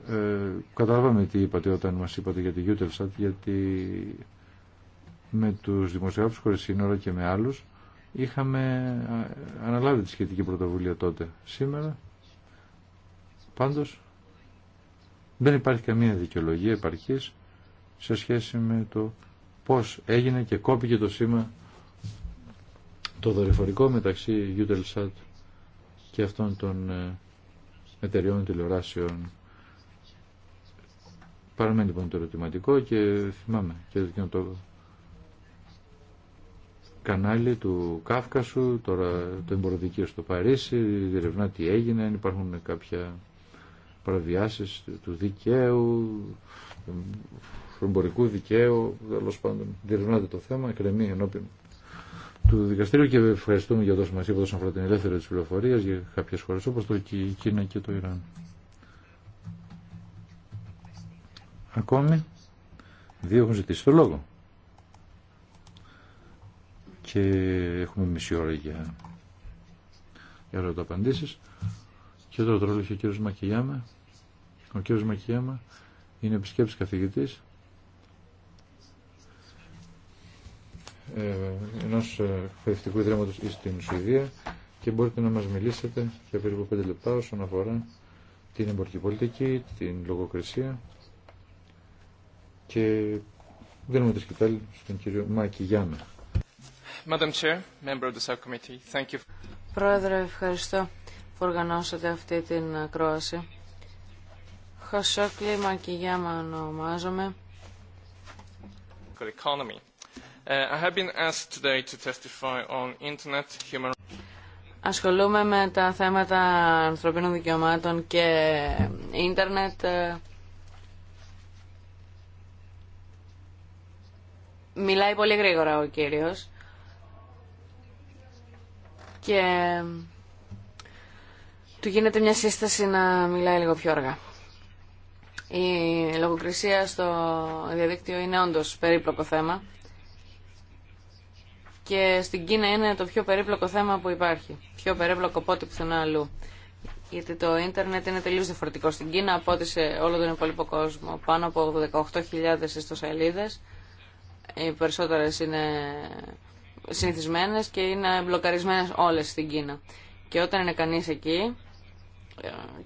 S2: ε, καταλάβαμε τι είπατε όταν μας είπατε για τη Γιούτελσατ, γιατί με τους δημοσιογράφους χωρίς σύνορα και με άλλους είχαμε ε, αναλάβει τη σχετική πρωτοβουλία τότε. Σήμερα, πάντως, δεν υπάρχει καμία δικαιολογία υπαρχής σε σχέση με το πώς έγινε και κόπηκε το σήμα το δορυφορικό μεταξύ Utelsat και αυτών των ε, εταιριών τηλεοράσεων. Παραμένει λοιπόν το ερωτηματικό και θυμάμαι και το κανάλι του Κάφκασου, τώρα το εμποροδικείο στο Παρίσι, διερευνά τι έγινε, αν υπάρχουν κάποια παραβιάσεις του δικαίου, εμπορικού δικαίου, τέλο πάντων. Διερευνάται το θέμα, εκκρεμεί ενώπιον του δικαστήριου και ευχαριστούμε για το σημασία μα είπατε όσον αφορά την ελεύθερη τη πληροφορία για κάποιε χώρε όπω το η Κίνα και το Ιράν. Ακόμη, δύο έχουν ζητήσει το λόγο. Και έχουμε μισή ώρα για, για απαντήσεις. Και τώρα το ρόλο έχει ο κύριος Μακιγιάμα. Ο κύριος Μακιγιάμα είναι επισκέπτης καθηγητής Ε, ενός εκπαιδευτικού ιδρύματος στην Σουηδία και μπορείτε να μας μιλήσετε για περίπου 5 λεπτά όσον αφορά την εμπορική πολιτική, την λογοκρισία και δίνουμε τη σκητάλη στον κύριο Μάκη Γιάννα.
S4: Madam Chair, member of the subcommittee, thank you.
S3: Πρόεδρε, ευχαριστώ που οργανώσατε αυτή την ακρόαση. Χασόκλη Μακιγιάμα ονομάζομαι.
S4: Economy. Uh, I have been asked today to testify on internet
S3: Ασχολούμαι με τα θέματα ανθρωπίνων δικαιωμάτων και ίντερνετ. Μιλάει πολύ γρήγορα ο κύριος. Και του γίνεται μια σύσταση να μιλάει λίγο πιο αργά. Η λογοκρισία στο διαδίκτυο είναι όντως περίπλοκο θέμα και στην Κίνα είναι το πιο περίπλοκο θέμα που υπάρχει. Πιο περίπλοκο από ό,τι πουθενά αλλού. Γιατί το ίντερνετ είναι τελείω διαφορετικό στην Κίνα από ό,τι σε όλο τον υπόλοιπο κόσμο. Πάνω από 18.000 ιστοσελίδε, οι περισσότερες είναι συνηθισμένε και είναι μπλοκαρισμένε όλες στην Κίνα. Και όταν είναι κανεί εκεί,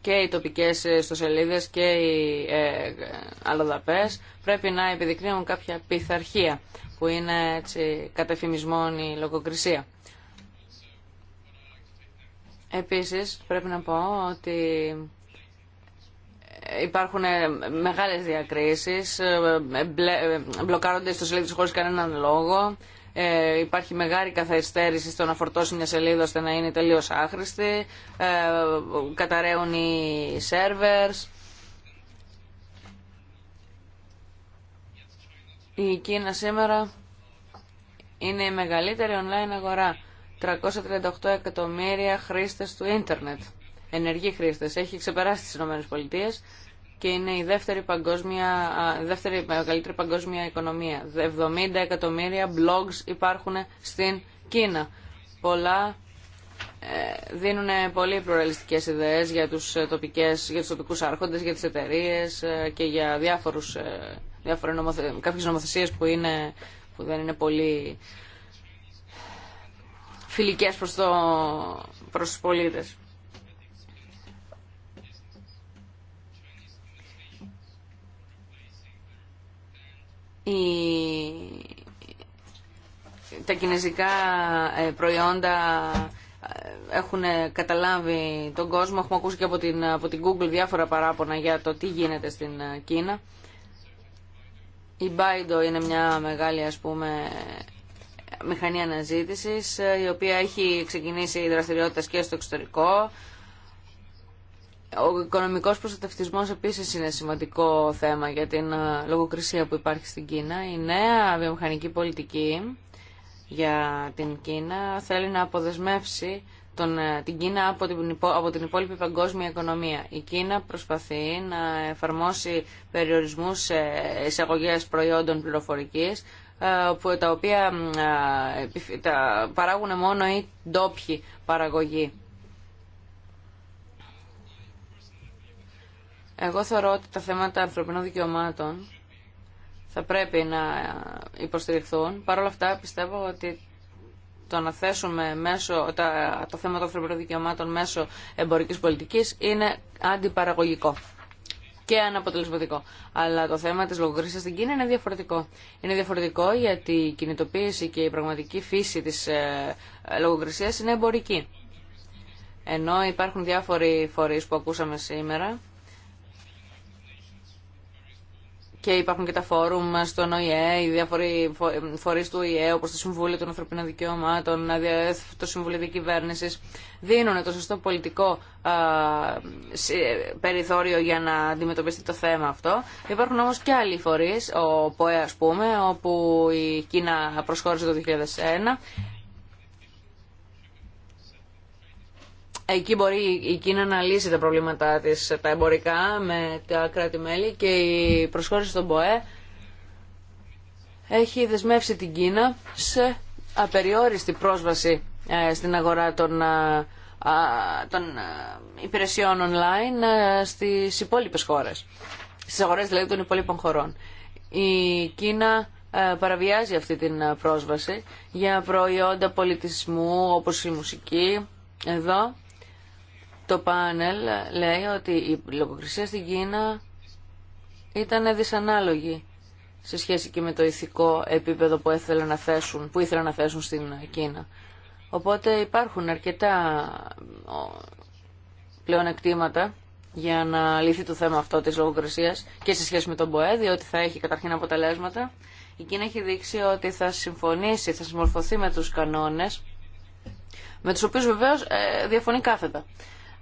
S3: και οι τοπικές ιστοσελίδε και οι ε, αλλοδαπές ε, πρέπει να επιδεικνύουν κάποια πειθαρχία που είναι έτσι κατεφημισμόν η λογοκρισία. Επίσης πρέπει να πω ότι υπάρχουν ε, μεγάλες διακρίσεις, ε, ε, μπλοκάρονται στο σελίδες χωρίς κανέναν λόγο, ε, υπάρχει μεγάλη καθαριστέρηση στο να φορτώσει μια σελίδα ώστε να είναι τελείως άχρηστη, ε, καταραίουν οι σερβερς, Η Κίνα σήμερα είναι η μεγαλύτερη online αγορά. 338 εκατομμύρια χρήστες του ίντερνετ, ενεργοί χρήστες. Έχει ξεπεράσει τις ΗΠΑ και είναι η δεύτερη, παγκόσμια, δεύτερη μεγαλύτερη παγκόσμια οικονομία. 70 εκατομμύρια blogs υπάρχουν στην Κίνα. Πολλά ε, δίνουν πολύ πλουραλιστικέ ιδέες για τους, ε, τοπικές, για τους τοπικούς άρχοντες, για τις εταιρείε ε, και για διάφορους, διάφορες κάποιες νομοθεσίες που, είναι, που δεν είναι πολύ φιλικές προς, το, προς τους πολίτες. Η... Τα κινέζικα προϊόντα έχουν καταλάβει τον κόσμο. Έχουμε ακούσει και από την, από την Google διάφορα παράπονα για το τι γίνεται στην ε, Κίνα. Η Baidu είναι μια μεγάλη ας πούμε μηχανή αναζήτησης ε, η οποία έχει ξεκινήσει δραστηριότητα και στο εξωτερικό. Ο οικονομικός προστατευτισμός επίσης είναι σημαντικό θέμα για την ε, λογοκρισία που υπάρχει στην Κίνα. Η νέα βιομηχανική πολιτική για την Κίνα θέλει να αποδεσμεύσει τον, ε, την Κίνα από την, την υπόλοιπη παγκόσμια οικονομία. Η Κίνα προσπαθεί να εφαρμόσει περιορισμούς σε προϊόντων πληροφορικής ε, που, τα οποία ε, παράγουν μόνο η ντόπιοι παραγωγοί. Εγώ θεωρώ ότι τα θέματα ανθρωπινών δικαιωμάτων θα πρέπει να υποστηριχθούν. Παρ' όλα αυτά πιστεύω ότι το να θέσουμε μέσω, τα, το θέμα των ανθρωπίνων δικαιωμάτων μέσω εμπορικής πολιτικής είναι αντιπαραγωγικό και αναποτελεσματικό. Αλλά το θέμα της λογοκρισίας στην Κίνα είναι διαφορετικό. Είναι διαφορετικό γιατί η κινητοποίηση και η πραγματική φύση της ε, λογοκρισίας είναι εμπορική. Ενώ υπάρχουν διάφοροι φορείς που ακούσαμε σήμερα, και υπάρχουν και τα φόρουμ στον ΟΗΕ, οι διάφοροι φορείς του ΟΗΕ, όπως το Συμβούλιο των Ανθρωπίνων Δικαιωμάτων, το Συμβούλιο Διακυβέρνηση, δίνουν το σωστό πολιτικό περιθώριο για να αντιμετωπίσετε το θέμα αυτό. Υπάρχουν όμως και άλλοι φορείς, ο ΠΟΕ α πούμε, όπου η Κίνα προσχώρησε το 2001, Εκεί μπορεί η Κίνα να λύσει τα προβλήματά της τα εμπορικά με τα κράτη-μέλη και η προσχώρηση στον ΠΟΕ έχει δεσμεύσει την Κίνα σε απεριόριστη πρόσβαση ε, στην αγορά των, ε, των ε, υπηρεσιών online στις υπόλοιπες χώρες. Στις αγορές δηλαδή των υπόλοιπων χωρών. Η Κίνα παραβιάζει αυτή την πρόσβαση για προϊόντα πολιτισμού όπως η μουσική εδώ το πάνελ λέει ότι η λογοκρισία στην Κίνα ήταν δυσανάλογη σε σχέση και με το ηθικό επίπεδο που, ήθελαν να θέσουν, που ήθελαν να θέσουν στην Κίνα. Οπότε υπάρχουν αρκετά πλεονεκτήματα για να λυθεί το θέμα αυτό της λογοκρισίας και σε σχέση με τον ΠΟΕ, διότι θα έχει καταρχήν αποτελέσματα. Η Κίνα έχει δείξει ότι θα συμφωνήσει, θα συμμορφωθεί με τους κανόνες, με τους οποίους βεβαίως ε, διαφωνεί κάθετα.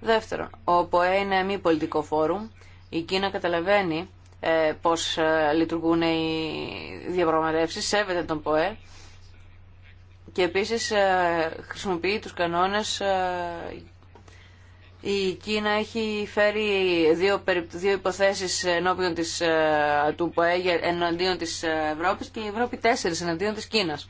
S3: Δεύτερον, ο ΠΟΕ είναι μη πολιτικό φόρουμ. Η Κίνα καταλαβαίνει ε, πώς ε, λειτουργούν οι διαπραγματεύσεις, σέβεται τον ΠΟΕ και επίσης ε, χρησιμοποιεί τους κανόνες ε, η Κίνα έχει φέρει δύο, δύο υποθέσεις ενώπιον της, του ΠΟΕ εναντίον της Ευρώπης και η Ευρώπη τέσσερις εναντίον της Κίνας.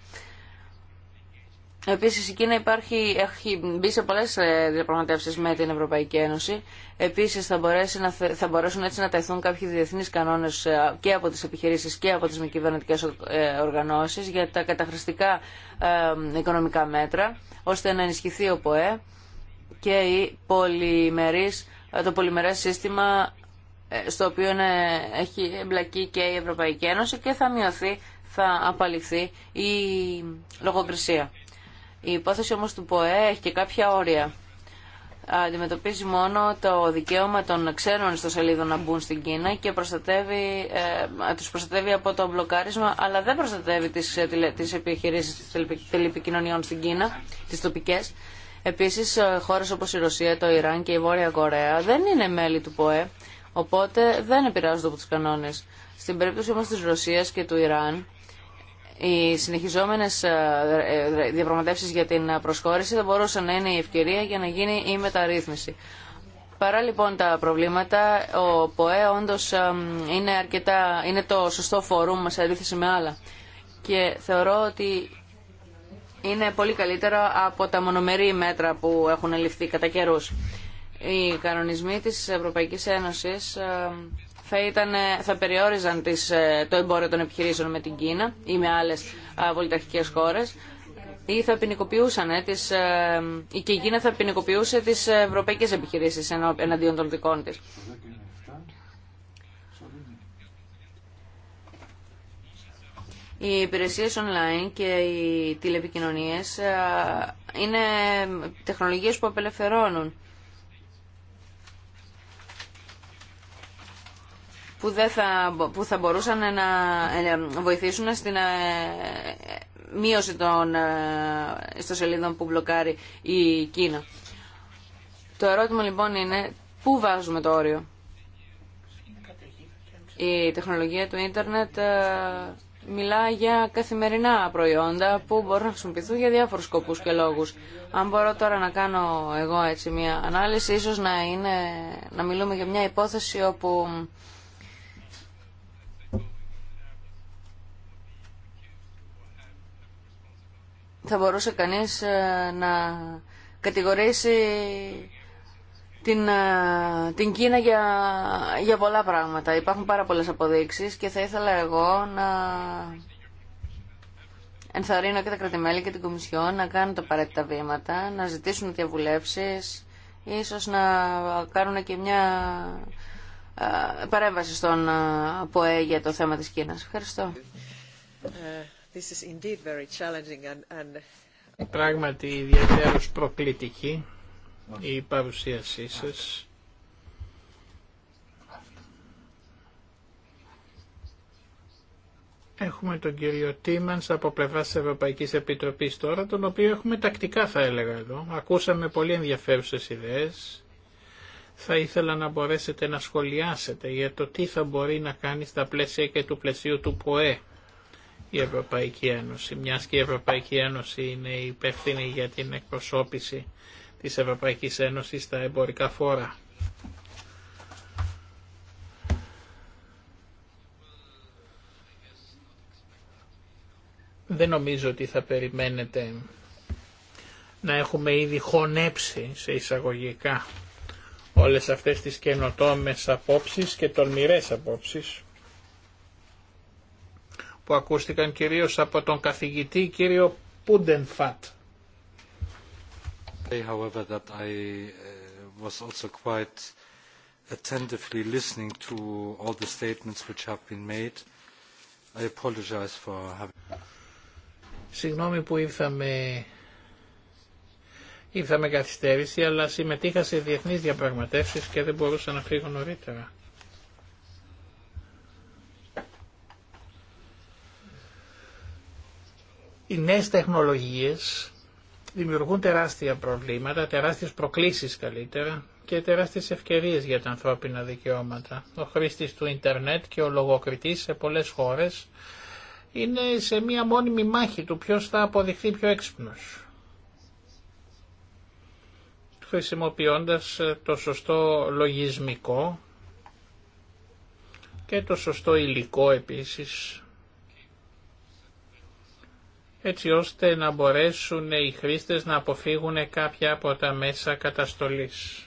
S3: Επίσης η Κίνα υπάρχει, έχει μπει σε πολλές ε, διαπραγματεύσεις με την Ευρωπαϊκή Ένωση. Επίσης θα, μπορέσει να, θα μπορέσουν έτσι να τεθούν κάποιοι διεθνείς κανόνες ε, και από τις επιχειρήσεις και από τις μη κυβερνητικέ ε, οργανώσεις για τα καταχρηστικά οικονομικά μέτρα, ώστε να ενισχυθεί ο ΠΟΕ και η πολυμερής, το πολυμερές σύστημα στο οποίο έχει εμπλακεί και η Ευρωπαϊκή Ένωση και θα μειωθεί, θα απαλληφθεί η λογοκρισία. Η υπόθεση όμως του ΠΟΕ έχει και κάποια όρια. Αντιμετωπίζει μόνο το δικαίωμα των ξένων στο σελίδο να μπουν στην Κίνα και προστατεύει, ε, τους προστατεύει από το μπλοκάρισμα, αλλά δεν προστατεύει τις, ε, τις επιχειρήσεις τηλεπικοινωνιών στην Κίνα, τις τοπικές. Επίσης, ε, χώρες όπως η Ρωσία, το Ιράν και η Βόρεια Κορέα δεν είναι μέλη του ΠΟΕ, οπότε δεν επηρεάζονται από τους κανόνες. Στην περίπτωση όμως της Ρωσίας και του Ιράν, οι συνεχιζόμενες ε, ε, διαπραγματεύσει για την προσχώρηση δεν μπορούσαν να είναι η ευκαιρία για να γίνει η μεταρρύθμιση. Παρά λοιπόν τα προβλήματα, ο ΠΟΕ όντω ε, είναι, αρκετά, είναι το σωστό φόρουμ σε αντίθεση με άλλα. Και θεωρώ ότι είναι πολύ καλύτερο από τα μονομερή μέτρα που έχουν ληφθεί κατά καιρού. Οι κανονισμοί της Ευρωπαϊκής Ένωσης θα, θα περιόριζαν τις, ε, το εμπόριο των επιχειρήσεων με την Κίνα ή με άλλες βολιταρχικές χώρες ή θα ποινικοποιούσαν τις, ε, και η Κίνα θα ποινικοποιούσε τις ευρωπαϊκές επιχειρήσεις εναντίον των δικών της. Οι υπηρεσίες online και οι τηλεπικοινωνίες ε, είναι τεχνολογίες που απελευθερώνουν που, δεν θα, που θα μπορούσαν να ε, βοηθήσουν στην ε, μείωση των ε, ιστοσελίδων που μπλοκάρει η Κίνα. Το ερώτημα λοιπόν είναι πού βάζουμε το όριο. Η τεχνολογία του ίντερνετ μιλά για καθημερινά προϊόντα που μπορούν να χρησιμοποιηθούν για διάφορους σκοπούς και λόγους. Αν μπορώ τώρα να κάνω εγώ έτσι μια ανάλυση, ίσως να, είναι, να μιλούμε για μια υπόθεση όπου θα μπορούσε κανείς ε, να κατηγορήσει την, ε, την Κίνα για, για πολλά πράγματα. Υπάρχουν πάρα πολλές αποδείξεις και θα ήθελα εγώ να ενθαρρύνω και τα κρατημέλη και την Κομισιόν να κάνουν τα απαραίτητα βήματα, να ζητήσουν διαβουλεύσεις, ίσως να κάνουν και μια ε, παρέμβαση στον ΠΟΕ για το θέμα της Κίνας.
S1: Ευχαριστώ. This
S4: Πράγματι προκλητική η παρουσίασή σας. Έχουμε τον κύριο Τίμανς από πλευρά της Ευρωπαϊκής Επιτροπής τώρα, τον οποίο έχουμε τακτικά θα έλεγα εδώ. Ακούσαμε πολύ ενδιαφέρουσες ιδέες. Θα ήθελα να μπορέσετε να σχολιάσετε για το τι θα μπορεί να κάνει στα πλαίσια και του πλαισίου του ΠΟΕ η Ευρωπαϊκή Ένωση, Μια και η Ευρωπαϊκή Ένωση είναι υπεύθυνη για την εκπροσώπηση της Ευρωπαϊκής Ένωσης στα εμπορικά φόρα. Δεν νομίζω ότι θα περιμένετε να έχουμε ήδη χωνέψει σε εισαγωγικά όλες αυτές τις καινοτόμες απόψεις και τολμηρές απόψεις που ακούστηκαν κυρίως από τον καθηγητή κύριο Πούντενφατ.
S2: However, that I uh, was also quite attentively listening to all the statements which have been made. I apologize for having...
S4: Συγγνώμη που ήρθαμε Ήρθα καθυστέρηση, αλλά συμμετείχα σε διεθνείς διαπραγματεύσεις και δεν μπορούσα να φύγω νωρίτερα. Οι νέες τεχνολογίες δημιουργούν τεράστια προβλήματα, τεράστιες προκλήσεις καλύτερα και τεράστιες ευκαιρίες για τα ανθρώπινα δικαιώματα. Ο χρήστης του ίντερνετ και ο λογοκριτής σε πολλές χώρες είναι σε μία μόνιμη μάχη του ποιος θα αποδειχθεί πιο έξυπνος χρησιμοποιώντας ε, το σωστό λογισμικό και το σωστό υλικό επίσης έτσι ώστε να μπορέσουν οι χρήστες να αποφύγουν κάποια από τα μέσα καταστολής.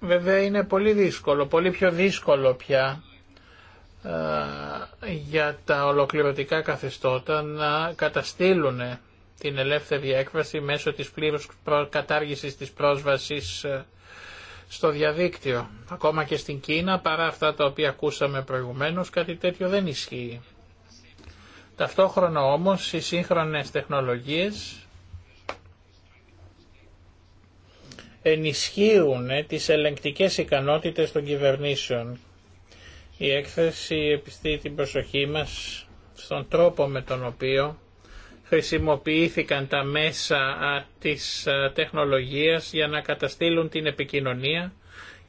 S4: Βέβαια είναι πολύ δύσκολο, πολύ πιο δύσκολο πια ε, για τα ολοκληρωτικά καθεστώτα να καταστήλουν την ελεύθερη έκφραση μέσω της πλήρους κατάργησης της πρόσβασης ε, στο διαδίκτυο. Ακόμα και στην Κίνα, παρά αυτά τα οποία ακούσαμε προηγουμένως, κάτι τέτοιο δεν ισχύει. Ταυτόχρονα όμως οι σύγχρονες τεχνολογίες ενισχύουν ε, τις ελεγκτικές ικανότητες των κυβερνήσεων. Η έκθεση επιστεί την προσοχή μας στον τρόπο με τον οποίο χρησιμοποιήθηκαν τα μέσα της τεχνολογίας για να καταστήλουν την επικοινωνία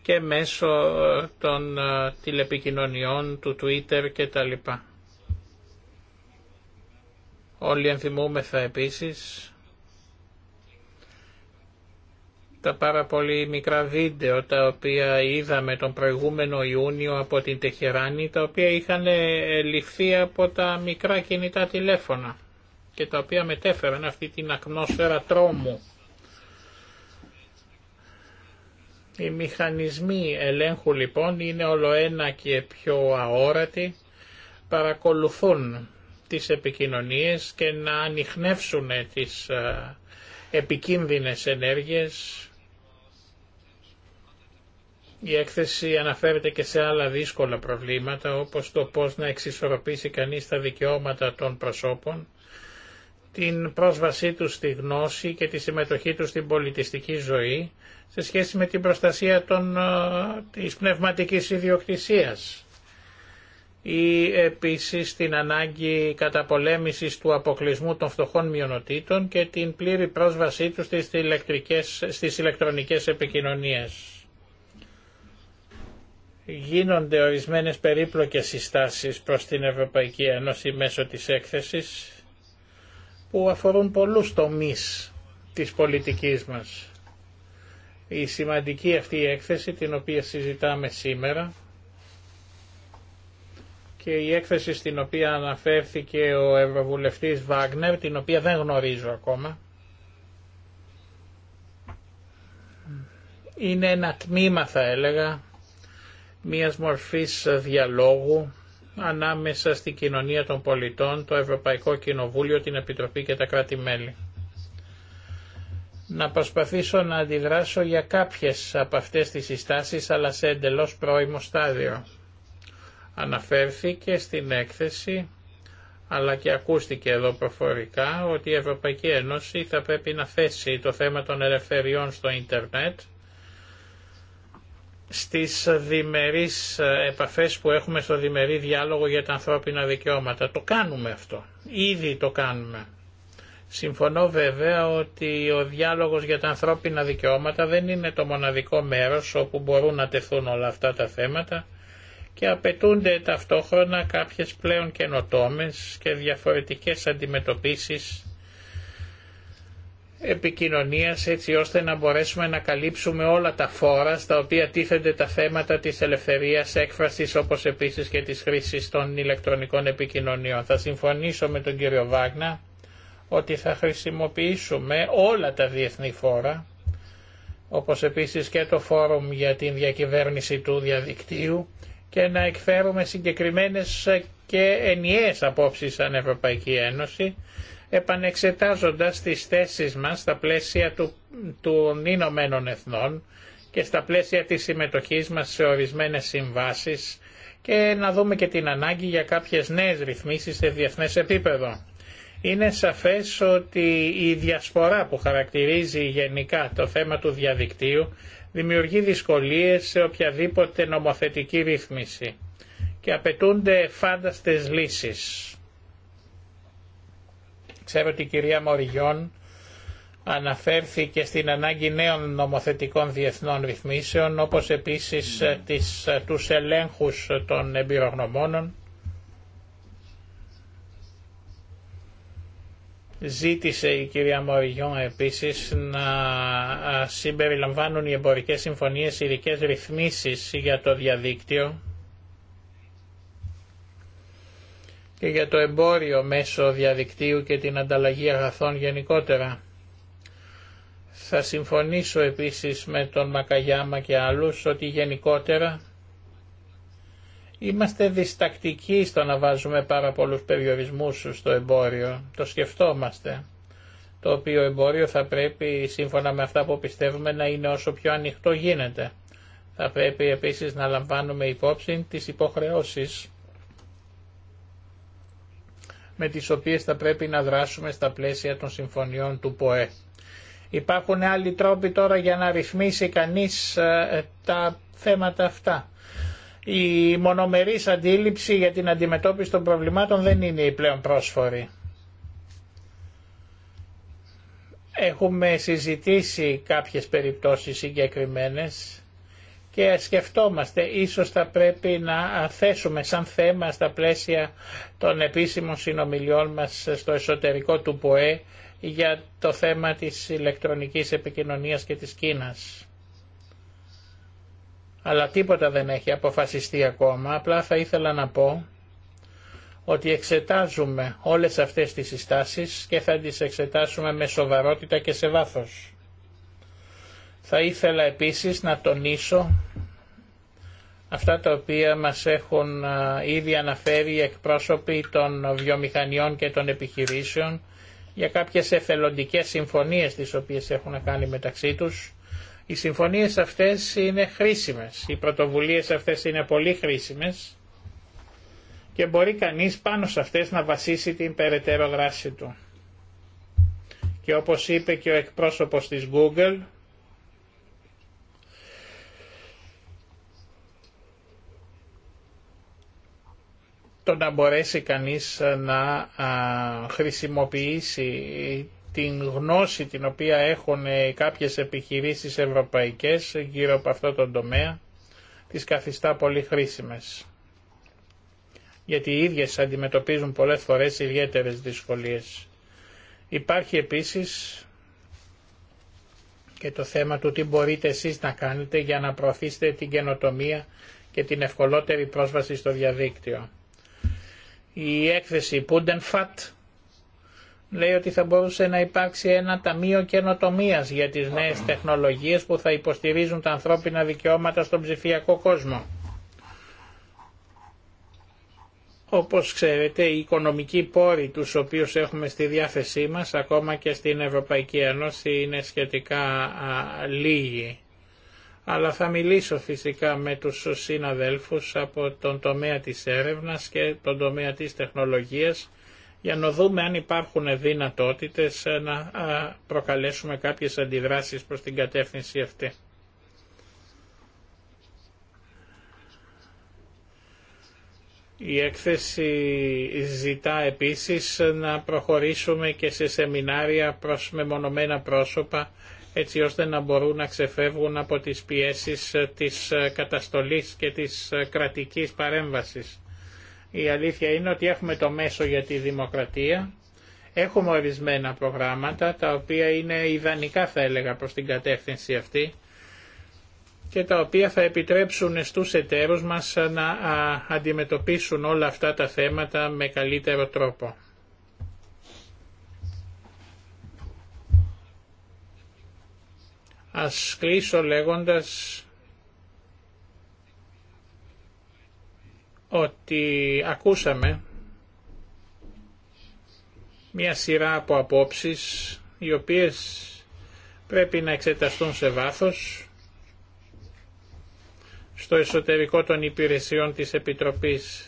S4: και μέσω ε, των τηλεπικοινωνιών του Twitter κτλ. Όλοι ενθυμούμεθα επίσης τα πάρα πολύ μικρά βίντεο τα οποία είδαμε τον προηγούμενο Ιούνιο από την Τεχεράνη τα οποία είχαν ε, ληφθεί από τα μικρά κινητά τηλέφωνα και τα οποία μετέφεραν αυτή την ακνόσφαιρα τρόμου. Οι μηχανισμοί ελέγχου λοιπόν είναι όλο ένα και πιο αόρατοι, παρακολουθούν τις επικοινωνίες και να ανοιχνεύσουν τις ε, επικίνδυνες ενέργειες. Η έκθεση αναφέρεται και σε άλλα δύσκολα προβλήματα όπως το πώς να εξισορροπήσει κανείς τα δικαιώματα των προσώπων, την πρόσβασή τους στη γνώση και τη συμμετοχή τους στην πολιτιστική ζωή σε σχέση με την προστασία των, ε, της πνευματικής ιδιοκτησίας ή επίσης την ανάγκη καταπολέμησης του αποκλεισμού των φτωχών μειονοτήτων και την πλήρη πρόσβασή τους στις, στις ηλεκτρονικές επικοινωνίες. Γίνονται ορισμένες περίπλοκες συστάσεις προς την Ευρωπαϊκή Ένωση μέσω της έκθεσης που αφορούν πολλούς τομείς της πολιτικής μας. Η σημαντική αυτή έκθεση την οποία συζητάμε σήμερα και η έκθεση στην οποία αναφέρθηκε ο Ευρωβουλευτής Βάγνερ, την οποία δεν γνωρίζω ακόμα, είναι ένα τμήμα θα έλεγα μιας μορφής διαλόγου ανάμεσα στην κοινωνία των πολιτών, το Ευρωπαϊκό Κοινοβούλιο, την Επιτροπή και τα κράτη-μέλη. Να προσπαθήσω να αντιδράσω για κάποιες από αυτές τις συστάσεις, αλλά σε εντελώς πρώιμο στάδιο. Αναφέρθηκε στην έκθεση αλλά και ακούστηκε εδώ προφορικά ότι η Ευρωπαϊκή Ένωση θα πρέπει να θέσει το θέμα των ελευθεριών στο ίντερνετ στις διμερείς επαφές που έχουμε στο διμερή διάλογο για τα ανθρώπινα δικαιώματα. Το κάνουμε αυτό. Ήδη το κάνουμε. Συμφωνώ βέβαια ότι ο διάλογος για τα ανθρώπινα δικαιώματα δεν είναι το μοναδικό μέρος όπου μπορούν να τεθούν όλα αυτά τα θέματα και απαιτούνται ταυτόχρονα κάποιες πλέον καινοτόμες και διαφορετικές αντιμετωπίσεις επικοινωνίας έτσι ώστε να μπορέσουμε να καλύψουμε όλα τα φόρα στα οποία τίθενται τα θέματα της ελευθερίας έκφρασης όπως επίσης και της χρήσης των ηλεκτρονικών επικοινωνιών. Θα συμφωνήσω με τον κύριο Βάγνα ότι θα χρησιμοποιήσουμε όλα τα διεθνή φόρα όπως επίσης και το Φόρουμ για την διακυβέρνηση του διαδικτύου και να εκφέρουμε συγκεκριμένες και ενιαίες απόψεις σαν Ευρωπαϊκή Ένωση, επανεξετάζοντας τις θέσεις μας στα πλαίσια του, των Ηνωμένων Εθνών και στα πλαίσια της συμμετοχής μας σε ορισμένες συμβάσεις και να δούμε και την ανάγκη για κάποιες νέες ρυθμίσεις σε διεθνές επίπεδο. Είναι σαφές ότι η διασπορά που χαρακτηρίζει γενικά το θέμα του διαδικτύου δημιουργεί δυσκολίες σε οποιαδήποτε νομοθετική ρύθμιση και απαιτούνται φάνταστες λύσεις. Ξέρω ότι η κυρία Μοριγιόν αναφέρθηκε στην ανάγκη νέων νομοθετικών διεθνών ρυθμίσεων όπως επίσης ε, τις, ε, τους ελέγχους των εμπειρογνωμόνων Ζήτησε η κυρία Μοριγιόν επίσης να συμπεριλαμβάνουν οι εμπορικές συμφωνίες ειδικέ ρυθμίσεις για το διαδίκτυο και για το εμπόριο μέσω διαδικτύου και την ανταλλαγή αγαθών γενικότερα. Θα συμφωνήσω επίσης με τον Μακαγιάμα και άλλους ότι γενικότερα Είμαστε διστακτικοί στο να βάζουμε πάρα πολλούς περιορισμούς στο εμπόριο. Το σκεφτόμαστε. Το οποίο εμπόριο θα πρέπει, σύμφωνα με αυτά που πιστεύουμε, να είναι όσο πιο ανοιχτό γίνεται. Θα πρέπει επίσης να λαμβάνουμε υπόψη τις υποχρεώσεις με τις οποίες θα πρέπει να δράσουμε στα πλαίσια των συμφωνιών του ΠΟΕ. Υπάρχουν άλλοι τρόποι τώρα για να ρυθμίσει κανείς ε, τα θέματα αυτά. Η μονομερής αντίληψη για την αντιμετώπιση των προβλημάτων δεν είναι η πλέον πρόσφορη. Έχουμε συζητήσει κάποιες περιπτώσεις συγκεκριμένες και σκεφτόμαστε ίσως θα πρέπει να θέσουμε σαν θέμα στα πλαίσια των επίσημων συνομιλιών μας στο εσωτερικό του ΠΟΕ για το θέμα της ηλεκτρονικής επικοινωνίας και της Κίνας αλλά τίποτα δεν έχει αποφασιστεί ακόμα, απλά θα ήθελα να πω ότι εξετάζουμε όλες αυτές τις συστάσεις και θα τις εξετάσουμε με σοβαρότητα και σε βάθος. Θα ήθελα επίσης να τονίσω αυτά τα οποία μας έχουν ήδη αναφέρει οι εκπρόσωποι των βιομηχανιών και των επιχειρήσεων για κάποιες εθελοντικές συμφωνίες τις οποίες έχουν κάνει μεταξύ τους οι συμφωνίες αυτές είναι χρήσιμες, οι πρωτοβουλίες αυτές είναι πολύ χρήσιμες και μπορεί κανείς πάνω σε αυτές να βασίσει την περαιτέρω δράση του. Και όπως είπε και ο εκπρόσωπος της Google, το να μπορέσει κανείς να χρησιμοποιήσει την γνώση την οποία έχουν ε, κάποιες επιχειρήσεις ευρωπαϊκές γύρω από αυτό τον τομέα τις καθιστά πολύ χρήσιμες. Γιατί οι ίδιες αντιμετωπίζουν πολλές φορές ιδιαίτερες δυσκολίες. Υπάρχει επίσης και το θέμα του τι μπορείτε εσείς να κάνετε για να προωθήσετε την καινοτομία και την ευκολότερη πρόσβαση στο διαδίκτυο. Η έκθεση Pundenfat λέει ότι θα μπορούσε να υπάρξει ένα ταμείο καινοτομία για τις νέες τεχνολογίες που θα υποστηρίζουν τα ανθρώπινα δικαιώματα στον ψηφιακό κόσμο. Όπως ξέρετε, οι οικονομικοί πόροι τους οποίους έχουμε στη διάθεσή μας, ακόμα και στην Ευρωπαϊκή Ένωση, είναι σχετικά λίγοι. Αλλά θα μιλήσω φυσικά με τους συναδέλφους από τον τομέα της έρευνας και τον τομέα της τεχνολογίας, για να δούμε αν υπάρχουν δυνατότητες ε, να προκαλέσουμε κάποιες αντιδράσεις προς την κατεύθυνση αυτή. Η έκθεση ζητά επίσης να προχωρήσουμε και σε σεμινάρια προς μεμονωμένα πρόσωπα έτσι ώστε να μπορούν να ξεφεύγουν από τις πιέσεις ε, της ε, καταστολής και της κρατικής παρέμβασης. Η αλήθεια είναι ότι έχουμε το μέσο για τη δημοκρατία, έχουμε ορισμένα προγράμματα τα οποία είναι ιδανικά θα έλεγα προς την κατεύθυνση αυτή και τα οποία θα επιτρέψουν στους εταίρους μας να αντιμετωπίσουν όλα αυτά τα θέματα με καλύτερο τρόπο. Ας κλείσω λέγοντας ότι ακούσαμε μία σειρά από απόψεις οι οποίες πρέπει να εξεταστούν σε βάθος στο εσωτερικό των υπηρεσιών της Επιτροπής.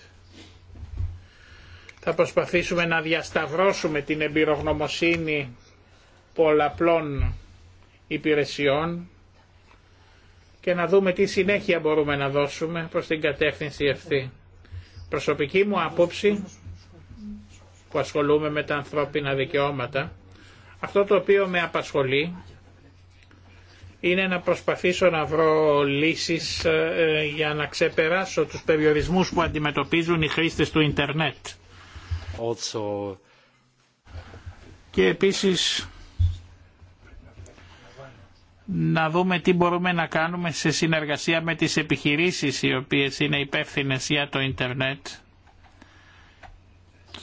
S4: Θα προσπαθήσουμε να διασταυρώσουμε την εμπειρογνωμοσύνη πολλαπλών υπηρεσιών και να δούμε τι συνέχεια μπορούμε να δώσουμε προς την κατεύθυνση αυτή προσωπική μου άποψη που ασχολούμαι με τα ανθρώπινα δικαιώματα, αυτό το οποίο με απασχολεί είναι να προσπαθήσω να βρω λύσεις ε, για να ξεπεράσω τους περιορισμούς που αντιμετωπίζουν οι χρήστες του Ιντερνετ.
S2: Also...
S4: Και επίσης να δούμε τι μπορούμε να κάνουμε σε συνεργασία με τις επιχειρήσεις οι οποίες είναι υπεύθυνε για το ίντερνετ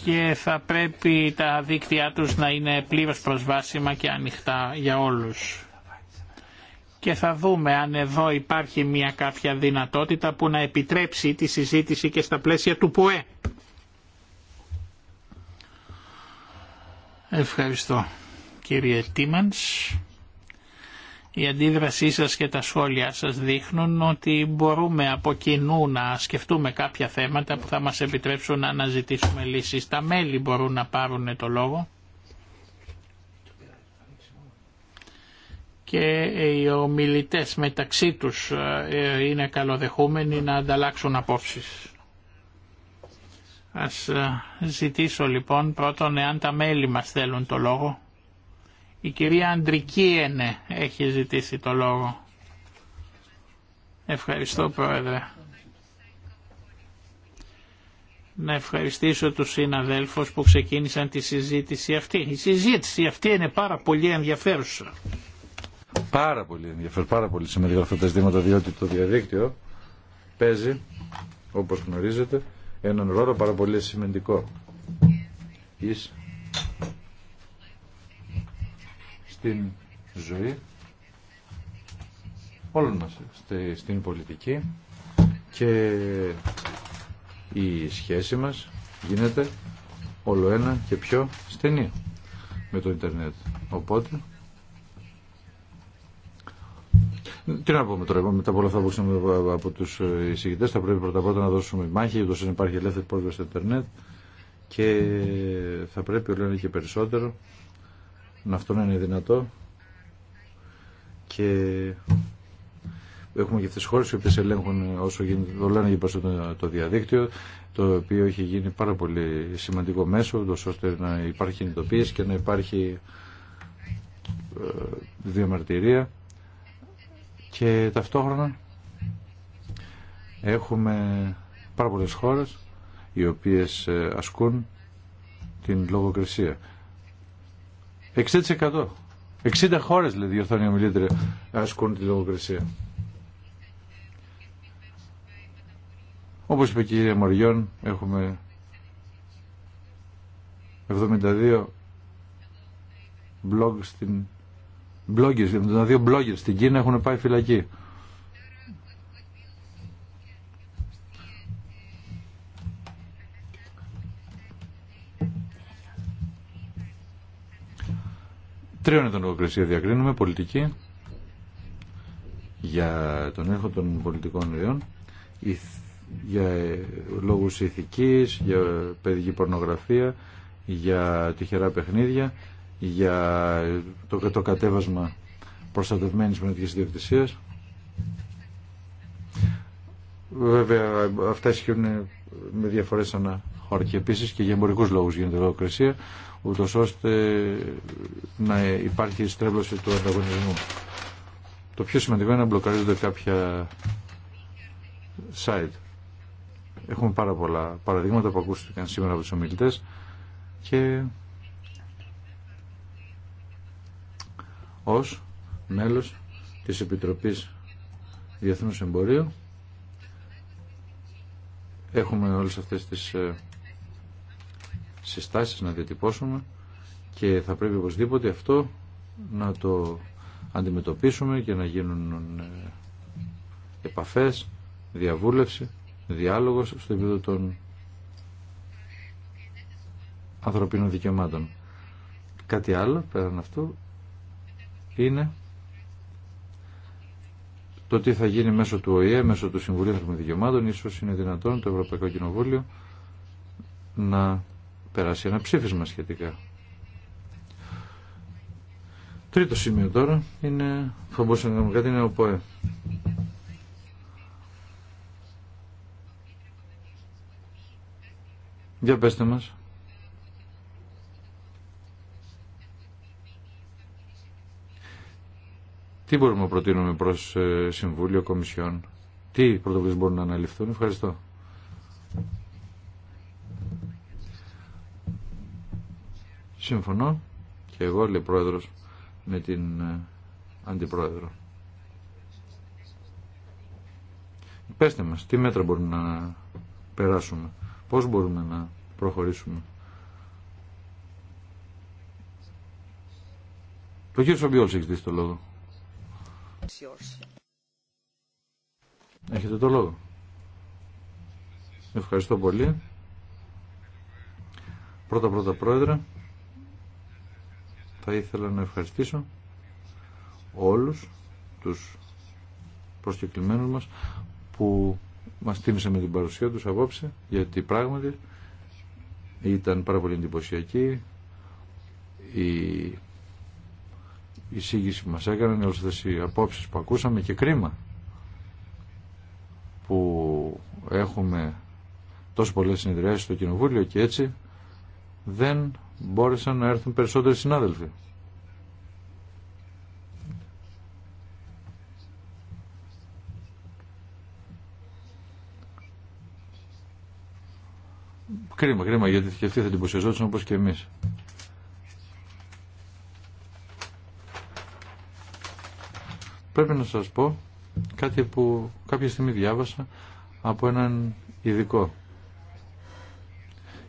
S4: και θα πρέπει τα δίκτυά τους να είναι πλήρως προσβάσιμα και ανοιχτά για όλους. Και θα δούμε αν εδώ υπάρχει μια κάποια δυνατότητα που να επιτρέψει τη συζήτηση και στα πλαίσια του ΠΟΕ. Ευχαριστώ κύριε Τίμανς. Η αντίδρασή σας και τα σχόλια σας δείχνουν ότι μπορούμε από κοινού να σκεφτούμε κάποια θέματα που θα μας επιτρέψουν να αναζητήσουμε λύσεις. Τα μέλη μπορούν να πάρουν το λόγο. και οι ομιλητές μεταξύ τους ε, είναι καλοδεχούμενοι να ανταλλάξουν απόψεις. Ας ε, ζητήσω λοιπόν πρώτον εάν τα μέλη μας θέλουν το λόγο. Η κυρία Αντρικίενε έχει ζητήσει το λόγο. Ευχαριστώ Πρόεδρε. Να ευχαριστήσω τους συναδέλφους που ξεκίνησαν τη συζήτηση αυτή. Η συζήτηση αυτή είναι πάρα πολύ ενδιαφέρουσα. Πάρα πολύ
S2: ενδιαφέρουσα. πάρα πολύ σημαντικά αυτά τα ζητήματα, διότι το διαδίκτυο παίζει, όπως γνωρίζετε, έναν ρόλο πάρα πολύ σημαντικό στην ζωή όλων μας στην πολιτική και η σχέση μας γίνεται όλο ένα και πιο στενή με το ίντερνετ. Οπότε τι να πούμε τώρα, μετά από όλα αυτά που ξέρουμε από του εισηγητέ, θα πρέπει πρώτα απ' όλα να δώσουμε μάχη, γιατί να υπάρχει ελεύθερη πρόσβαση στο Ιντερνετ και θα πρέπει όλο και περισσότερο να αυτό να είναι δυνατό και έχουμε και αυτές τις χώρες οι οποίες ελέγχουν όσο γίνεται, όλα για το, το διαδίκτυο το οποίο έχει γίνει πάρα πολύ σημαντικό μέσο ώστε να υπάρχει κινητοποίηση και να υπάρχει ε, διαμαρτυρία και ταυτόχρονα έχουμε πάρα πολλές χώρες οι οποίες ε, ασκούν την λογοκρισία 60%. 60 χώρες, λέει, διορθώνει η ομιλήτρια, ασκούν τη λογοκρισία. Όπως είπε η κυρία Μοριών, έχουμε 72 blogs, στην bloggers, 72 bloggers στην Κίνα έχουν πάει φυλακή. Τρίων ετών λογοκρισία διακρίνουμε πολιτική για τον έλεγχο των πολιτικών ιδιών, για ε, λόγους ηθικής, για παιδική πορνογραφία, για τυχερά παιχνίδια, για ε, το, το κατέβασμα προστατευμένης πνευματικής ιδιοκτησίας. Βέβαια αυτά ισχύουν με διαφορές ανά χώρα και επίση και για εμπορικού λόγου γίνεται λογοκρισία, ούτω ώστε να υπάρχει στρέβλωση του ανταγωνισμού. Το πιο σημαντικό είναι να μπλοκαρίζονται κάποια site. Έχουμε πάρα πολλά παραδείγματα που ακούστηκαν σήμερα από του ομιλητέ και ως μέλος της Επιτροπής Διεθνούς Εμπορίου έχουμε όλες αυτές τις ε, συστάσεις να διατυπώσουμε και θα πρέπει οπωσδήποτε αυτό να το αντιμετωπίσουμε και να γίνουν ε, επαφές, διαβούλευση, διάλογος στο επίπεδο των ανθρωπίνων δικαιωμάτων. Κάτι άλλο πέραν αυτού είναι το τι θα γίνει μέσω του ΟΗΕ, μέσω του Συμβουλίου Ανθρωπίνων Δικαιωμάτων, ίσως είναι δυνατόν το Ευρωπαϊκό Κοινοβούλιο να περάσει ένα ψήφισμα σχετικά. Τρίτο σημείο τώρα είναι, θα μπορούσα να κάνουμε κάτι, είναι ο ΠΟΕ. Για πέστε μας. Τι μπορούμε να προτείνουμε προς ε, Συμβούλιο Κομισιόν. Τι πρωτοβουλίες μπορούν να αναλυφθούν. Ευχαριστώ. Συμφωνώ και εγώ, λέει πρόεδρος, με την ε, αντιπρόεδρο. Πέστε μας, τι μέτρα μπορούμε να περάσουμε, πώς μπορούμε να προχωρήσουμε. Το κύριο Σομπιόλς έχει δει το λόγο. Έχετε το λόγο. Ευχαριστώ πολύ. Πρώτα πρώτα πρόεδρε θα ήθελα να ευχαριστήσω όλους τους προσκεκλημένους μας που μας τίμησαν με την παρουσία τους απόψε γιατί πράγματι ήταν πάρα πολύ εντυπωσιακή η εισήγηση που μας έκαναν όλες αυτές οι απόψεις που ακούσαμε και κρίμα που έχουμε τόσο πολλές συνεδριάσεις στο Κοινοβούλιο και έτσι δεν μπόρεσαν να έρθουν περισσότεροι συνάδελφοι. Κρίμα, κρίμα, γιατί και αυτοί θα την εντυπωσιαζόντουσαν όπως και εμείς. Πρέπει να σας πω κάτι που κάποια στιγμή διάβασα από έναν ειδικό.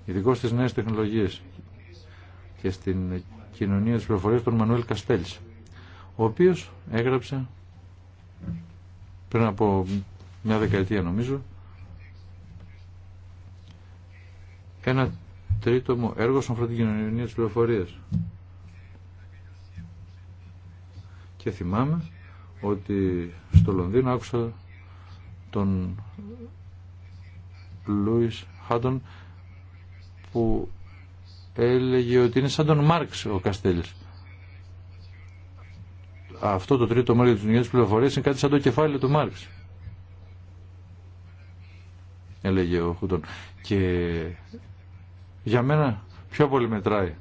S2: Ειδικό στις νέες τεχνολογίες και στην κοινωνία της πληροφορίας τον Μανουέλ Καστέλς ο οποίος έγραψε πριν από μια δεκαετία νομίζω ένα τρίτο μου έργο στον αφορά την κοινωνία της πληροφορίας και θυμάμαι ότι στο Λονδίνο άκουσα τον Λούις Χάντον που έλεγε ότι είναι σαν τον Μάρξ ο Καστέλης. Αυτό το τρίτο μέρο της νέας πληροφορίας είναι κάτι σαν το κεφάλι του Μάρξ. Έλεγε ο Χούτον. Και για μένα πιο πολύ μετράει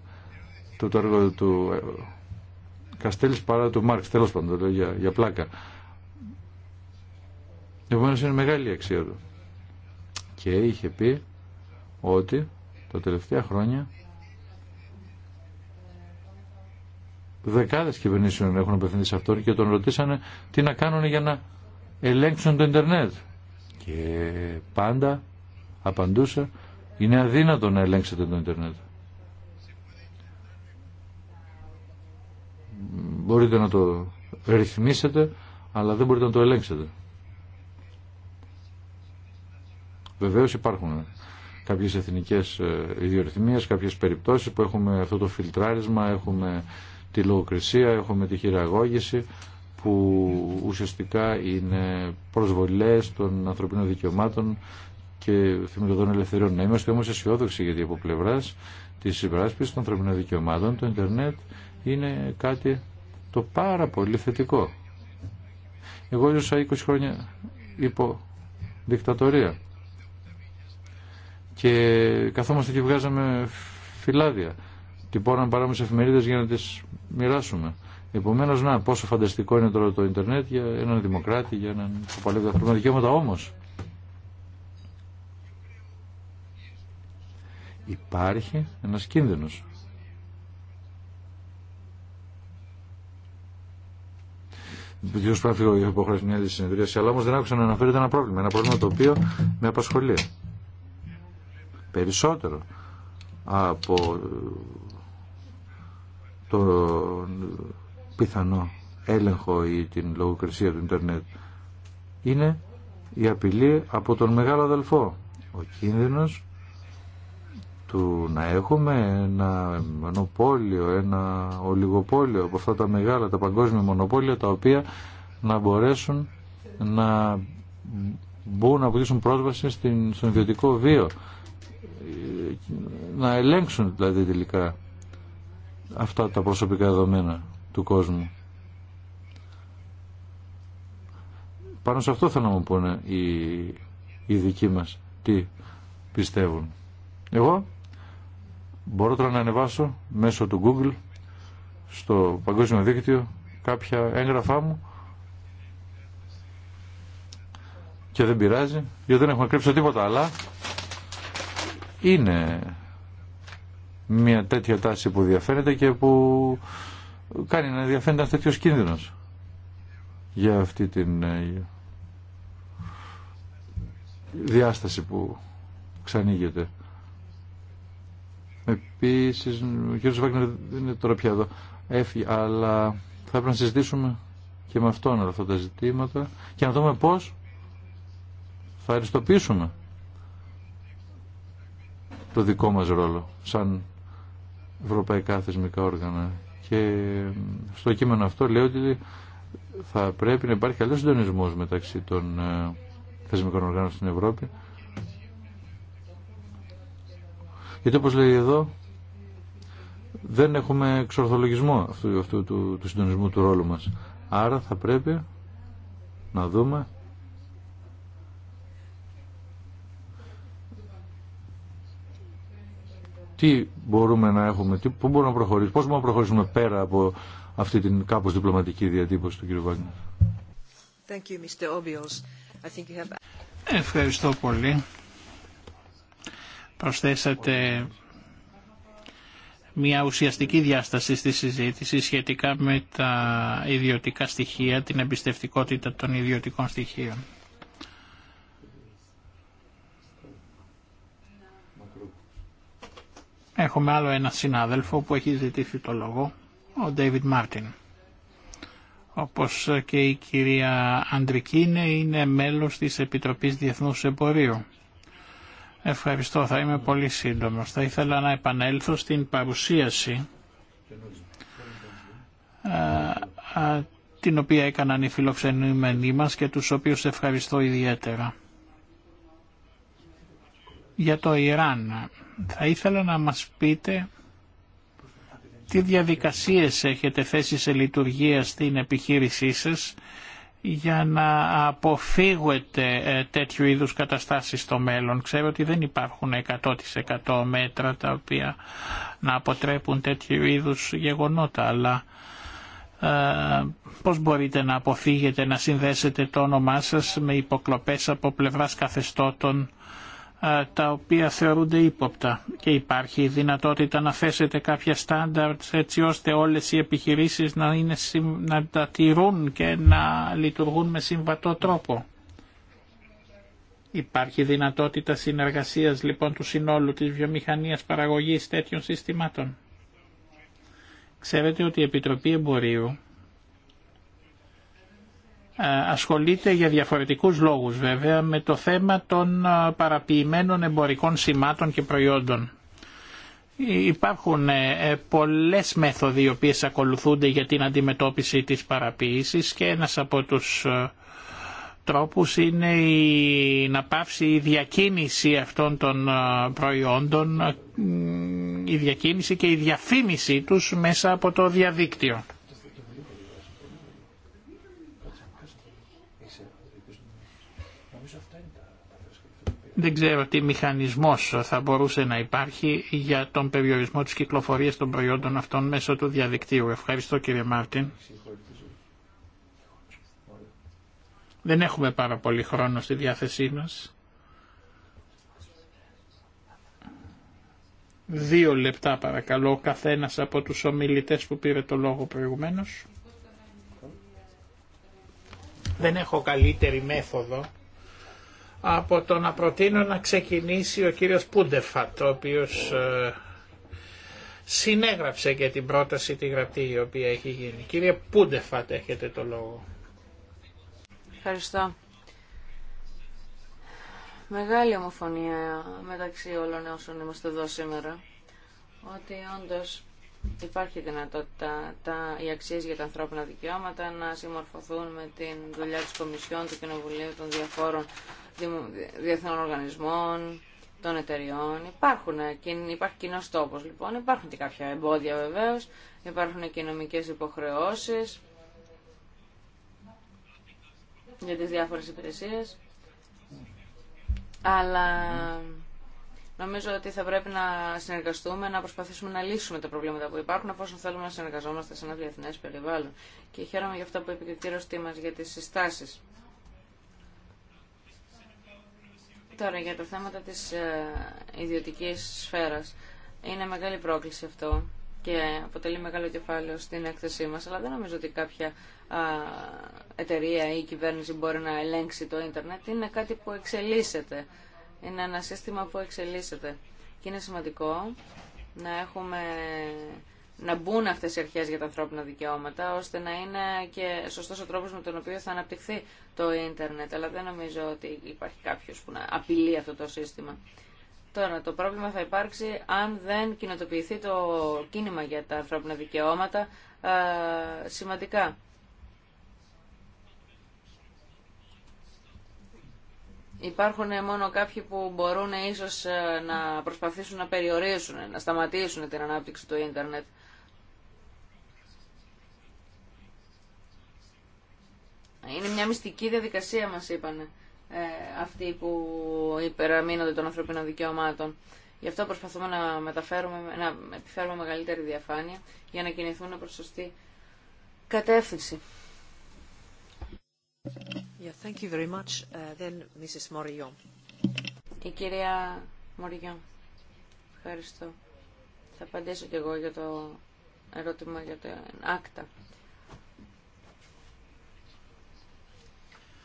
S2: το, το έργο του ε, Καστέλης παρά του Μάρξ. Τέλος πάντων, το λέω για, για πλάκα. Επομένω είναι μεγάλη η αξία του. Και είχε πει ότι τα τελευταία χρόνια Δεκάδες κυβερνήσεων έχουν απευθυνθεί σε αυτόν και τον ρωτήσανε τι να κάνουν για να ελέγξουν το Ιντερνετ. Και πάντα απαντούσε είναι αδύνατο να ελέγξετε το Ιντερνετ. Μπορείτε να το ρυθμίσετε, αλλά δεν μπορείτε να το ελέγξετε. Βεβαίως υπάρχουν κάποιες εθνικές ε, ιδιορυθμίες, κάποιες περιπτώσεις που έχουμε αυτό το φιλτράρισμα, έχουμε τη λογοκρισία, έχουμε τη χειραγώγηση που ουσιαστικά είναι προσβολές των ανθρωπίνων δικαιωμάτων και θεμελιωδών ελευθεριών. Να είμαστε όμως αισιόδοξοι γιατί από πλευρά της υπεράσπισης των ανθρωπίνων δικαιωμάτων το Ιντερνετ είναι κάτι το πάρα πολύ θετικό. Εγώ ζούσα 20 χρόνια υπό δικτατορία και καθόμαστε και βγάζαμε φυλάδια τυπώναν παράμε σε εφημερίδες για να τις μοιράσουμε. Επομένω, να, πόσο φανταστικό είναι τώρα το Ιντερνετ για έναν δημοκράτη, για έναν που παλεύει τα ανθρώπινα δικαιώματα όμω. Υπάρχει ένας κίνδυνος. Δύο σπράφηγο για υποχρέωση μια άλλη συνεδρίαση, αλλά όμω δεν άκουσα να αναφέρεται ένα πρόβλημα. Ένα πρόβλημα το οποίο με απασχολεί. Περισσότερο από το πιθανό έλεγχο ή την λογοκρισία του ίντερνετ είναι η απειλή από τον μεγάλο αδελφό ο κίνδυνος του να έχουμε ένα μονοπόλιο, ένα ολιγοπόλιο από αυτά τα μεγάλα, τα παγκόσμια μονοπόλια τα οποία να μπορέσουν να μπουν να αποκτήσουν πρόσβαση στην, στον ιδιωτικό βίο ε, να ελέγξουν δηλαδή τελικά αυτά τα προσωπικά δεδομένα του κόσμου. Πάνω σε αυτό θα να μου πούνε οι, οι δικοί μας τι πιστεύουν. Εγώ μπορώ τώρα να ανεβάσω μέσω του Google στο παγκόσμιο δίκτυο κάποια έγγραφά μου και δεν πειράζει γιατί δεν έχουμε κρύψει τίποτα αλλά είναι μια τέτοια τάση που διαφέρεται και που κάνει να διαφαίνεται ένα τέτοιο κίνδυνο για αυτή την ε, διάσταση που ξανήγεται. Επίσης, ο κ. Βάγκνερ δεν είναι τώρα πια εδώ, αλλά θα έπρεπε να συζητήσουμε και με αυτόν αυτά τα ζητήματα και να δούμε πώς θα αριστοποιήσουμε το δικό μας ρόλο σαν ευρωπαϊκά θεσμικά όργανα. Και στο κείμενο αυτό λέω ότι θα πρέπει να υπάρχει καλός συντονισμό μεταξύ των ε, θεσμικών οργάνων στην Ευρώπη. Γιατί όπως λέει εδώ, δεν έχουμε εξορθολογισμό αυτού, αυτού του, του συντονισμού του ρόλου μας. Άρα θα πρέπει να δούμε τι μπορούμε να έχουμε, τι, πού μπορούμε να προχωρήσουμε, πώς μπορούμε να προχωρήσουμε πέρα από αυτή την κάπως διπλωματική διατύπωση του κ. Βάγκνερ.
S4: Ευχαριστώ πολύ. Προσθέσατε μια ουσιαστική διάσταση στη συζήτηση σχετικά με τα ιδιωτικά στοιχεία, την εμπιστευτικότητα των ιδιωτικών στοιχείων. Έχουμε άλλο ένα συνάδελφο που έχει ζητήσει το λόγο, ο David Μάρτιν. Όπως και η κυρία Αντρικίνε είναι μέλος της Επιτροπής Διεθνούς Εμπορίου. Ευχαριστώ, θα είμαι πολύ σύντομος. Θα ήθελα να επανέλθω στην παρουσίαση ε, την οποία έκαναν οι φιλοξενούμενοι μας και τους οποίους ευχαριστώ ιδιαίτερα. Για το Ιράν θα ήθελα να μας πείτε τι διαδικασίες έχετε θέσει σε λειτουργία στην επιχείρησή σας για να αποφύγετε ε, τέτοιου είδους καταστάσεις στο μέλλον. Ξέρω ότι δεν υπάρχουν 100% μέτρα τα οποία να αποτρέπουν τέτοιου είδους γεγονότα, αλλά ε, πώς μπορείτε να αποφύγετε να συνδέσετε το όνομά σας με υποκλοπές από πλευράς καθεστώτων ε, τα οποία θεωρούνται ύποπτα και υπάρχει δυνατότητα να θέσετε κάποια στάνταρτ έτσι ώστε όλες οι επιχειρήσεις να, είναι, να τα τηρούν και να λειτουργούν με συμβατό τρόπο. Υπάρχει δυνατότητα συνεργασίας λοιπόν του συνόλου της βιομηχανίας παραγωγής τέτοιων συστημάτων. Ξέρετε ότι η Επιτροπή Εμπορίου ε, ασχολείται για διαφορετικούς λόγους βέβαια με το θέμα των ε, παραποιημένων εμπορικών σημάτων και προϊόντων. Ε, υπάρχουν πολλές μέθοδοι οι οποίες ακολουθούνται για την αντιμετώπιση της παραποίησης και ένας από τους τρόπους είναι να πάψει η διακίνηση αυτών των προϊόντων, η διακίνηση και η διαφήμιση τους μέσα από το διαδίκτυο. Δεν ξέρω τι μηχανισμός θα μπορούσε να υπάρχει για τον περιορισμό της κυκλοφορίας των προϊόντων αυτών μέσω του διαδικτύου. Ευχαριστώ κύριε Μάρτιν. Δεν έχουμε πάρα πολύ χρόνο στη διάθεσή μας. Δύο λεπτά παρακαλώ ο καθένας από τους ομιλητές που πήρε το λόγο προηγουμένως. Δεν έχω καλύτερη μέθοδο από το να προτείνω να ξεκινήσει ο κύριος Πούντεφατ, ο οποίος ε, συνέγραψε και την πρόταση τη γραπτή η οποία έχει γίνει. Κύριε Πούντεφατ έχετε το λόγο.
S3: Ευχαριστώ. Μεγάλη ομοφωνία μεταξύ όλων όσων είμαστε εδώ σήμερα ότι όντως υπάρχει δυνατότητα τα, οι αξίες για τα ανθρώπινα δικαιώματα να συμμορφωθούν με την δουλειά της Κομισιόν, του Κοινοβουλίου, των διαφόρων διεθνών οργανισμών, των εταιριών. Υπάρχουν, ε, υπάρχει κοινό τόπο λοιπόν, υπάρχουν και κάποια εμπόδια βεβαίω, υπάρχουν και νομικέ υποχρεώσει για τι διάφορε υπηρεσίε. Αλλά νομίζω ότι θα πρέπει να συνεργαστούμε, να προσπαθήσουμε να λύσουμε τα προβλήματα που υπάρχουν, εφόσον θέλουμε να συνεργαζόμαστε σε ένα διεθνέ περιβάλλον. Και χαίρομαι για αυτό που είπε και ο κύριο Τίμα για τι συστάσει. Τώρα για τα θέματα της ε, ιδιωτικής σφαίρας. Είναι μεγάλη πρόκληση αυτό και αποτελεί μεγάλο κεφάλαιο στην έκθεσή μας, αλλά δεν νομίζω ότι κάποια εταιρεία ή κυβέρνηση μπορεί να ελέγξει το ίντερνετ. Είναι κάτι που εξελίσσεται. Είναι ένα σύστημα που εξελίσσεται. Και είναι σημαντικό να έχουμε να μπουν αυτέ οι αρχέ για τα ανθρώπινα δικαιώματα, ώστε να είναι και σωστό ο τρόπο με τον οποίο θα αναπτυχθεί το ίντερνετ. Αλλά δεν νομίζω ότι υπάρχει κάποιο που να απειλεί αυτό το σύστημα. Τώρα, το πρόβλημα θα υπάρξει αν δεν κοινοτοποιηθεί το κίνημα για τα ανθρώπινα δικαιώματα σημαντικά. Υπάρχουν μόνο κάποιοι που μπορούν ίσως ε, να προσπαθήσουν να περιορίσουν, να σταματήσουν την ανάπτυξη του ίντερνετ. είναι μια μυστική διαδικασία μα είπαν ε, αυτοί που υπεραμείνονται των ανθρωπίνων δικαιωμάτων. Γι' αυτό προσπαθούμε να, μεταφέρουμε, να επιφέρουμε μεγαλύτερη διαφάνεια για να κινηθούν προ σωστή κατεύθυνση.
S1: Yeah, thank you very much. Uh, then, Mrs.
S3: Η κυρία Μοριό. Ευχαριστώ. Θα απαντήσω κι εγώ για το ερώτημα για την άκτα.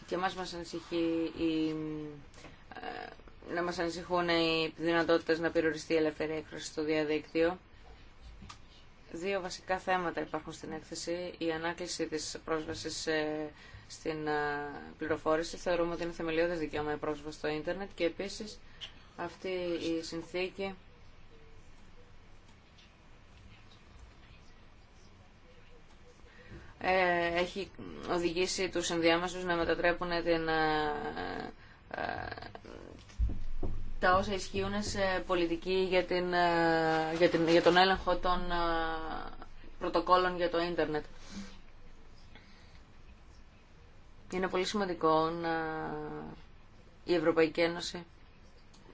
S3: και μας μας ανησυχεί η, ε, να μας ανησυχούν οι δυνατότητες να περιοριστεί η ελεύθερη έκφραση στο διαδίκτυο. Δύο βασικά θέματα υπάρχουν στην έκθεση. Η ανάκληση της πρόσβασης ε, στην ε, πληροφόρηση. Θεωρούμε ότι είναι θεμελιώδες δικαίωμα η πρόσβαση στο ίντερνετ και επίσης αυτή η συνθήκη Ε, έχει οδηγήσει τους ενδιάμεσους να μετατρέπουν την, ε, ε, τα όσα ισχύουν σε πολιτική για, την, για, την, για τον έλεγχο των πρωτοκόλων για το ίντερνετ. Είναι πολύ σημαντικό να η Ευρωπαϊκή Ένωση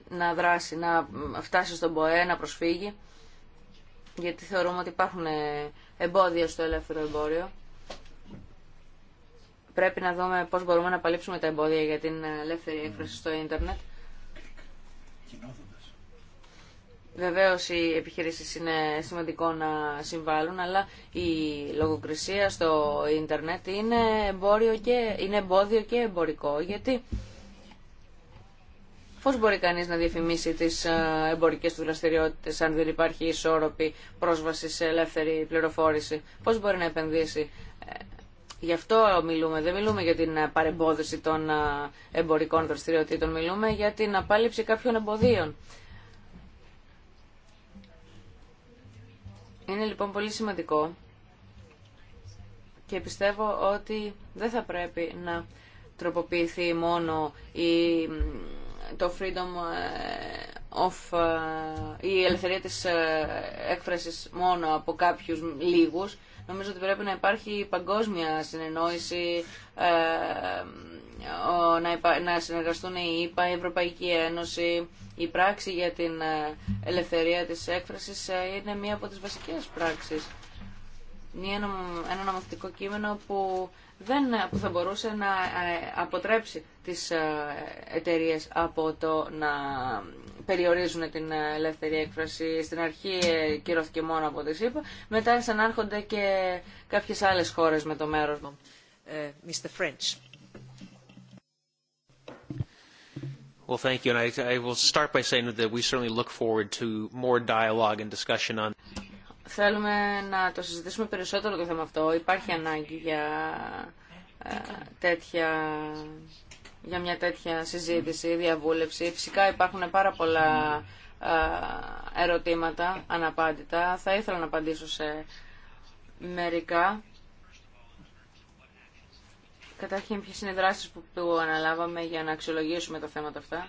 S3: να δράσει, να φτάσει στον ΠΟΕ, να προσφύγει, γιατί θεωρούμε ότι υπάρχουν εμπόδια στο ελεύθερο εμπόριο πρέπει να δούμε πώς μπορούμε να παλύψουμε τα εμπόδια για την ελεύθερη έκφραση στο ίντερνετ. Βεβαίω οι επιχειρήσει είναι σημαντικό να συμβάλλουν, αλλά η λογοκρισία στο ίντερνετ είναι, και, είναι εμπόδιο και εμπορικό. Γιατί πώ μπορεί κανεί να διαφημίσει τι ε, εμπορικέ του δραστηριότητε, αν δεν υπάρχει ισόρροπη πρόσβαση σε ελεύθερη πληροφόρηση, πώ μπορεί να επενδύσει ε, Γι' αυτό μιλούμε. Δεν μιλούμε για την ε, παρεμπόδιση των ε, εμπορικών δραστηριοτήτων. Μιλούμε για την απάλληψη κάποιων εμποδίων. Είναι λοιπόν πολύ σημαντικό και πιστεύω ότι δεν θα πρέπει να τροποποιηθεί μόνο η, το freedom ε, of, η ελευθερία της έκφρασης μόνο από κάποιους λίγους Νομίζω ότι πρέπει να υπάρχει παγκόσμια συνεννόηση, ε, να συνεργαστούν η ΕΠΑ, η Ευρωπαϊκή Ένωση. Η πράξη για την ε, ελευθερία της έκφρασης ε, είναι μία από τις βασικές πράξεις. Είναι ένα νομοθετικό κείμενο που, δεν, που θα μπορούσε να αποτρέψει τις εταιρείες από το να περιορίζουν την ε, ελεύθερη έκφραση. Στην αρχή ε, κυρώθηκε μόνο από τη ΣΥΠΑ, μετά ξανάρχονται και κάποιες άλλες χώρες με το μέρος μου. Ε, Mr. French. Θέλουμε να το συζητήσουμε περισσότερο το θέμα αυτό. Υπάρχει ανάγκη για τέτοια για μια τέτοια συζήτηση, διαβούλευση. Φυσικά υπάρχουν πάρα πολλά ερωτήματα αναπάντητα. Θα ήθελα να απαντήσω σε μερικά. Καταρχήν, ποιες είναι οι δράσεις που, αναλάβαμε για να αξιολογήσουμε τα θέματα αυτά.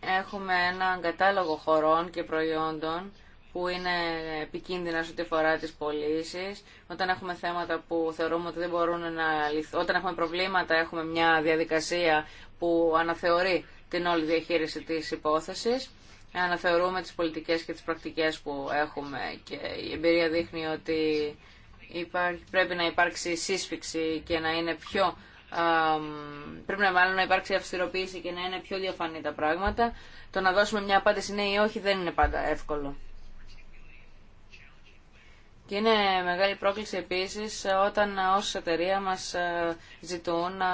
S3: Έχουμε έναν κατάλογο χωρών και προϊόντων που είναι επικίνδυνα σε ό,τι αφορά τι πωλήσει, όταν έχουμε θέματα που θεωρούμε ότι δεν μπορούν να λυθούν, όταν έχουμε προβλήματα, έχουμε μια διαδικασία που αναθεωρεί την όλη διαχείριση τη υπόθεση. Αναθεωρούμε τι πολιτικέ και τι πρακτικέ που έχουμε και η εμπειρία δείχνει ότι υπάρχει, πρέπει να υπάρξει σύσφυξη και να είναι πιο πρέπει να μάλλον να υπάρξει αυστηροποίηση και να είναι πιο διαφανή τα πράγματα. Το να δώσουμε μια απάντηση ναι ή όχι δεν είναι πάντα εύκολο. Και είναι μεγάλη πρόκληση επίσης όταν ως εταιρεία μας ε, ζητούν να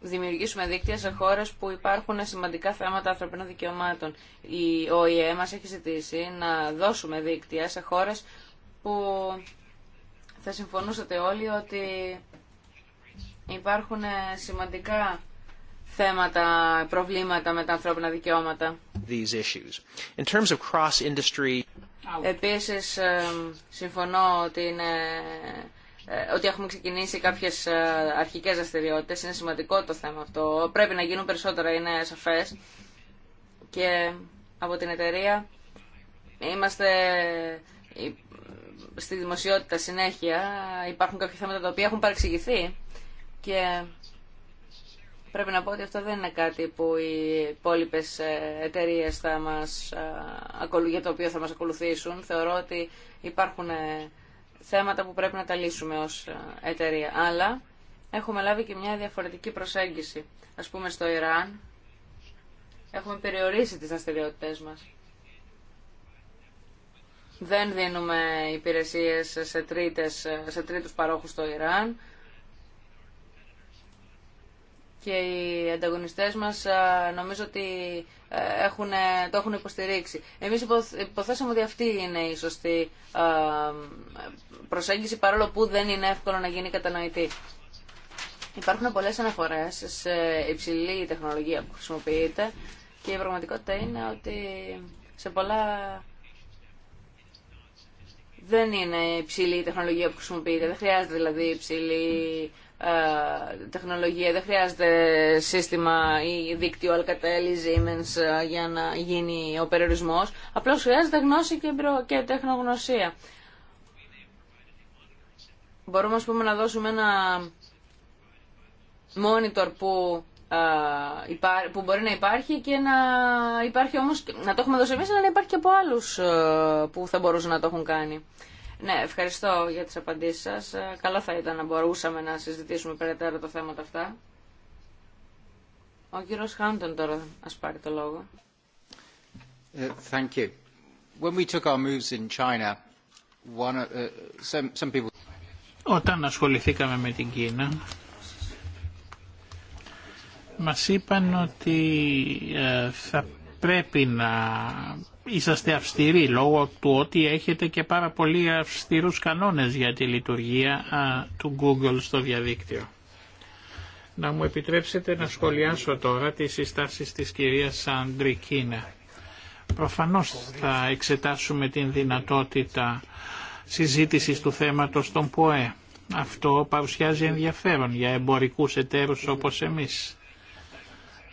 S3: δημιουργήσουμε δίκτυα σε χώρες που υπάρχουν σημαντικά θέματα ανθρωπίνων δικαιωμάτων. Η ΟΗΕ μας έχει ζητήσει να δώσουμε δίκτυα σε χώρες που θα συμφωνούσατε όλοι ότι υπάρχουν σημαντικά θέματα, προβλήματα με τα ανθρώπινα δικαιώματα.
S1: These cross
S3: Επίσης, ε, συμφωνώ ότι, ε, ότι έχουμε ξεκινήσει κάποιες ε, αρχικές δραστηριότητε. Είναι σημαντικό το θέμα αυτό. Πρέπει να γίνουν περισσότερα, είναι σαφές. Και από την εταιρεία είμαστε στη δημοσιότητα συνέχεια. Υπάρχουν κάποια θέματα τα οποία έχουν παρεξηγηθεί και Πρέπει να πω ότι αυτό δεν είναι κάτι που οι υπόλοιπε εταιρείε θα μας, ε, για το οποίο θα μας ακολουθήσουν. Θεωρώ ότι υπάρχουν ε, θέματα που πρέπει να τα λύσουμε ως ε, εταιρεία. Αλλά έχουμε λάβει και μια διαφορετική προσέγγιση. Ας πούμε στο Ιράν έχουμε περιορίσει τις δραστηριότητε μας. Δεν δίνουμε υπηρεσίες σε, τρίτες, σε τρίτους παρόχους στο Ιράν και οι ανταγωνιστές μας νομίζω ότι ε, έχουν, το έχουν υποστηρίξει. Εμείς υποθέσαμε ότι αυτή είναι η σωστή προσέγγιση παρόλο που δεν είναι εύκολο να γίνει κατανοητή. Υπάρχουν πολλές αναφορές σε υψηλή τεχνολογία που χρησιμοποιείται και η πραγματικότητα είναι ότι σε πολλά δεν είναι υψηλή η τεχνολογία που χρησιμοποιείται. Δεν χρειάζεται δηλαδή υψηλή ε, τεχνολογία, δεν χρειάζεται σύστημα ή δίκτυο Alcatel ή Siemens ε, για να γίνει ο περιορισμός. Απλώς χρειάζεται γνώση και τεχνογνωσία. Μπορούμε ας πούμε, να δώσουμε ένα μόνιτορ που, ε, που μπορεί να υπάρχει και να υπάρχει όμως, να το έχουμε δώσει εμείς, αλλά να υπάρχει και από άλλους που θα μπορούσαν να το έχουν κάνει. Ναι, ευχαριστώ για τις απαντήσεις σας. Ε, καλά θα ήταν να μπορούσαμε να συζητήσουμε περαιτέρω τα θέματα αυτά. Ο κύριος Χάντον τώρα ας πάρει το λόγο.
S4: Ε, thank you. When we took our moves in China, one, ε, some, some people... Όταν ασχοληθήκαμε με την Κίνα, μας είπαν ότι θα πρέπει να είσαστε αυστηροί λόγω του ότι έχετε και πάρα πολλοί αυστηρούς κανόνες για τη λειτουργία του Google στο διαδίκτυο. Να μου επιτρέψετε να σχολιάσω τώρα τις συστάσεις της κυρίας Αντρικίνα. Προφανώς θα εξετάσουμε την δυνατότητα συζήτησης του θέματος των ΠΟΕ. Αυτό παρουσιάζει ενδιαφέρον για εμπορικούς εταίρους όπως εμείς.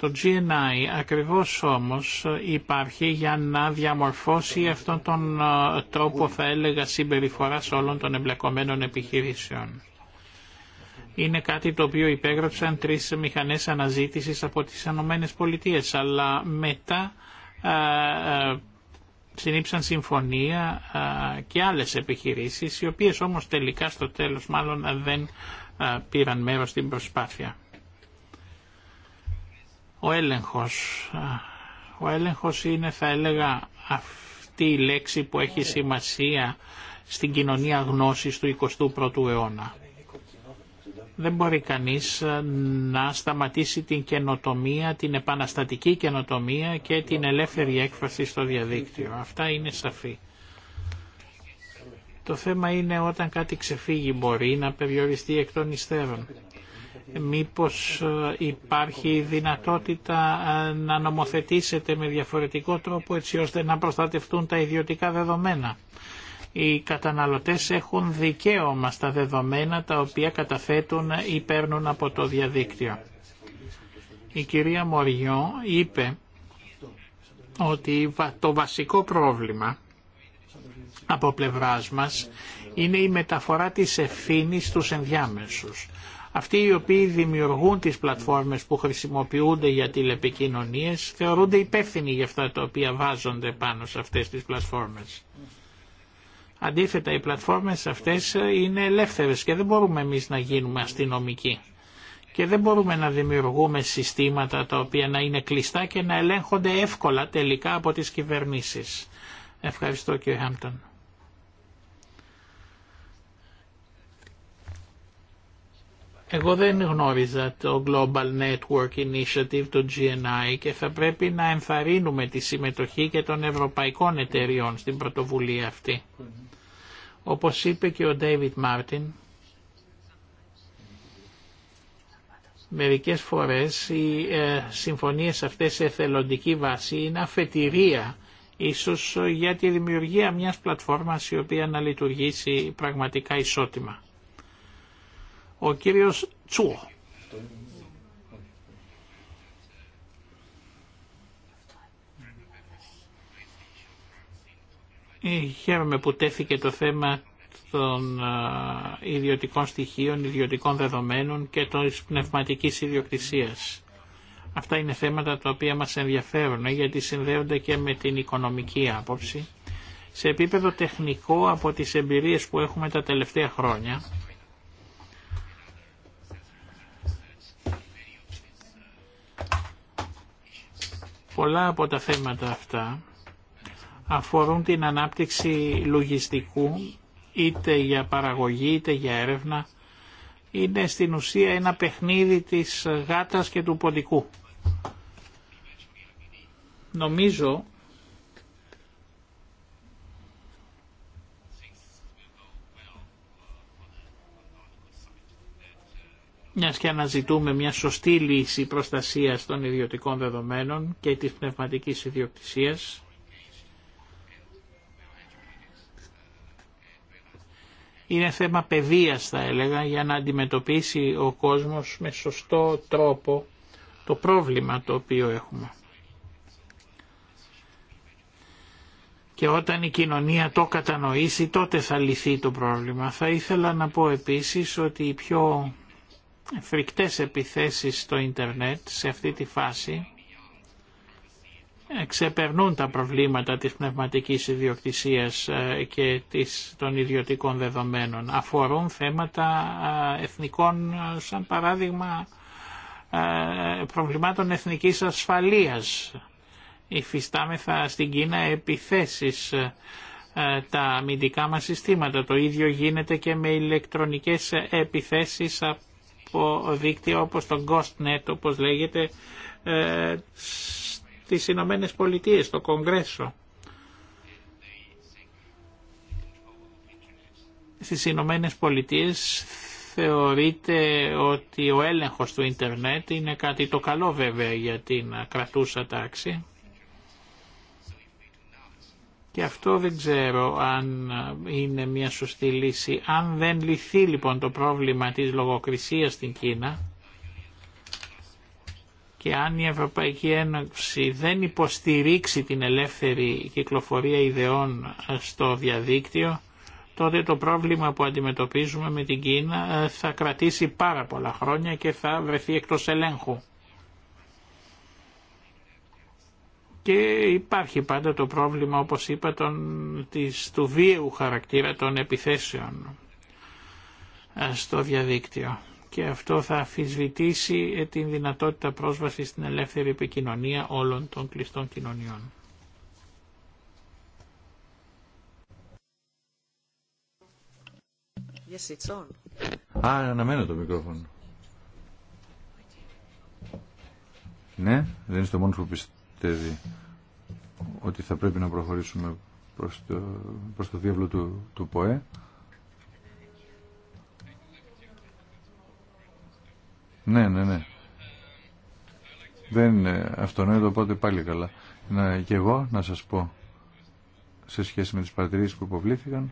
S4: Το GNI ακριβώς όμως υπάρχει για να διαμορφώσει αυτόν τον ε, τρόπο θα έλεγα συμπεριφοράς όλων των εμπλεκομένων επιχειρήσεων. Είναι κάτι το οποίο υπέγραψαν τρεις μηχανές αναζήτησης από τις ανωμένες Πολιτείες, αλλά μετά ε, ε, συνήψαν συμφωνία και άλλες επιχειρήσεις, οι οποίες όμως τελικά στο τέλος μάλλον δεν πήραν μέρος στην προσπάθεια. Ο έλεγχος. Ο έλεγχος είναι θα έλεγα αυτή η λέξη που έχει σημασία στην κοινωνία γνώσης του 21ου αιώνα. Δεν μπορεί κανείς ε, να σταματήσει την καινοτομία, την επαναστατική καινοτομία και την ελεύθερη έκφραση στο διαδίκτυο. Αυτά είναι σαφή. Το θέμα είναι όταν κάτι ξεφύγει μπορεί να περιοριστεί εκ των υστέρων μήπως ε, υπάρχει δυνατότητα ε, να νομοθετήσετε με διαφορετικό τρόπο έτσι ώστε να προστατευτούν τα ιδιωτικά δεδομένα. Οι καταναλωτές έχουν δικαίωμα στα δεδομένα τα οποία καταθέτουν ή παίρνουν από το διαδίκτυο. Η κυρία Μοριό είπε ότι το βασικό πρόβλημα από πλευράς μας είναι η μεταφορά της ευθύνης στους ενδιάμεσους. Αυτοί οι οποίοι δημιουργούν τις πλατφόρμες που χρησιμοποιούνται για τηλεπικοινωνίες θεωρούνται υπεύθυνοι για αυτά τα οποία βάζονται πάνω σε αυτές τις πλατφόρμες. Αντίθετα, οι πλατφόρμες αυτές είναι ελεύθερες και δεν μπορούμε εμείς να γίνουμε αστυνομικοί. Και δεν μπορούμε να δημιουργούμε συστήματα τα οποία να είναι κλειστά και να ελέγχονται εύκολα τελικά από τις κυβερνήσεις. Ευχαριστώ κύριε Χάμπτον. Εγώ δεν γνώριζα το Global Network Initiative, το GNI, και θα πρέπει να ενθαρρύνουμε τη συμμετοχή και των ευρωπαϊκών εταιριών στην πρωτοβουλία αυτή. Όπως είπε και ο David Martin, μερικές φορές οι ε, συμφωνίες αυτές σε εθελοντική βάση είναι αφετηρία ίσως ε, για τη δημιουργία μιας πλατφόρμας η οποία να λειτουργήσει πραγματικά ισότιμα. Ο κύριος Τσούο. Ε, χαίρομαι που τέθηκε το θέμα των ιδιωτικών στοιχείων, ιδιωτικών δεδομένων και των πνευματικής ιδιοκτησίας. Αυτά είναι θέματα τα οποία μας ενδιαφέρουν ε, γιατί συνδέονται και με την οικονομική άποψη. Σε επίπεδο τεχνικό από τις εμπειρίες που έχουμε τα τελευταία χρόνια Πολλά από τα θέματα αυτά αφορούν την ανάπτυξη λογιστικού είτε για παραγωγή είτε για έρευνα. Είναι στην ουσία ένα παιχνίδι της γάτας και του ποντικού. Νομίζω μιας και αναζητούμε μια σωστή λύση προστασίας των ιδιωτικών δεδομένων και της πνευματικής ιδιοκτησίας, είναι θέμα παιδείας θα έλεγα για να αντιμετωπίσει ο κόσμος με σωστό τρόπο το πρόβλημα το οποίο έχουμε. Και όταν η κοινωνία το κατανοήσει τότε θα λυθεί το πρόβλημα. Θα ήθελα να πω επίσης ότι η πιο φρικτές επιθέσεις στο ίντερνετ σε αυτή τη φάση ξεπερνούν τα προβλήματα της πνευματικής ιδιοκτησίας ε, και της, των ιδιωτικών δεδομένων. Αφορούν θέματα ε, εθνικών, ε, σαν παράδειγμα, προβλημάτων εθνικής ασφαλείας. Υφιστάμεθα στην Κίνα επιθέσεις τα αμυντικά μας συστήματα. Το ίδιο γίνεται και με ηλεκτρονικές επιθέσεις από από δίκτυα όπως το GhostNet, όπως λέγεται, ε, στις Ηνωμένε Πολιτείες, στο Κογκρέσο. Στις Ηνωμένε Πολιτείες θεωρείται ότι ο έλεγχος του ίντερνετ είναι κάτι το καλό βέβαια για την κρατούσα τάξη. Και αυτό δεν ξέρω αν είναι μια σωστή λύση. Αν δεν λυθεί λοιπόν το πρόβλημα της λογοκρισίας στην Κίνα και αν η Ευρωπαϊκή Ένωση δεν υποστηρίξει την ελεύθερη κυκλοφορία ιδεών στο διαδίκτυο, τότε το πρόβλημα που αντιμετωπίζουμε με την Κίνα ε, θα κρατήσει πάρα πολλά χρόνια και θα βρεθεί εκτός ελέγχου. και υπάρχει πάντα το πρόβλημα όπως είπα των, της, του βίαιου χαρακτήρα των επιθέσεων ε, στο διαδίκτυο και αυτό θα αφισβητήσει ε, την δυνατότητα πρόσβασης στην ελεύθερη επικοινωνία όλων των κλειστών κοινωνιών.
S1: Yes, it's
S4: on. Α,
S2: αναμένω το μικρόφωνο. Ναι, δεν είστε μόνος που πιστεύει ότι θα πρέπει να προχωρήσουμε προς το, προς το του, του ΠΟΕ. Ναι, ναι, ναι. Δεν είναι αυτονόητο, οπότε πάλι καλά. Να, και εγώ να σας πω σε σχέση με τις παρατηρήσεις που υποβλήθηκαν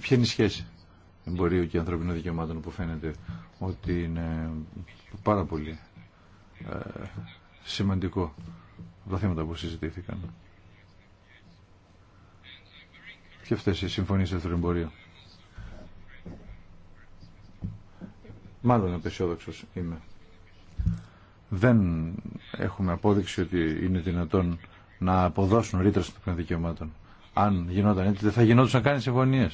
S2: ποια είναι η σχέση εμπορίου και ανθρωπινών δικαιωμάτων που φαίνεται ότι είναι πάρα πολύ ε, σημαντικό τα θέματα που συζητήθηκαν. Και αυτές οι συμφωνίες εμπορίου. Μάλλον απεσιόδοξο είμαι. Δεν έχουμε απόδειξη ότι είναι δυνατόν να αποδώσουν ρήτρα των δικαιωμάτων. Αν γινόταν έτσι, δεν θα γινόντουσαν καν συμφωνίε.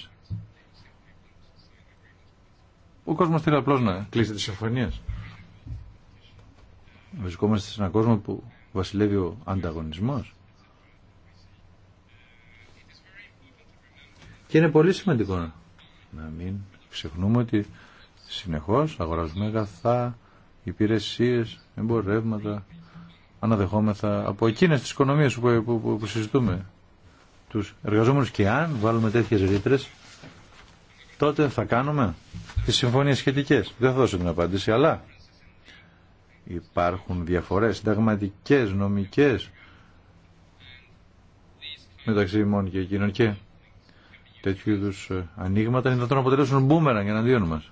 S2: Ο κόσμος θέλει απλώ να κλείσει τις συμφωνίε. Βρισκόμαστε σε έναν κόσμο που βασιλεύει ο ανταγωνισμός. Και είναι πολύ σημαντικό να μην ξεχνούμε ότι συνεχώ, αγοράζουμε αγαθά, υπηρεσίε, εμπορεύματα, αναδεχόμεθα από εκείνες τις οικονομίες που, που, που, που συζητούμε τους εργαζόμενους και αν βάλουμε τέτοιε ρήτρε τότε θα κάνουμε τις συμφωνίες σχετικές. Δεν θα δώσω την απάντηση, αλλά υπάρχουν διαφορές συνταγματικέ, νομικές μεταξύ ημών και εκείνων και τέτοιου είδου ε, ανοίγματα είναι δυνατόν να αποτελέσουν μπούμεραν για εναντίον μας.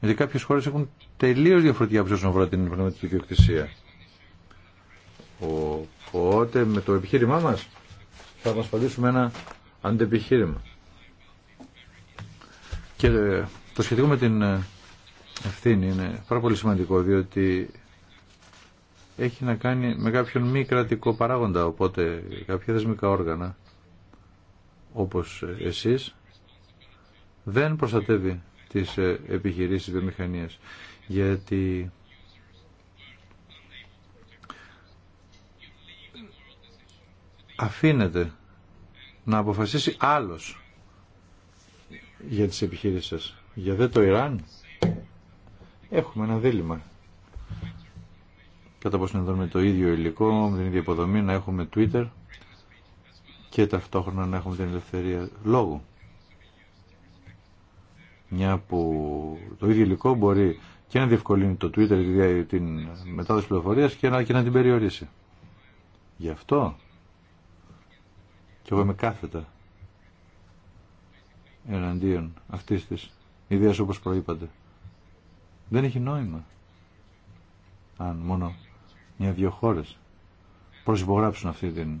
S2: Γιατί κάποιε χώρε έχουν τελείω διαφορετική άποψη όσον αφορά την πνευματική ιδιοκτησία. Οπότε με το επιχείρημά μα θα μα απαντήσουμε ένα αντεπιχείρημα. Και ε, το σχετικό με την ε, ευθύνη είναι πάρα πολύ σημαντικό διότι έχει να κάνει με κάποιον μη κρατικό παράγοντα οπότε κάποια δεσμικά όργανα όπως ε, εσείς δεν προστατεύει τις επιχειρήσεις βιομηχανίας γιατί αφήνεται να αποφασίσει άλλος για τις επιχείρησεις σας. Για δε το Ιράν έχουμε ένα δίλημα. Κατά πώς να δούμε το ίδιο υλικό, με την ίδια υποδομή, να έχουμε Twitter και ταυτόχρονα να έχουμε την ελευθερία λόγου. Μια που το ίδιο υλικό μπορεί και να διευκολύνει το Twitter, για την μετάδοση πληροφορία και να, και να την περιορίσει. Γι' αυτό και εγώ είμαι κάθετα εναντίον αυτή τη ιδέα όπως προείπατε. Δεν έχει νόημα αν μόνο μια-δυο χώρε προσυπογράψουν αυτή την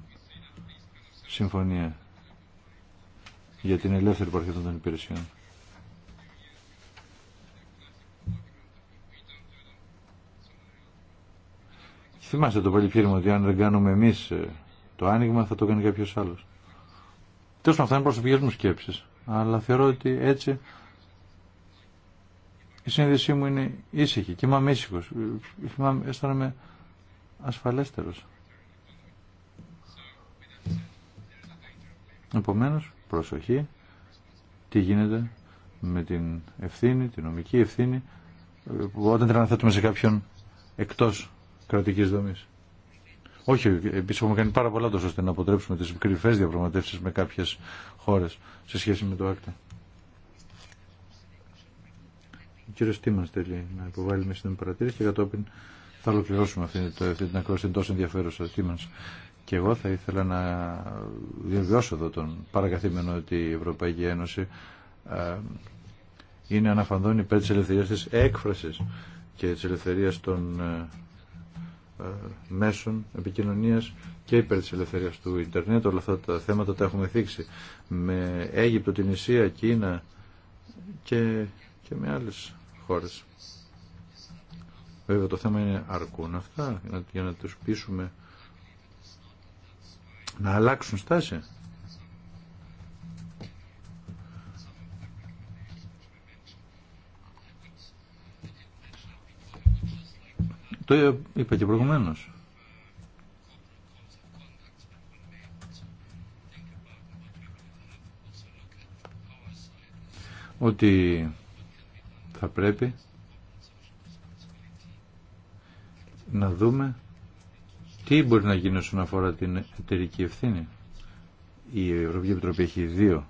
S2: συμφωνία για την ελεύθερη παροχή των υπηρεσιών. Θυμάστε το πείρημα ότι αν δεν κάνουμε εμείς ε, το άνοιγμα θα το κάνει κάποιος άλλος. Τέλος πάντων αυτά είναι προσωπικές μου σκέψεις αλλά θεωρώ ότι έτσι η σύνδεσή μου είναι ήσυχη και είμαι ήσυχο. Αισθάνομαι ασφαλέστερος. Επομένως, προσοχή, τι γίνεται με την ευθύνη, την νομική ευθύνη, ε, όταν την αναθέτουμε σε κάποιον εκτός κρατικής δομής. Όχι, επίση έχουμε κάνει πάρα πολλά τόσο ώστε να αποτρέψουμε τι κρυφέ διαπραγματεύσει με κάποιε χώρε σε σχέση με το ΑΚΤΑ. Ο κύριο Τίμαν θέλει να υποβάλει μια σύντομη παρατήρηση και κατόπιν θα ολοκληρώσουμε αυτή, την ακρόαση τόσο ο Τίμαν. Και εγώ θα ήθελα να διαβιώσω εδώ τον παρακαθήμενο ότι η Ευρωπαϊκή Ένωση ε, είναι αναφανδόν υπέρ τη ελευθερία τη έκφραση και τη ελευθερία των ε, ε, μέσων επικοινωνίας και υπέρ της ελευθερίας του Ιντερνετ. Όλα αυτά τα θέματα τα έχουμε θίξει με Αίγυπτο, την Ισία, Κίνα και, και με άλλες χώρες. Βέβαια το θέμα είναι αρκούν αυτά για να τους πείσουμε να αλλάξουν στάση. Το είπα και προηγουμένω. ότι θα πρέπει να δούμε τι μπορεί να γίνει όσον αφορά την εταιρική ευθύνη. Η Ευρωπαϊκή Επιτροπή έχει δύο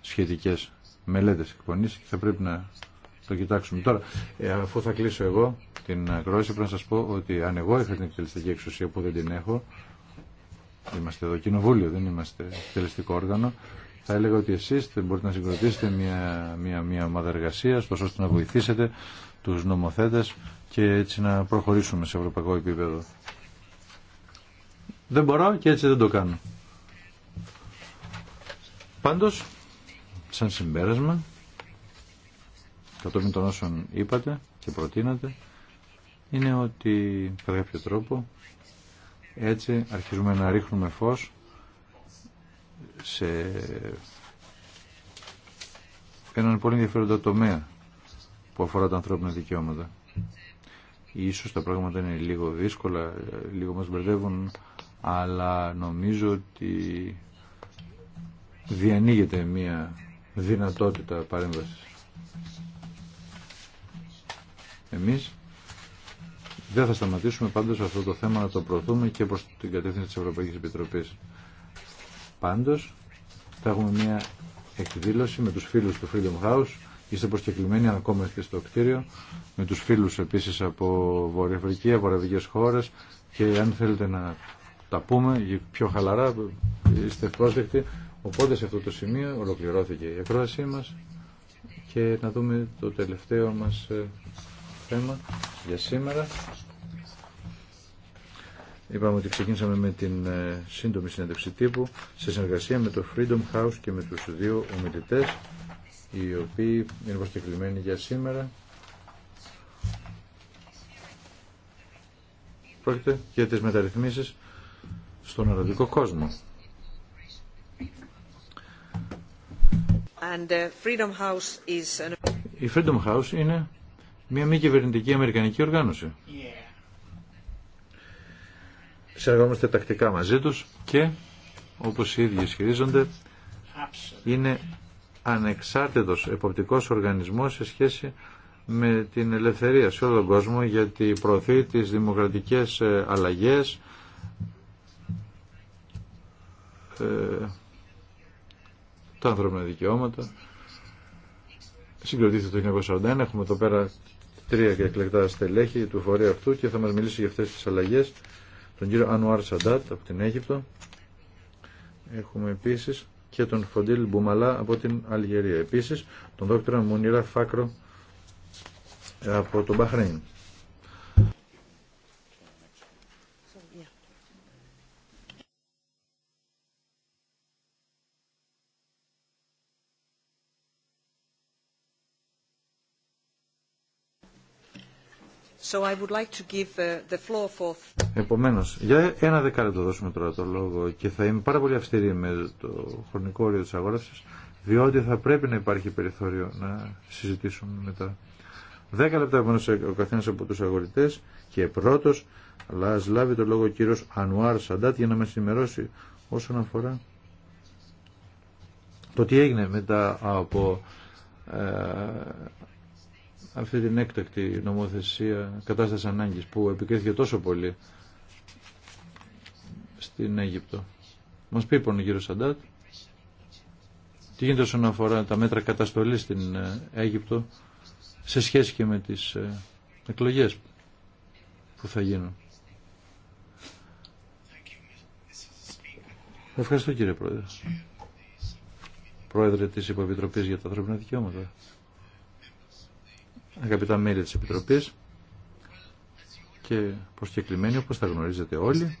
S2: σχετικές μελέτες εκπονήσει και θα πρέπει να το κοιτάξουμε. Τώρα, ε, αφού θα κλείσω εγώ, την ακρόαση πρέπει να σας πω ότι αν εγώ είχα την εκτελεστική εξουσία που δεν την έχω, είμαστε εδώ κοινοβούλιο, δεν είμαστε εκτελεστικό όργανο, θα έλεγα ότι εσείς μπορείτε να συγκροτήσετε μια, μια, μια ομάδα εργασία, ώστε να βοηθήσετε τους νομοθέτες και έτσι να προχωρήσουμε σε ευρωπαϊκό επίπεδο. Δεν μπορώ και έτσι δεν το κάνω. Πάντως, σαν συμπέρασμα, κατόπιν των όσων είπατε και προτείνατε, είναι ότι κατά κάποιο τρόπο έτσι αρχίζουμε να ρίχνουμε φως σε έναν πολύ ενδιαφέροντα τομέα που αφορά τα ανθρώπινα δικαιώματα. Ίσως τα πράγματα είναι λίγο δύσκολα, λίγο μας μπερδεύουν, αλλά νομίζω ότι διανοίγεται μια δυνατότητα παρέμβασης. Εμείς δεν θα σταματήσουμε πάντως αυτό το θέμα να το προωθούμε και προς την κατεύθυνση της Ευρωπαϊκής Επιτροπής. Πάντως θα έχουμε μια εκδήλωση με τους φίλους του Freedom House. Είστε προσκεκλημένοι ακόμα και στο κτίριο. Με τους φίλους επίσης από Βορειοαφρική, από αραβικές χώρες και αν θέλετε να τα πούμε πιο χαλαρά είστε πρόσδεκτοι. Οπότε σε αυτό το σημείο ολοκληρώθηκε η ακρόασή μας και να δούμε το τελευταίο μας ε, θέμα για σήμερα. Είπαμε ότι ξεκίνησαμε με την ε, σύντομη συνέντευξη τύπου σε συνεργασία με το Freedom House και με τους δύο ομιλητές οι οποίοι είναι προσκεκλημένοι για σήμερα. Πρόκειται για τις μεταρρυθμίσεις στον αραβικό κόσμο.
S1: And ε, Freedom House is...
S2: Η Freedom House είναι μια μη κυβερνητική αμερικανική οργάνωση. Yeah. Συνεργαζόμαστε τακτικά μαζί τους και όπως οι ίδιοι ισχυρίζονται είναι ανεξάρτητος εποπτικός οργανισμός σε σχέση με την ελευθερία σε όλο τον κόσμο γιατί προωθεί τις δημοκρατικές ε, αλλαγές ε, τα ανθρώπινα δικαιώματα συγκροτήθηκε το 1941 έχουμε εδώ πέρα τρία και εκλεκτά στελέχη του φορέα αυτού και θα μας μιλήσει για αυτές τις αλλαγές τον κύριο Ανουάρ Σαντάτ από την Αίγυπτο. Έχουμε επίσης και τον Φοντίλ Μπουμαλά από την Αλγερία. Επίσης τον δόκτωρα Μουνίρα Φάκρο από τον Μπαχρέιν.
S1: So uh,
S2: Επομένως, για ένα δεκάλεπτο δώσουμε τώρα το λόγο και θα είμαι πάρα πολύ αυστηρή με το χρονικό όριο της αγόρασης, διότι θα πρέπει να υπάρχει περιθώριο να συζητήσουμε μετά. Δέκα λεπτά επομένως ο καθένας από τους αγορητές και πρώτος, αλλά ας λάβει το λόγο ο κύριος Ανουάρ Σαντάτ για να με ενημερώσει όσον αφορά το τι έγινε μετά από ε, αυτή την έκτακτη νομοθεσία κατάσταση ανάγκης που επικρίθηκε τόσο πολύ στην Αίγυπτο. Μας πει λοιπόν ο κύριος Σαντάτ τι γίνεται όσον αφορά τα μέτρα καταστολής στην ε, Αίγυπτο σε σχέση και με τις ε, εκλογές που θα γίνουν. Ευχαριστώ κύριε Πρόεδρε. Πρόεδρε της Υποεπιτροπής για τα Ανθρώπινα Δικαιώματα αγαπητά μέλη της Επιτροπής και προσκεκλημένοι όπως τα γνωρίζετε όλοι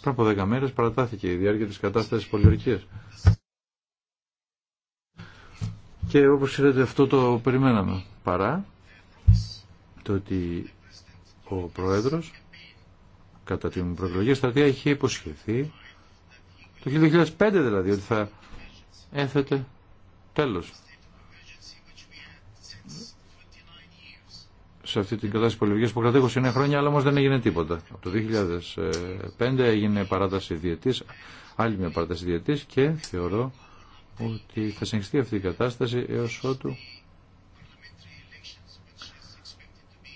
S2: πριν από δέκα μέρες παρατάθηκε η διάρκεια της κατάστασης πολιορκίας και όπως ξέρετε αυτό το περιμέναμε παρά το ότι ο Πρόεδρος κατά την προεκλογική στρατεία είχε υποσχεθεί το 2005 δηλαδή ότι θα έθετε τέλος. σε αυτή την κατάσταση πολιτικής που κρατεί 29 χρόνια, αλλά όμως δεν έγινε τίποτα. Από το 2005 έγινε παράταση διετής, άλλη μια παράταση διετής και θεωρώ ότι θα συνεχιστεί αυτή η κατάσταση έως ότου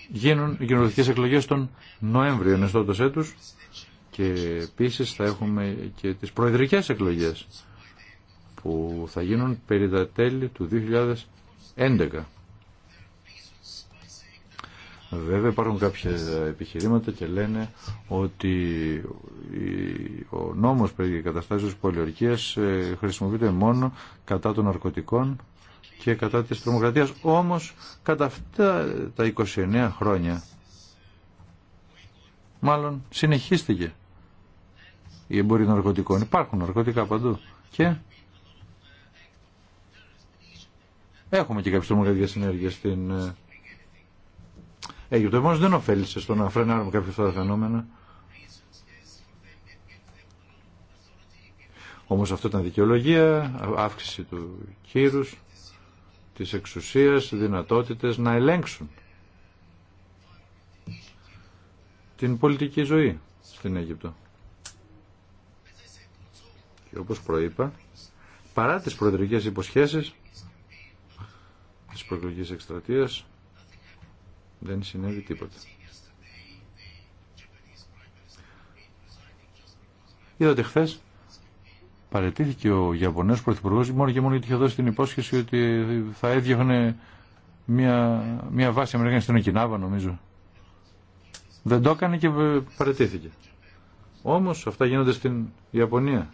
S2: γίνουν οι εκλογές τον Νοέμβριο τότε έτους και επίσης θα έχουμε και τις προεδρικές εκλογές που θα γίνουν περί τα τέλη του 2011. Βέβαια υπάρχουν κάποια επιχειρήματα και λένε ότι ο νόμος περί καταστάσεως πολιορκίας ε, χρησιμοποιείται μόνο κατά των ναρκωτικών και κατά της τρομοκρατίας. Όμως κατά αυτά τα 29 χρόνια μάλλον συνεχίστηκε οι εμπόροι ναρκωτικών. Υπάρχουν ναρκωτικά παντού. Και έχουμε και κάποιες τρομοκρατικές συνέργειες στην ε, Αίγυπτο. όμως δεν ωφέλησε στο να φρενάρουμε κάποια αυτά τα φαινόμενα. Όμως αυτό ήταν δικαιολογία, αύξηση του κύρους, της εξουσίας, δυνατότητες να ελέγξουν την πολιτική ζωή στην Αίγυπτο. Και όπως προείπα, παρά τις προεδρικές υποσχέσεις της προεκλογικής εκστρατείας, δεν συνέβη τίποτα. Είδατε χθε, παρετήθηκε ο Ιαπωνέζος Πρωθυπουργός μόνο και μόνο γιατί είχε δώσει την υπόσχεση ότι θα έδιωχνε μια, μια βάση Αμερικάνη στην Οκινάβα νομίζω. Δεν το έκανε και παρετήθηκε. Όμως αυτά γίνονται στην Ιαπωνία.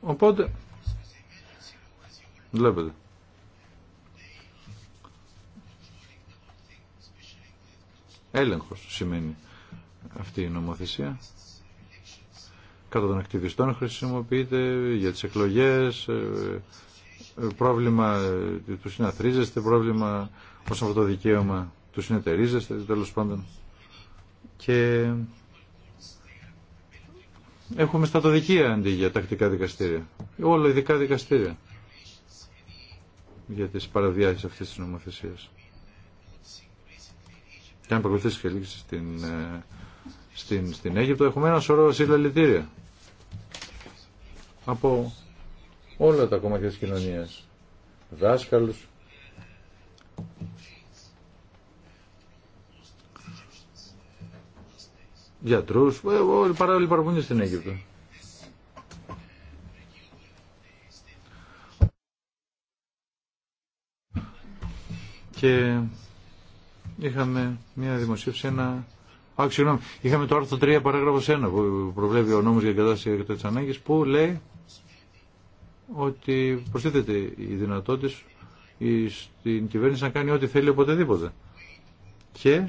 S2: Οπότε, βλέπετε. Έλεγχος σημαίνει αυτή η νομοθεσία. Κατά των ακτιβιστών χρησιμοποιείται για τις εκλογές, ε, ε, πρόβλημα ε, του συναθρίζεστε, πρόβλημα όσον αυτό το δικαίωμα του συνεταιρίζεστε, τέλος πάντων και έχουμε στατοδικεία αντί για τακτικά δικαστήρια. Όλο ειδικά δικαστήρια για τις παραδιάσεις αυτής της νομοθεσίας. Και αν παρακολουθήσεις και λήξεις στην, ε, στην, στην Αίγυπτο έχουμε ένα σωρό συλλαλητήρια από όλα τα κομμάτια της κοινωνίας. Δάσκαλους, γιατρούς, ε, όλοι παρά στην Αίγυπτο. Και είχαμε μια δημοσίευση, ένα... Α, συγγνώμη, είχαμε το άρθρο 3 παράγραφος 1 που προβλέπει ο νόμος για κατάσταση της ανάγκης που λέει ότι προσθέτεται η δυνατότητα στην κυβέρνηση να κάνει ό,τι θέλει οποτεδήποτε. Και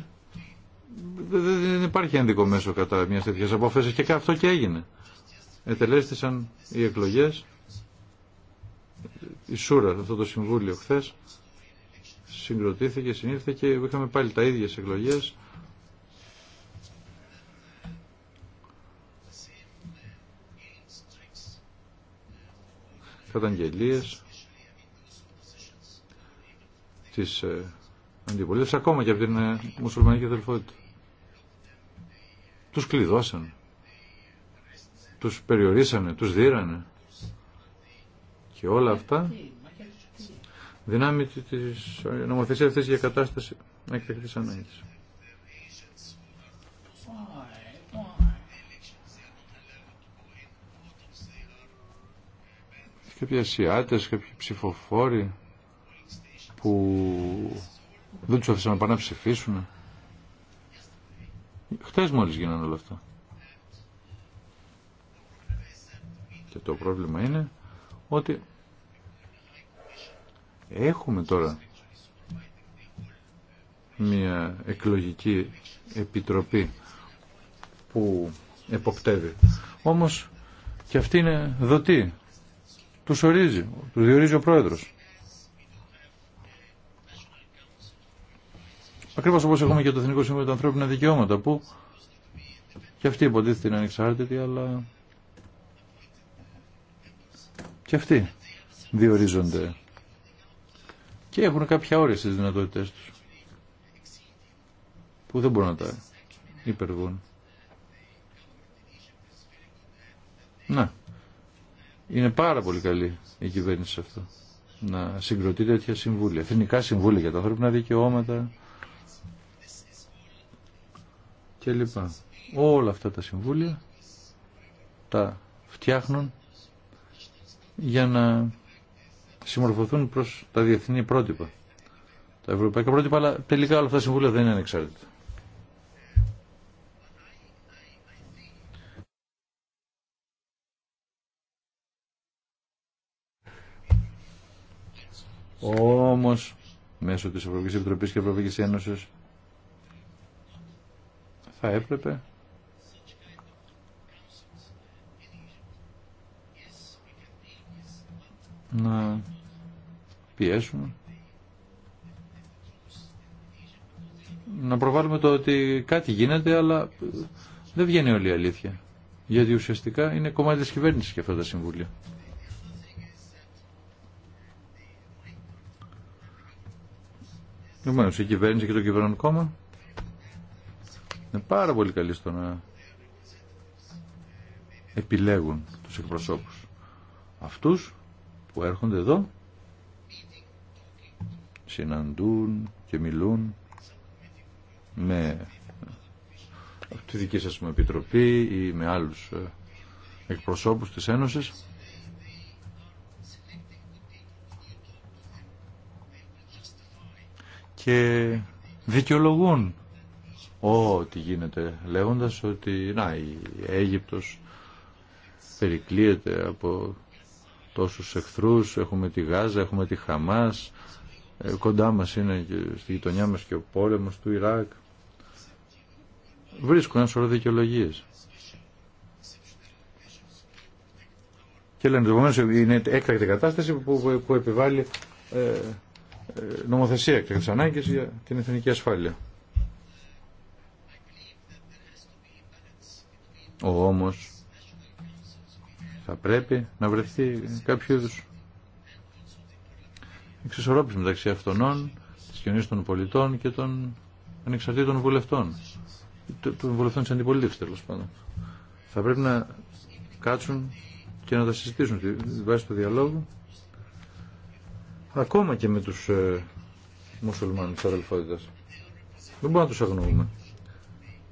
S2: δεν υπάρχει ένδικο μέσο κατά μια τέτοια απόφαση και αυτό και έγινε. Ετελέστησαν οι εκλογέ, η Σούρα, αυτό το συμβούλιο χθε, συγκροτήθηκε, συνήρθε και είχαμε πάλι τα ίδια εκλογέ. καταγγελίες της ε, αντιπολίτευση ακόμα και από την ε, μουσουλμανική αδελφότητα. Τους κλειδώσαν. Τους περιορίσανε, τους δίρανε. Και όλα αυτά δυνάμει της νομοθεσίας αυτής για κατάσταση έκτακτης ανάγκης. Κάποιοι ασιάτες, κάποιοι ψηφοφόροι που δεν τους αφήσαμε να πάνε να ψηφίσουν. Χτες μόλις γίνανε όλα αυτά. Και το πρόβλημα είναι ότι έχουμε τώρα μια εκλογική επιτροπή που εποπτεύει. Όμως και αυτή είναι δοτή. Τους ορίζει, τους διορίζει ο πρόεδρος. Ακριβώς όπως έχουμε και το Εθνικό Σύμβολο των Ανθρώπινα Δικαιώματα που και αυτή υποτίθεται είναι ανεξάρτητη αλλά και αυτοί διορίζονται και έχουν κάποια όρια στις δυνατότητες τους που δεν μπορούν να τα υπερβούν. Να, είναι πάρα πολύ καλή η κυβέρνηση σε αυτό. Να συγκροτεί τέτοια συμβούλια, εθνικά συμβούλια για τα ανθρώπινα δικαιώματα, και λοιπά. Όλα αυτά τα συμβούλια τα φτιάχνουν για να συμμορφωθούν προς τα διεθνή πρότυπα. Τα ευρωπαϊκά πρότυπα, αλλά τελικά όλα αυτά τα συμβούλια δεν είναι ανεξάρτητα. Όμως, μέσω της Ευρωπαϊκής Επιτροπής και Ευρωπαϊκής Ένωσης, θα έπρεπε να πιέσουμε να προβάλλουμε το ότι κάτι γίνεται αλλά δεν βγαίνει όλη η αλήθεια γιατί ουσιαστικά είναι κομμάτι της κυβέρνησης και αυτά τα συμβούλια Επομένως η κυβέρνηση και το κυβερνόν κόμμα είναι πάρα πολύ καλή στο να επιλέγουν τους εκπροσώπους. Αυτούς που έρχονται εδώ συναντούν και μιλούν με τη δική σας με επιτροπή ή με άλλους ε, εκπροσώπους της Ένωσης και δικαιολογούν ό,τι γίνεται λέγοντας ότι να, η Αίγυπτος περικλείεται από τόσους εχθρούς, έχουμε τη Γάζα, έχουμε τη Χαμάς, ε, κοντά μας είναι στη γειτονιά μας και ο πόλεμος του Ιράκ. βρίσκουν ένα σωρό δικαιολογίε. Και λένε, επομένω είναι έκτακτη κατάσταση που, που επιβάλλει ε, ε νομοθεσία και τι για την εθνική ασφάλεια. Ο όμως θα πρέπει να βρεθεί κάποιο είδου εξισορρόπηση μεταξύ αυτονών, της κοινωνίας των πολιτών και των ανεξαρτήτων βουλευτών. Των βουλευτών της αντιπολίτευσης τέλος πάντων. Θα πρέπει να κάτσουν και να τα συζητήσουν στη βάση του διαλόγου ακόμα και με τους ε, μουσουλμάνους αδελφότητας. Δεν μπορούμε να τους αγνοούμε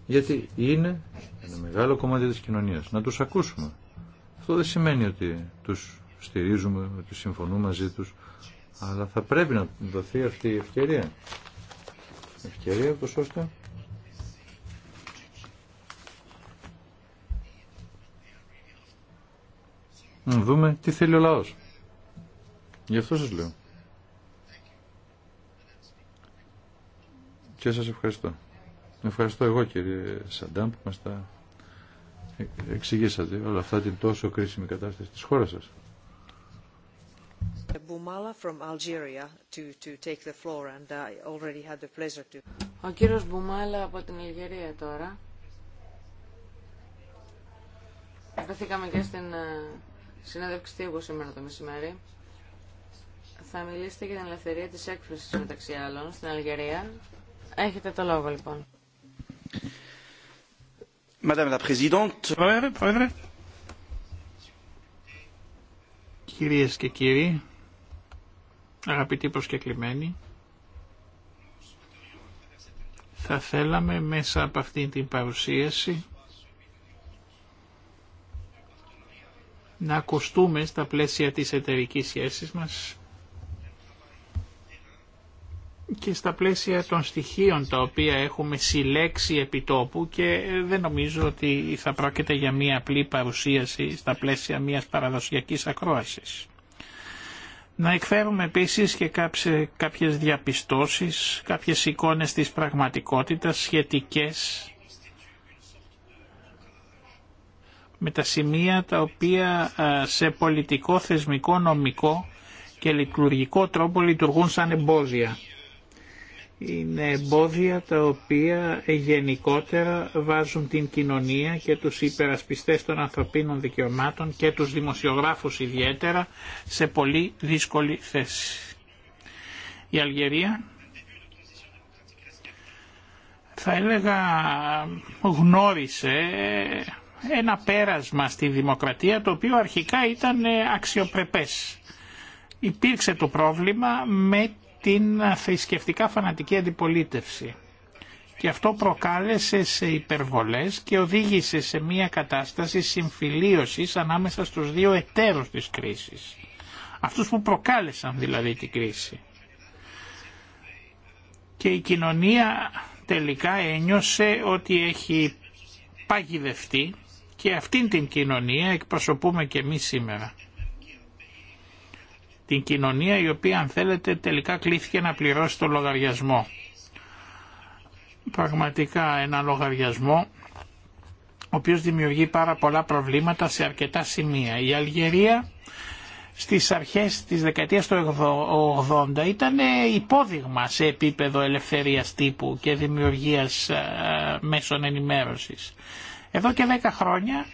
S2: γιατί είναι ένα μεγάλο κομμάτι της κοινωνίας. Να τους ακούσουμε. Αυτό δεν σημαίνει ότι τους στηρίζουμε, ότι συμφωνούμε μαζί τους, αλλά θα πρέπει να δοθεί αυτή η ευκαιρία. Ευκαιρία, όπως ώστε να δούμε τι θέλει ο λαός. Γι' αυτό σας λέω. Και σας ευχαριστώ. Ευχαριστώ εγώ κύριε Σαντάμ που μας τα ε, εξηγήσατε όλα αυτά την τόσο κρίσιμη κατάσταση της χώρας σας.
S3: Ο κύριος Μπουμάλα από την Αλγερία τώρα. Βρεθήκαμε και στην ε, συνέδευξη τύπου σήμερα το μεσημέρι. Θα μιλήσετε για την ελευθερία της έκφρασης μεταξύ άλλων στην Αλγερία. Έχετε το λόγο
S4: λοιπόν. Madame Κυρίες και κύριοι, αγαπητοί προσκεκλημένοι, θα θέλαμε μέσα από αυτή την παρουσίαση να ακουστούμε στα πλαίσια της εταιρικής σχέσης μας και στα πλαίσια των στοιχείων τα οποία έχουμε συλλέξει επιτόπου και ε, δεν νομίζω ότι θα πρόκειται για μία απλή παρουσίαση στα πλαίσια μιας παραδοσιακής ακρόασης. Να εκφέρουμε επίσης και κάποιες διαπιστώσεις, κάποιες εικόνες της πραγματικότητας σχετικές με τα σημεία τα οποία σε πολιτικό, θεσμικό, νομικό και λειτουργικό τρόπο λειτουργούν σαν εμπόδια είναι εμπόδια τα οποία γενικότερα βάζουν την κοινωνία και τους υπερασπιστές των ανθρωπίνων δικαιωμάτων και τους δημοσιογράφους ιδιαίτερα σε πολύ δύσκολη θέση. Η Αλγερία θα έλεγα γνώρισε ένα πέρασμα στη δημοκρατία το οποίο αρχικά ήταν αξιοπρεπές. Υπήρξε το πρόβλημα με την θρησκευτικά φανατική αντιπολίτευση. Και αυτό προκάλεσε σε υπερβολές και οδήγησε σε μια κατάσταση συμφιλίωσης ανάμεσα στους δύο εταίρους της κρίσης. Αυτούς που προκάλεσαν δηλαδή την κρίση. Και η κοινωνία τελικά ένιωσε ότι έχει παγιδευτεί και αυτήν την κοινωνία εκπροσωπούμε και εμείς σήμερα την κοινωνία η οποία αν θέλετε τελικά κλήθηκε να πληρώσει το λογαριασμό. Πραγματικά ένα λογαριασμό ο οποίος δημιουργεί πάρα πολλά προβλήματα σε αρκετά σημεία. Η Αλγερία στις αρχές της δεκαετίας του 80 ήταν υπόδειγμα σε επίπεδο ελευθερίας τύπου και δημιουργίας ε, μέσων ενημέρωσης. Εδώ και δέκα χρόνια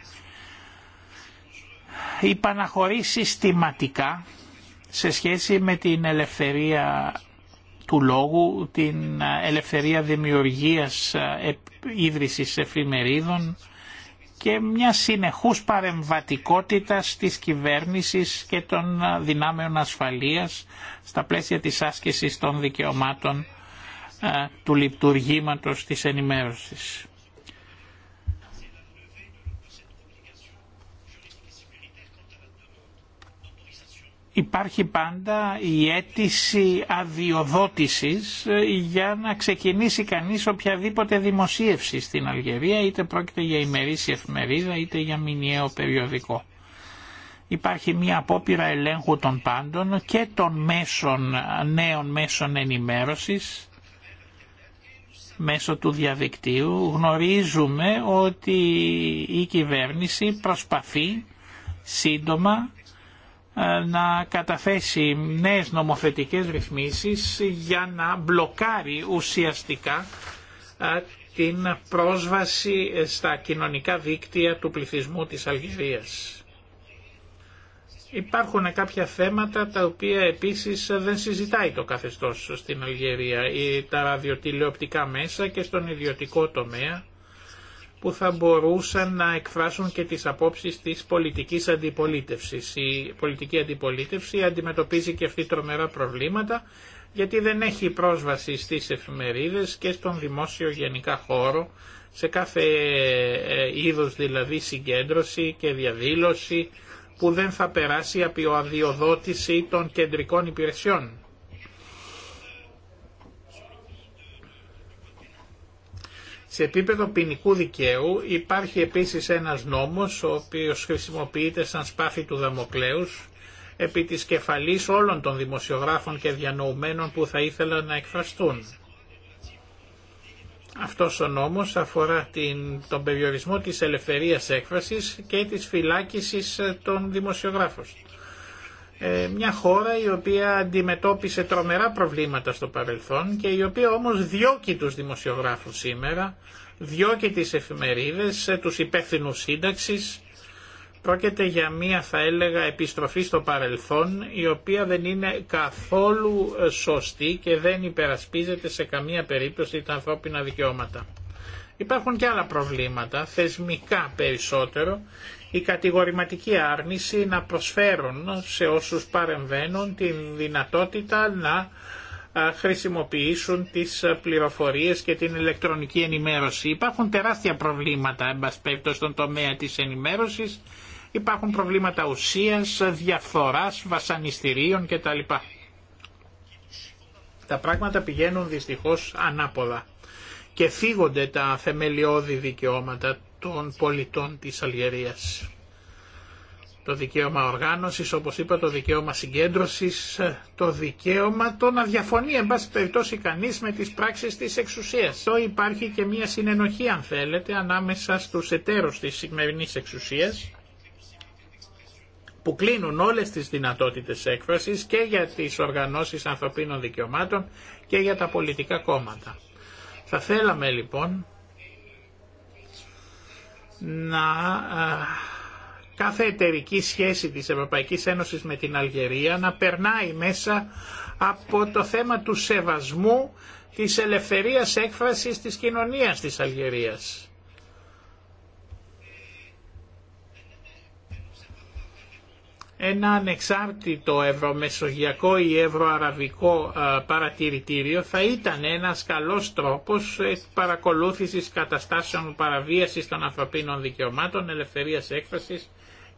S4: υπαναχωρεί συστηματικά σε σχέση με την ελευθερία του λόγου, την ελευθερία δημιουργίας ε, ίδρυσης εφημερίδων και μια συνεχούς παρεμβατικότητα της κυβέρνησης και των δυνάμεων ασφαλείας στα πλαίσια της άσκησης των δικαιωμάτων ε, του λειτουργήματος της ενημέρωσης. υπάρχει πάντα η αίτηση αδειοδότησης ε, για να ξεκινήσει κανείς οποιαδήποτε δημοσίευση στην Αλγερία, είτε πρόκειται για ημερήσια εφημερίδα είτε για μηνιαίο περιοδικό. Υπάρχει μια απόπειρα ελέγχου των πάντων και των μέσων, νέων μέσων ενημέρωσης μέσω του διαδικτύου. Γνωρίζουμε ότι η κυβέρνηση προσπαθεί σύντομα ε, να καταθέσει νέες νομοθετικές ρυθμίσεις για να μπλοκάρει ουσιαστικά ε, την πρόσβαση στα κοινωνικά δίκτυα του πληθυσμού της Αλγερίας. Υπάρχουν κάποια θέματα τα οποία επίσης δεν συζητάει το καθεστώς στην Αλγερία ή τα ραδιοτηλεοπτικά μέσα και στον ιδιωτικό τομέα που θα μπορούσαν να εκφράσουν και τις απόψεις της πολιτικής αντιπολίτευσης. Η πολιτική αντιπολίτευση αντιμετωπίζει και αυτή τρομερά προβλήματα γιατί δεν έχει πρόσβαση στις εφημερίδες και στον δημόσιο γενικά χώρο, σε κάθε ε, είδος δηλαδή συγκέντρωση και διαδήλωση που δεν θα περάσει από αδειοδότηση των κεντρικών υπηρεσιών. Σε επίπεδο ποινικού δικαίου υπάρχει επίσης ένας νόμος ο οποίος χρησιμοποιείται σαν σπάθη του Δαμοκλέους επί της κεφαλής όλων των δημοσιογράφων και διανοουμένων που θα ήθελαν να εκφραστούν. Αυτός ο νόμος αφορά την, τον περιορισμό της ελευθερίας έκφρασης και της φυλάκισης των δημοσιογράφων. Ε, μια χώρα η οποία αντιμετώπισε τρομερά προβλήματα στο παρελθόν και η οποία όμως διώκει τους δημοσιογράφους σήμερα, διώκει τις εφημερίδες, ε, τους υπεύθυνου σύνταξη. Πρόκειται για μια θα έλεγα επιστροφή στο παρελθόν η οποία δεν είναι καθόλου ε, σωστή και δεν υπερασπίζεται σε καμία περίπτωση τα ανθρώπινα δικαιώματα. Υπάρχουν και άλλα προβλήματα, θεσμικά περισσότερο, η κατηγορηματική άρνηση να προσφέρουν σε όσους παρεμβαίνουν την δυνατότητα να χρησιμοποιήσουν τις πληροφορίες και την ηλεκτρονική ενημέρωση. Υπάρχουν τεράστια προβλήματα εμπασπέπτω στον τομέα της ενημέρωσης, υπάρχουν προβλήματα ουσίας, διαφθοράς, βασανιστήριων κτλ. Τα πράγματα πηγαίνουν δυστυχώς ανάποδα και φύγονται τα θεμελιώδη δικαιώματα των πολιτών της Αλγερίας. Το δικαίωμα οργάνωσης, όπως είπα, το δικαίωμα συγκέντρωσης, το δικαίωμα το να διαφωνεί, εν πάση περιπτώσει, κανείς με τις πράξεις της εξουσίας. Το υπάρχει και μια συνενοχή, αν θέλετε, ανάμεσα στους εταίρους της σημερινή εξουσίας, που κλείνουν όλες τις δυνατότητες έκφρασης και για τις οργανώσεις ανθρωπίνων δικαιωμάτων και για τα πολιτικά κόμματα. Θα θέλαμε λοιπόν να κάθε εταιρική σχέση της Ευρωπαϊκής Ένωσης με την Αλγερία να περνάει μέσα από το θέμα του σεβασμού της ελευθερίας έκφρασης της κοινωνίας της Αλγερίας. ένα ανεξάρτητο ευρωμεσογειακό ή ευρωαραβικό ε, παρατηρητήριο θα ήταν ένας καλός τρόπος ε, παρακολούθησης καταστάσεων παραβίασης των ανθρωπίνων δικαιωμάτων, ελευθερίας έκφρασης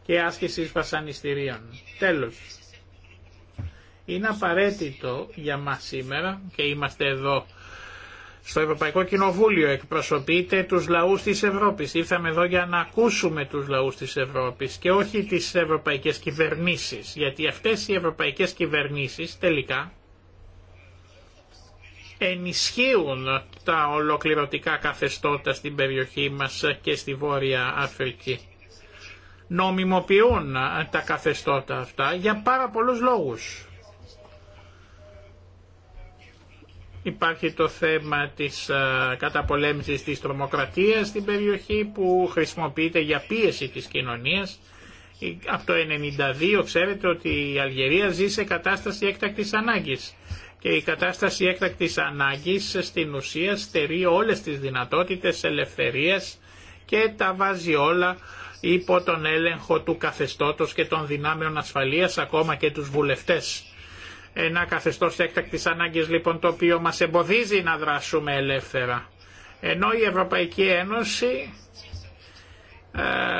S4: και άσκησης βασανιστήριων. Τέλος, είναι απαραίτητο για μας σήμερα και είμαστε εδώ στο Ευρωπαϊκό Κοινοβούλιο εκπροσωπείτε τους λαούς της Ευρώπης. Ήρθαμε εδώ για να ακούσουμε τους λαούς της Ευρώπης και όχι τις ευρωπαϊκές κυβερνήσεις, γιατί αυτές οι ευρωπαϊκές κυβερνήσεις τελικά ενισχύουν τα ολοκληρωτικά καθεστώτα στην περιοχή μας και στη Βόρεια Αφρική. Νομιμοποιούν τα καθεστώτα αυτά για πάρα πολλούς λόγους Υπάρχει το θέμα της ε, καταπολέμησης της τρομοκρατίας στην περιοχή που χρησιμοποιείται για πίεση της κοινωνίας. Από το 1992 ξέρετε ότι η Αλγερία ζει σε κατάσταση έκτακτης ανάγκης και η κατάσταση έκτακτης ανάγκης στην ουσία στερεί όλες τις δυνατότητες ελευθερίας και τα βάζει όλα υπό τον έλεγχο του καθεστώτος και των δυνάμεων ασφαλείας ακόμα και τους βουλευτές ένα καθεστώς έκτακτης ανάγκης λοιπόν το οποίο μας εμποδίζει να δράσουμε ελεύθερα. Ενώ η Ευρωπαϊκή Ένωση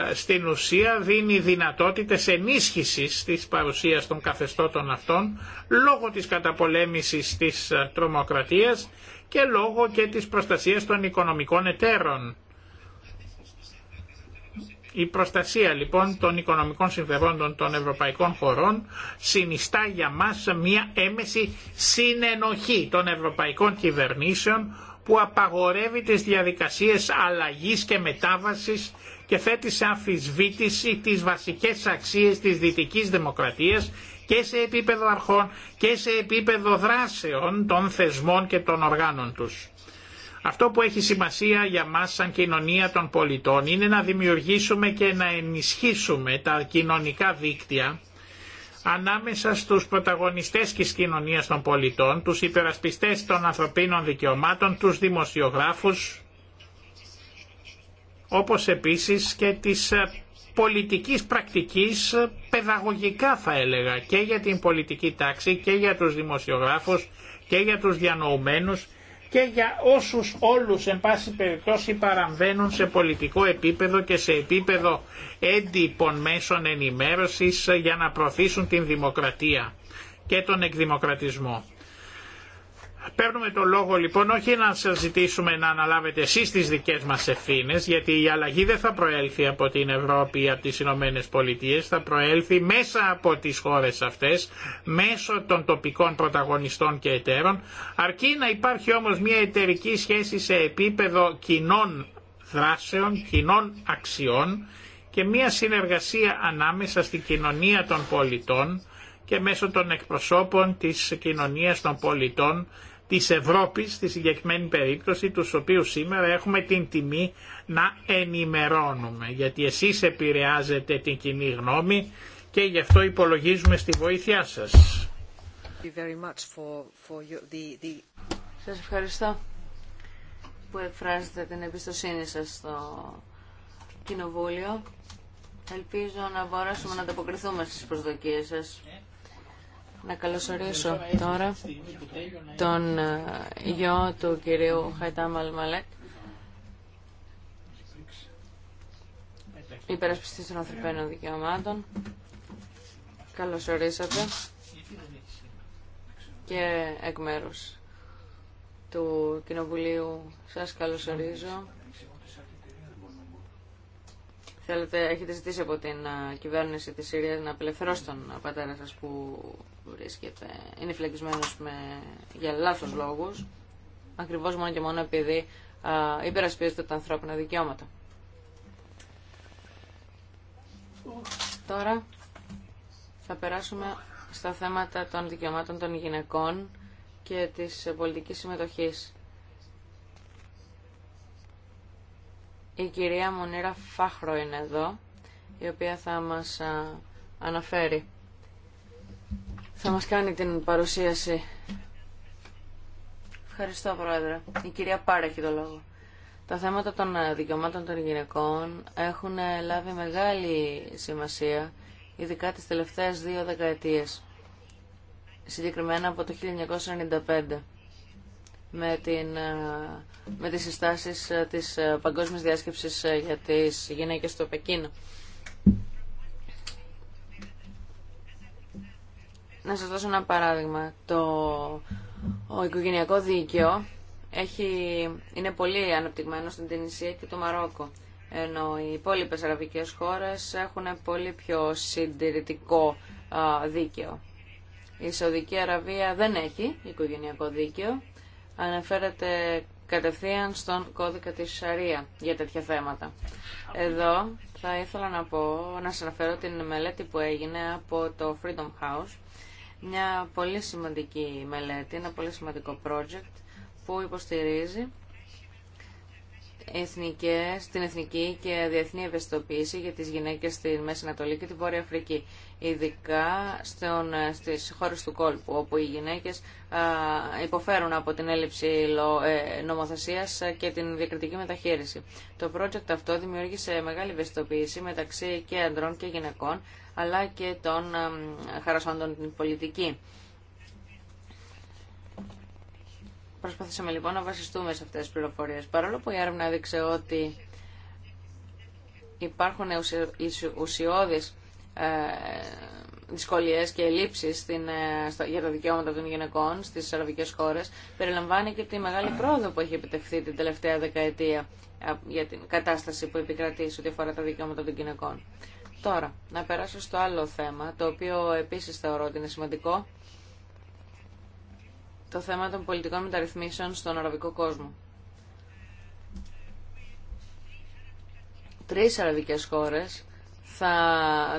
S4: ε, στην ουσία δίνει δυνατότητες ενίσχυσης της παρουσίας των καθεστώτων αυτών λόγω της καταπολέμησης της ε, τρομοκρατίας και λόγω και της προστασίας των οικονομικών εταίρων. Η προστασία λοιπόν των οικονομικών συμφερόντων των ευρωπαϊκών χωρών συνιστά για μας μια έμεση συνενοχή των ευρωπαϊκών κυβερνήσεων που απαγορεύει τις διαδικασίες αλλαγής και μετάβασης και θέτει σε αμφισβήτηση τις βασικές αξίες της δυτικής δημοκρατίας και σε επίπεδο αρχών και σε επίπεδο δράσεων των θεσμών και των οργάνων τους. Αυτό που έχει σημασία για μας σαν κοινωνία των πολιτών είναι να δημιουργήσουμε και να ενισχύσουμε τα κοινωνικά δίκτυα ανάμεσα στους πρωταγωνιστές της κοινωνίας των πολιτών, τους υπερασπιστές των ανθρωπίνων δικαιωμάτων, τους δημοσιογράφους, όπως επίσης και της ε, πολιτικής πρακτικής ε, παιδαγωγικά θα έλεγα και για την πολιτική τάξη και για τους δημοσιογράφους και για τους διανοουμένους και για όσους όλους εν πάση περιπτώσει παραμβαίνουν σε πολιτικό επίπεδο και σε επίπεδο έντυπων μέσων ενημέρωσης για να προωθήσουν την δημοκρατία και τον εκδημοκρατισμό. Παίρνουμε το λόγο λοιπόν όχι να σα ζητήσουμε να αναλάβετε εσεί τι δικέ μα ευθύνε, γιατί η αλλαγή δεν θα προέλθει από την Ευρώπη ή από τι Ηνωμένε Πολιτείε, θα προέλθει μέσα από τι χώρε αυτέ, μέσω των τοπικών πρωταγωνιστών και εταίρων αρκεί να υπάρχει όμως μια εταιρική σχέση σε επίπεδο κοινών δράσεων, κοινών αξιών και μια συνεργασία ανάμεσα στην κοινωνία των πολιτών και μέσω των εκπροσώπων της κοινωνίας των πολιτών της Ευρώπης στη συγκεκριμένη περίπτωση τους οποίους σήμερα έχουμε την τιμή να ενημερώνουμε γιατί εσείς επηρεάζετε την κοινή γνώμη και γι' αυτό υπολογίζουμε στη βοήθειά σας.
S1: Σας ευχαριστώ που εκφράζετε
S3: την εμπιστοσύνη σας στο Κοινοβούλιο. Ελπίζω να μπορέσουμε να ανταποκριθούμε στις προσδοκίες σας να καλωσορίσω τώρα τον ε, γιο του κυρίου Χαϊτάμ Αλμαλέκ,
S4: υπερασπιστή των ανθρωπίνων
S3: δικαιωμάτων. Καλωσορίσατε και εκ μέρους του Κοινοβουλίου σας καλωσορίζω Θέλετε, έχετε ζητήσει από την κυβέρνηση της Συρίας να απελευθερώσει τον πατέρα σας που βρίσκεται. Είναι φυλακισμένος με, για λάθος λόγους, ακριβώς μόνο και μόνο επειδή α, υπερασπίζεται τα ανθρώπινα δικαιώματα. Τώρα θα περάσουμε στα θέματα των δικαιωμάτων των γυναικών και της πολιτικής συμμετοχής. Η κυρία Μονίρα Φάχρο είναι εδώ, η οποία θα μας αναφέρει. Θα μας κάνει την παρουσίαση. Ευχαριστώ, Πρόεδρε. Η κυρία Πάρα έχει το λόγο. Τα θέματα των δικαιωμάτων των γυναικών έχουν λάβει μεγάλη σημασία, ειδικά τις τελευταίες δύο δεκαετίες, συγκεκριμένα από το 1995 με, την, ε, με τις συστάσεις ε, της ε, Παγκόσμιας Διάσκεψης για τις γυναίκες στο Πεκίνο. Να σας δώσω ένα παράδειγμα. Το ο οικογενειακό δίκαιο έχει, είναι πολύ αναπτυγμένο στην Τινησία και το Μαρόκο. Ενώ οι υπόλοιπες αραβικές χώρες έχουν πολύ πιο συντηρητικό δίκαιο. Η Σαουδική Αραβία δεν έχει οικογενειακό δίκαιο αναφέρεται κατευθείαν στον κώδικα της Σαρία για τέτοια θέματα. Εδώ θα ήθελα να πω, να σας αναφέρω την μελέτη που έγινε από το Freedom House, μια πολύ σημαντική μελέτη, ένα πολύ σημαντικό project που υποστηρίζει εθνικές, την εθνική και διεθνή ευαισθητοποίηση για τις γυναίκες στη Μέση Ανατολή και τη Βόρεια Αφρική, ειδικά στον, στις χώρες του κόλπου, όπου οι γυναίκες υποφέρουν από την έλλειψη ε, νομοθεσίας και την διακριτική μεταχείριση. Το project αυτό δημιούργησε μεγάλη ευαισθητοποίηση μεταξύ και ανδρών και γυναικών, αλλά και των χαρασόντων την πολιτική. Προσπαθήσαμε λοιπόν να βασιστούμε σε αυτές τις πληροφορίες. Παρόλο που η έρευνα έδειξε ότι υπάρχουν ουσιώδεις ε, δυσκολίες και ελλείψεις ε, για τα δικαιώματα των γυναικών στις αραβικέ χώρες περιλαμβάνει και τη μεγάλη πρόοδο που έχει επιτευχθεί την τελευταία δεκαετία για την κατάσταση που επικρατεί σε ό,τι αφορά τα δικαιώματα των γυναικών. Τώρα, να περάσω στο άλλο θέμα, το οποίο επίσης θεωρώ ότι είναι σημαντικό, το θέμα των πολιτικών μεταρρυθμίσεων στον αραβικό κόσμο. Τρεις αραβικές χώρες θα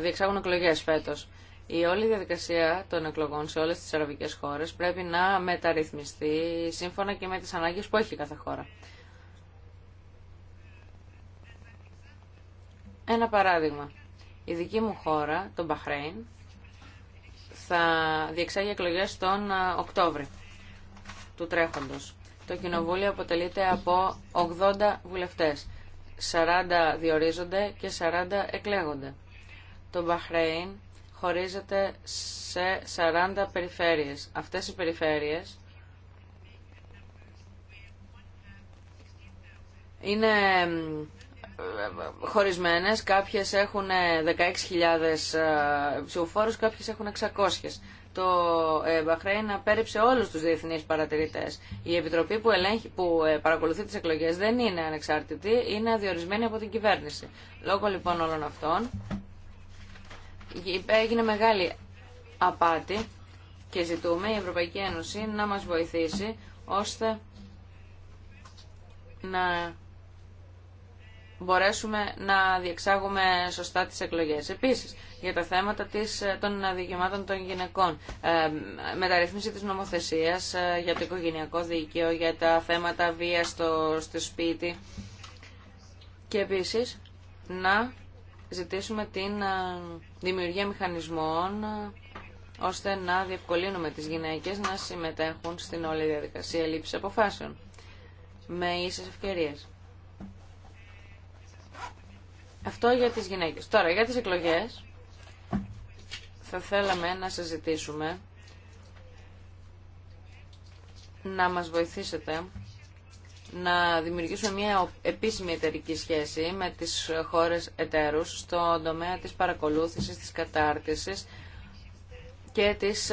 S3: διεξάγουν εκλογέ φέτος. Η όλη διαδικασία των εκλογών σε όλες τις αραβικές χώρες πρέπει να μεταρρυθμιστεί σύμφωνα και με τις ανάγκες που έχει κάθε χώρα. Ένα παράδειγμα. Η δική μου χώρα, το Μπαχρέιν, θα διεξάγει εκλογές τον ε, Οκτώβρη του τρέχοντος. Το κοινοβούλιο αποτελείται από 80 βουλευτές. 40 διορίζονται και 40 εκλέγονται. Το Μπαχρέιν χωρίζεται σε 40 περιφέρειες. Αυτές οι περιφέρειες είναι χωρισμένες, κάποιες έχουν 16.000 ε, ε, ψηφοφόρους, κάποιες έχουν 600. Το ε, Μπαχρέιν απέρριψε όλους τους διεθνείς παρατηρητές. Η Επιτροπή που, ελέγχει, που παρακολουθεί τις εκλογές δεν είναι ανεξάρτητη, είναι διορισμένη από την κυβέρνηση. Λόγω λοιπόν όλων αυτών, Έγινε μεγάλη απάτη και ζητούμε η Ευρωπαϊκή Ένωση να μας βοηθήσει ώστε να μπορέσουμε να διεξάγουμε σωστά τις εκλογές. Επίσης, για τα θέματα της, ε, των δικαιωμάτων των γυναικών, ε, μεταρρύθμιση της νομοθεσίας ε, για το οικογενειακό δίκαιο, για τα θέματα βία στο, στο σπίτι και επίσης να ζητήσουμε την ε, δημιουργία μηχανισμών ε, ώστε να διευκολύνουμε τις γυναίκες να συμμετέχουν στην όλη διαδικασία λήψης αποφάσεων με ίσες ευκαιρίες. Αυτό για τις γυναίκες. Τώρα, για τις εκλογές θα θέλαμε να συζητήσουμε να μας βοηθήσετε να δημιουργήσουμε μια επίσημη εταιρική σχέση με τις χώρες εταίρους στον τομέα της παρακολούθησης, της κατάρτισης και της,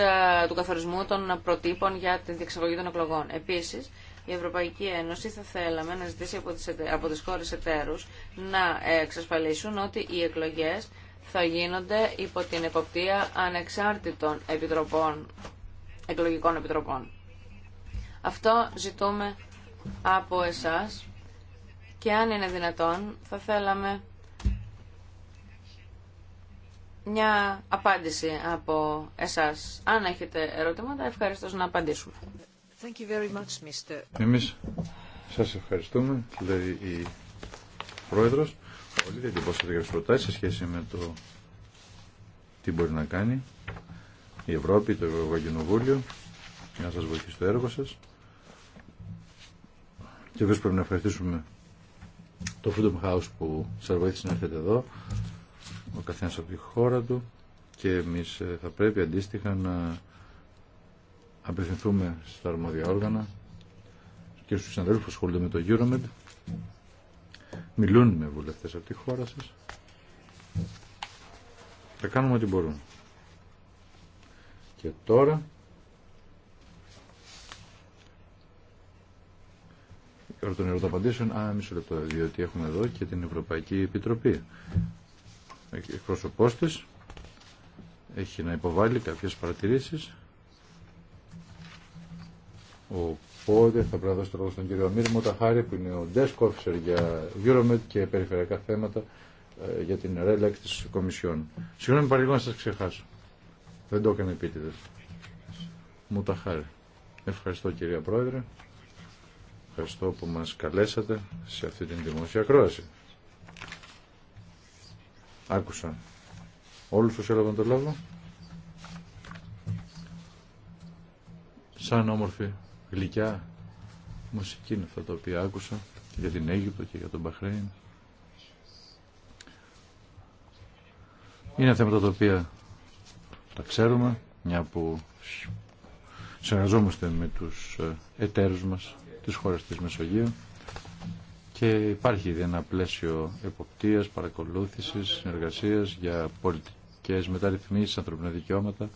S3: του καθορισμού των προτύπων για την διεξαγωγή των εκλογών. Επίσης, η Ευρωπαϊκή Ένωση θα θέλαμε να ζητήσει από τις, από τις χώρες εταίρους να εξασφαλίσουν ότι οι εκλογές θα γίνονται υπό την εποπτεία ανεξάρτητων επιτροπών, εκλογικών επιτροπών. Αυτό ζητούμε από εσάς και αν είναι δυνατόν θα θέλαμε μια απάντηση από εσάς. Αν έχετε ερωτήματα, ευχαριστώ να
S1: απαντήσουμε. Thank you very much,
S2: Mr. Εμείς σας ευχαριστούμε, λέει η Πρόεδρος. Πολύ διατυπώσατε για προτάσεις σε σχέση με το τι μπορεί να κάνει η Ευρώπη, το Ευρωπαϊκό Κοινοβούλιο για να σας βοηθήσει το έργο σας. Και βέβαια πρέπει να ευχαριστήσουμε το Freedom House που σα βοήθησε να έρθετε εδώ, ο καθένας από τη χώρα του και εμεί ε, θα πρέπει αντίστοιχα να απευθυνθούμε στα αρμόδια όργανα και στου συναδέλφου που ασχολούνται με το Euromed. Μιλούν με βουλευτές από τη χώρα σα Θα κάνουμε ό,τι μπορούμε. Και τώρα των Α, μισό λεπτό, διότι έχουμε εδώ και την Ευρωπαϊκή Επιτροπή. Εκπρόσωπό τη έχει να υποβάλει κάποιε παρατηρήσει. Οπότε θα πρέπει να δώσω το λόγο στον κύριο Αμύρ Μοταχάρη που είναι ο desk officer για Euromed και περιφερειακά θέματα ε, για την ρέλεξ της Κομισιόν. Συγγνώμη παρελίγο να σας ξεχάσω. Δεν το έκανε επίτηδες. Μουταχάρη. Ευχαριστώ κυρία Πρόεδρε. Ευχαριστώ που μας καλέσατε σε αυτή την δημόσια κρόαση. Άκουσα. Όλους τους έλαβαν το λόγο. Σαν όμορφη, γλυκιά μουσική είναι αυτά τα οποία άκουσα για την Αίγυπτο και για τον Μπαχρέιν. Είναι θέματα τα οποία τα ξέρουμε, μια που συνεργαζόμαστε με τους ε, εταίρους μας τις χώρες της Μεσογείου και υπάρχει ήδη ένα πλαίσιο εποπτείας, παρακολούθησης, συνεργασίας για πολιτικές μεταρρυθμίσεις, ανθρωπινά δικαιώματα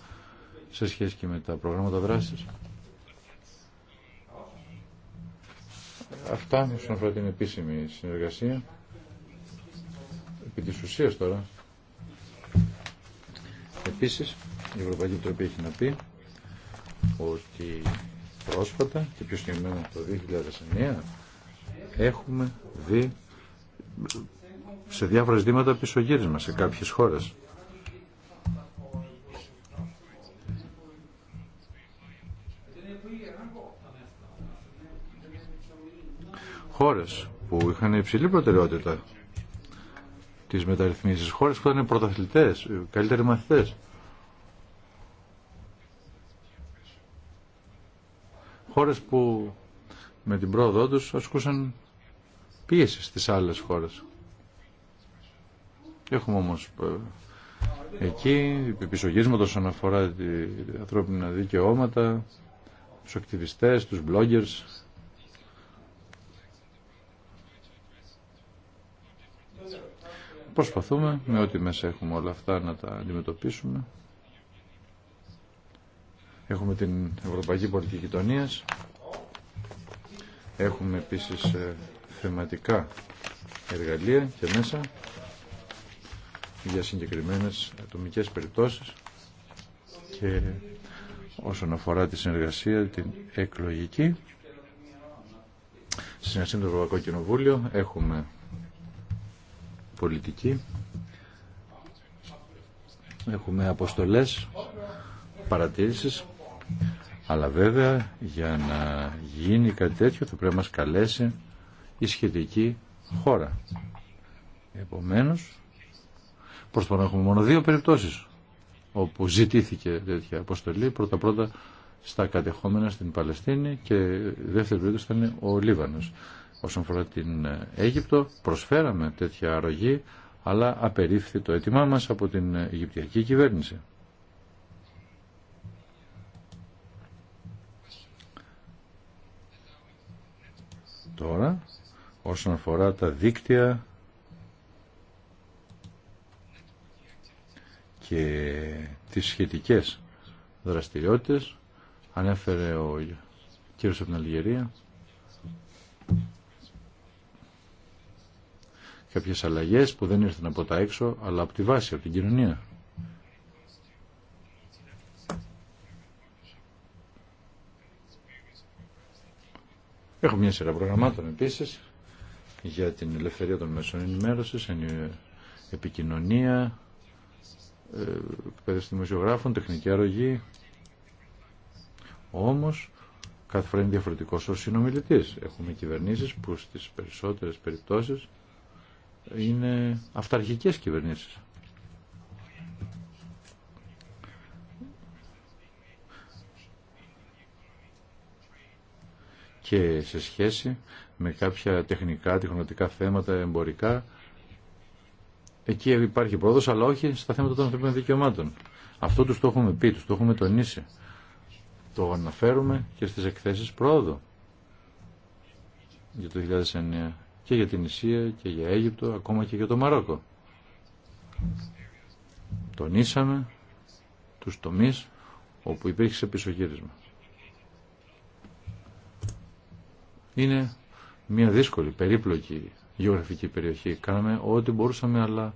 S2: σε σχέση και με τα προγράμματα δράσης. Αυτά όσον αφορά την επίσημη συνεργασία. Επί της ουσίας τώρα, επίσης, η Ευρωπαϊκή Επιτροπή έχει να πει ότι πρόσφατα και πιο συγκεκριμένα το 2009 έχουμε δει σε διάφορα ζητήματα πισωγύρισμα σε κάποιες χώρες. Χώρες που είχαν υψηλή προτεραιότητα τις μεταρρυθμίσεις, χώρες που ήταν πρωταθλητές, καλύτεροι μαθητές. χώρες που με την πρόοδό τους ασκούσαν πίεση στις άλλες χώρες. Έχουμε όμως ε, εκεί πισωγίσματα όσον αφορά τη ανθρώπινα δικαιώματα, τους ακτιβιστές, τους bloggers. Προσπαθούμε με ό,τι μέσα έχουμε όλα αυτά να τα αντιμετωπίσουμε. Έχουμε την Ευρωπαϊκή Πολιτική Γειτονία. Έχουμε επίσης ε, θεματικά εργαλεία και μέσα για συγκεκριμένες ατομικές περιπτώσεις και όσον αφορά τη συνεργασία την εκλογική συνεργασία με το Ευρωπαϊκό Κοινοβούλιο έχουμε πολιτική έχουμε αποστολές παρατήρησης αλλά βέβαια για να γίνει κάτι τέτοιο θα πρέπει να μας καλέσει η σχετική χώρα. Επομένως, προς το να έχουμε μόνο δύο περιπτώσεις όπου ζητήθηκε τέτοια αποστολή. Πρώτα-πρώτα στα κατεχόμενα στην Παλαιστίνη και δεύτερη περίπτωση ήταν ο Λίβανος. Όσον αφορά την Αίγυπτο, προσφέραμε τέτοια αρρωγή, αλλά απερίφθη το αίτημά μας από την Αιγυπτιακή κυβέρνηση. Τώρα, όσον αφορά τα δίκτυα και τις σχετικές δραστηριότητες, ανέφερε ο κύριος από την Αλγερία κάποιες αλλαγές που δεν ήρθαν από τα έξω, αλλά από τη βάση, από την κοινωνία. Έχουμε μια σειρά προγραμμάτων επίση για την ελευθερία των μέσων ενημέρωση, επικοινωνία, ε, εκπαίδευση δημοσιογράφων, τεχνική αρρωγή. Όμω, κάθε φορά είναι διαφορετικό ο συνομιλητή. Έχουμε κυβερνήσεις που στι περισσότερε περιπτώσεις είναι αυταρχικέ κυβερνήσεις. και σε σχέση με κάποια τεχνικά, τεχνοτικά θέματα, εμπορικά. Εκεί υπάρχει πρόοδος, αλλά όχι στα θέματα των ανθρωπίνων δικαιωμάτων. Αυτό τους το έχουμε πει, τους το έχουμε τονίσει. Το αναφέρουμε και στις εκθέσεις πρόοδο για το 2009 και για την Ισία και για Αίγυπτο, ακόμα και για το Μαρόκο. Τονίσαμε τους τομείς όπου υπήρχε σε Είναι μια δύσκολη, περίπλοκη γεωγραφική περιοχή. Κάναμε ό,τι μπορούσαμε, αλλά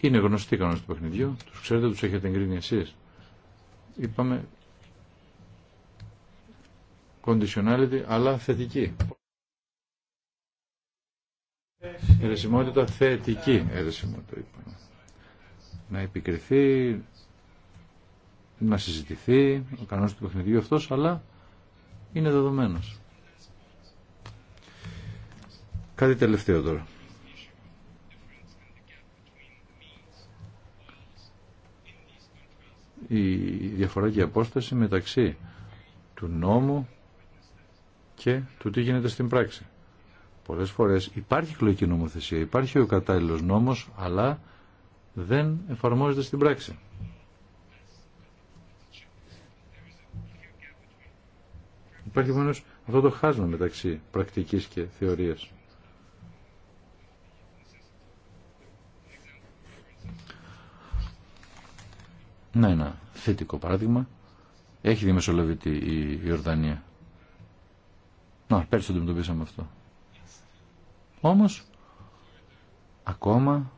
S2: είναι γνωστοί οι κανόνες του παιχνιδιού. Τους ξέρετε, τους έχετε εγκρίνει εσείς. Είπαμε conditionality, αλλά θετική. Ερεσιμότητα θετική. Ερεσιμότητα είπαμε. Να επικριθεί, να συζητηθεί ο κανόνας του παιχνιδιού αυτός, αλλά είναι δεδομένος. Κάτι τελευταίο τώρα. Η διαφορά και η απόσταση μεταξύ του νόμου και του τι γίνεται στην πράξη. Πολλές φορές υπάρχει κλοκή νομοθεσία, υπάρχει ο κατάλληλος νόμος, αλλά δεν εφαρμόζεται στην πράξη. Υπάρχει μόνο αυτό το χάσμα μεταξύ πρακτικής και θεωρίας. Να ένα θετικό παράδειγμα. Έχει δημιουργηθεί η Ιορδανία. Να, πέρσι το αντιμετωπίσαμε αυτό. Όμως, ακόμα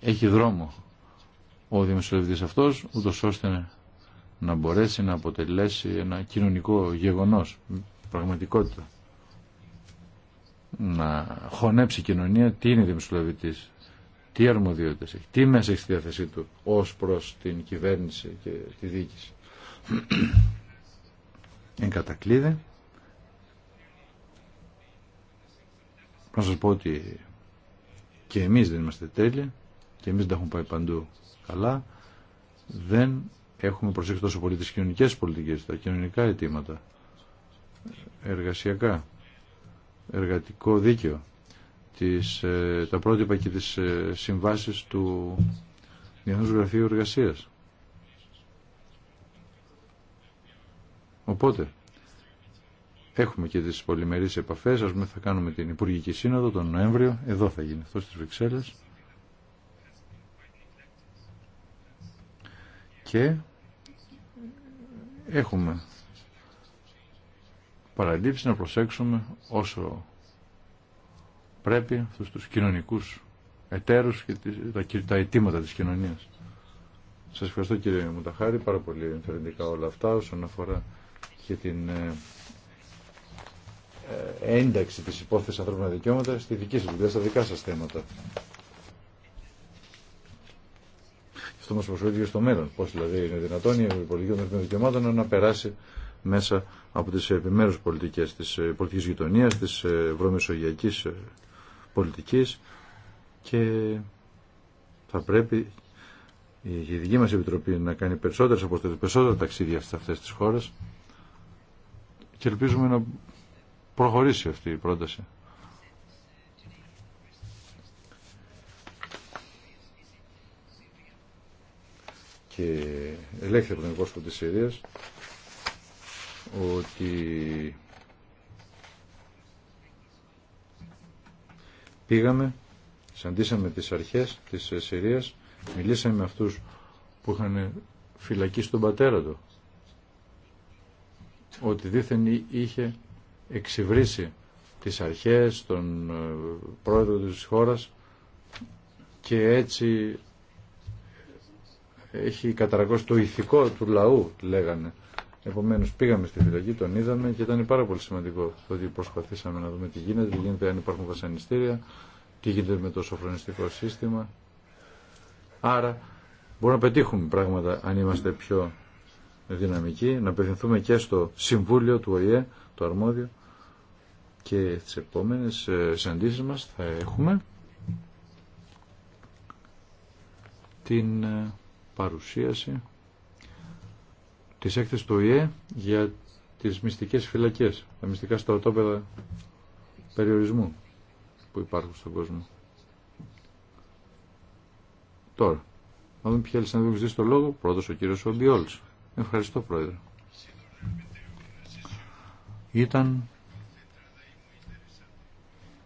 S2: έχει δρόμο ο δημοσιολογητής αυτός, ούτως ώστε να μπορέσει να αποτελέσει ένα κοινωνικό γεγονός, πραγματικότητα. Να χωνέψει η κοινωνία τι είναι δημοσιολαβητής, τι αρμοδιότητες έχει, τι μέσα έχει στη διάθεσή του ως προς την κυβέρνηση και τη διοίκηση. Εν κατακλείδη, να σας πω ότι και εμείς δεν είμαστε τέλεια, και εμείς δεν τα έχουμε πάει παντού καλά, δεν έχουμε προσέξει τόσο πολύ τις κοινωνικές πολιτικές, τα κοινωνικά αιτήματα, εργασιακά, εργατικό δίκαιο, τις, ε, τα πρότυπα και τις ε, συμβάσεις του Διεθνούς Γραφείου Εργασίας. Οπότε, έχουμε και τις πολυμερείς επαφές, ας πούμε θα κάνουμε την Υπουργική Σύνοδο τον Νοέμβριο, εδώ θα γίνει αυτό στις Βρυξέλλες. και έχουμε παραλήψει να προσέξουμε όσο πρέπει αυτούς τους κοινωνικούς εταίρους και τα αιτήματα της κοινωνίας. Σας ευχαριστώ κύριε Μουταχάρη, πάρα πολύ ενθαρρυντικά όλα αυτά όσον αφορά και την ε, ε, ένταξη της υπόθεσης ανθρώπινα δικαιώματα στη δική σας δουλειά, στα δικά σας θέματα. αυτό μας προσφέρει και στο μέλλον. πώ δηλαδή είναι δυνατόν η πολιτική των δικαιωμάτων να περάσει μέσα από τις επιμέρους πολιτικές τη ε, πολιτική γειτονία, τη ε, ευρωμεσογειακής ε, πολιτική και θα πρέπει η δική μας Επιτροπή να κάνει περισσότερες τις περισσότερα ταξίδια σε αυτές τις χώρες και ελπίζουμε να προχωρήσει αυτή η πρόταση. και ελέγχθη από τον υπόσχο της Συρίας ότι πήγαμε, σαντίσαμε τις αρχές της Συρίας, μιλήσαμε με αυτούς που είχαν φυλακίσει τον πατέρα του, ότι δήθεν είχε εξυβρίσει τις αρχές, των ε, πρόεδρο της χώρας και έτσι έχει καταρακώσει το ηθικό του λαού, λέγανε. Επομένω, πήγαμε στη φυλακή, τον είδαμε και ήταν πάρα πολύ σημαντικό το ότι προσπαθήσαμε να δούμε τι γίνεται, τι γίνεται αν υπάρχουν βασανιστήρια, τι γίνεται με το σοφρονιστικό σύστημα. Άρα, μπορούμε να πετύχουμε πράγματα αν είμαστε πιο δυναμικοί, να απευθυνθούμε και στο Συμβούλιο του ΟΗΕ, το αρμόδιο, και τις επόμενες ε, συναντήσεις μας θα έχουμε την ε, παρουσίαση της έκθεσης του ΙΕ για τις μυστικές φυλακές, τα μυστικά στρατόπεδα περιορισμού που υπάρχουν στον κόσμο. Τώρα, να δούμε ποιες να δούμε το λόγο. Πρώτος ο κύριος Ομπιόλς. Ευχαριστώ πρόεδρε. Ήταν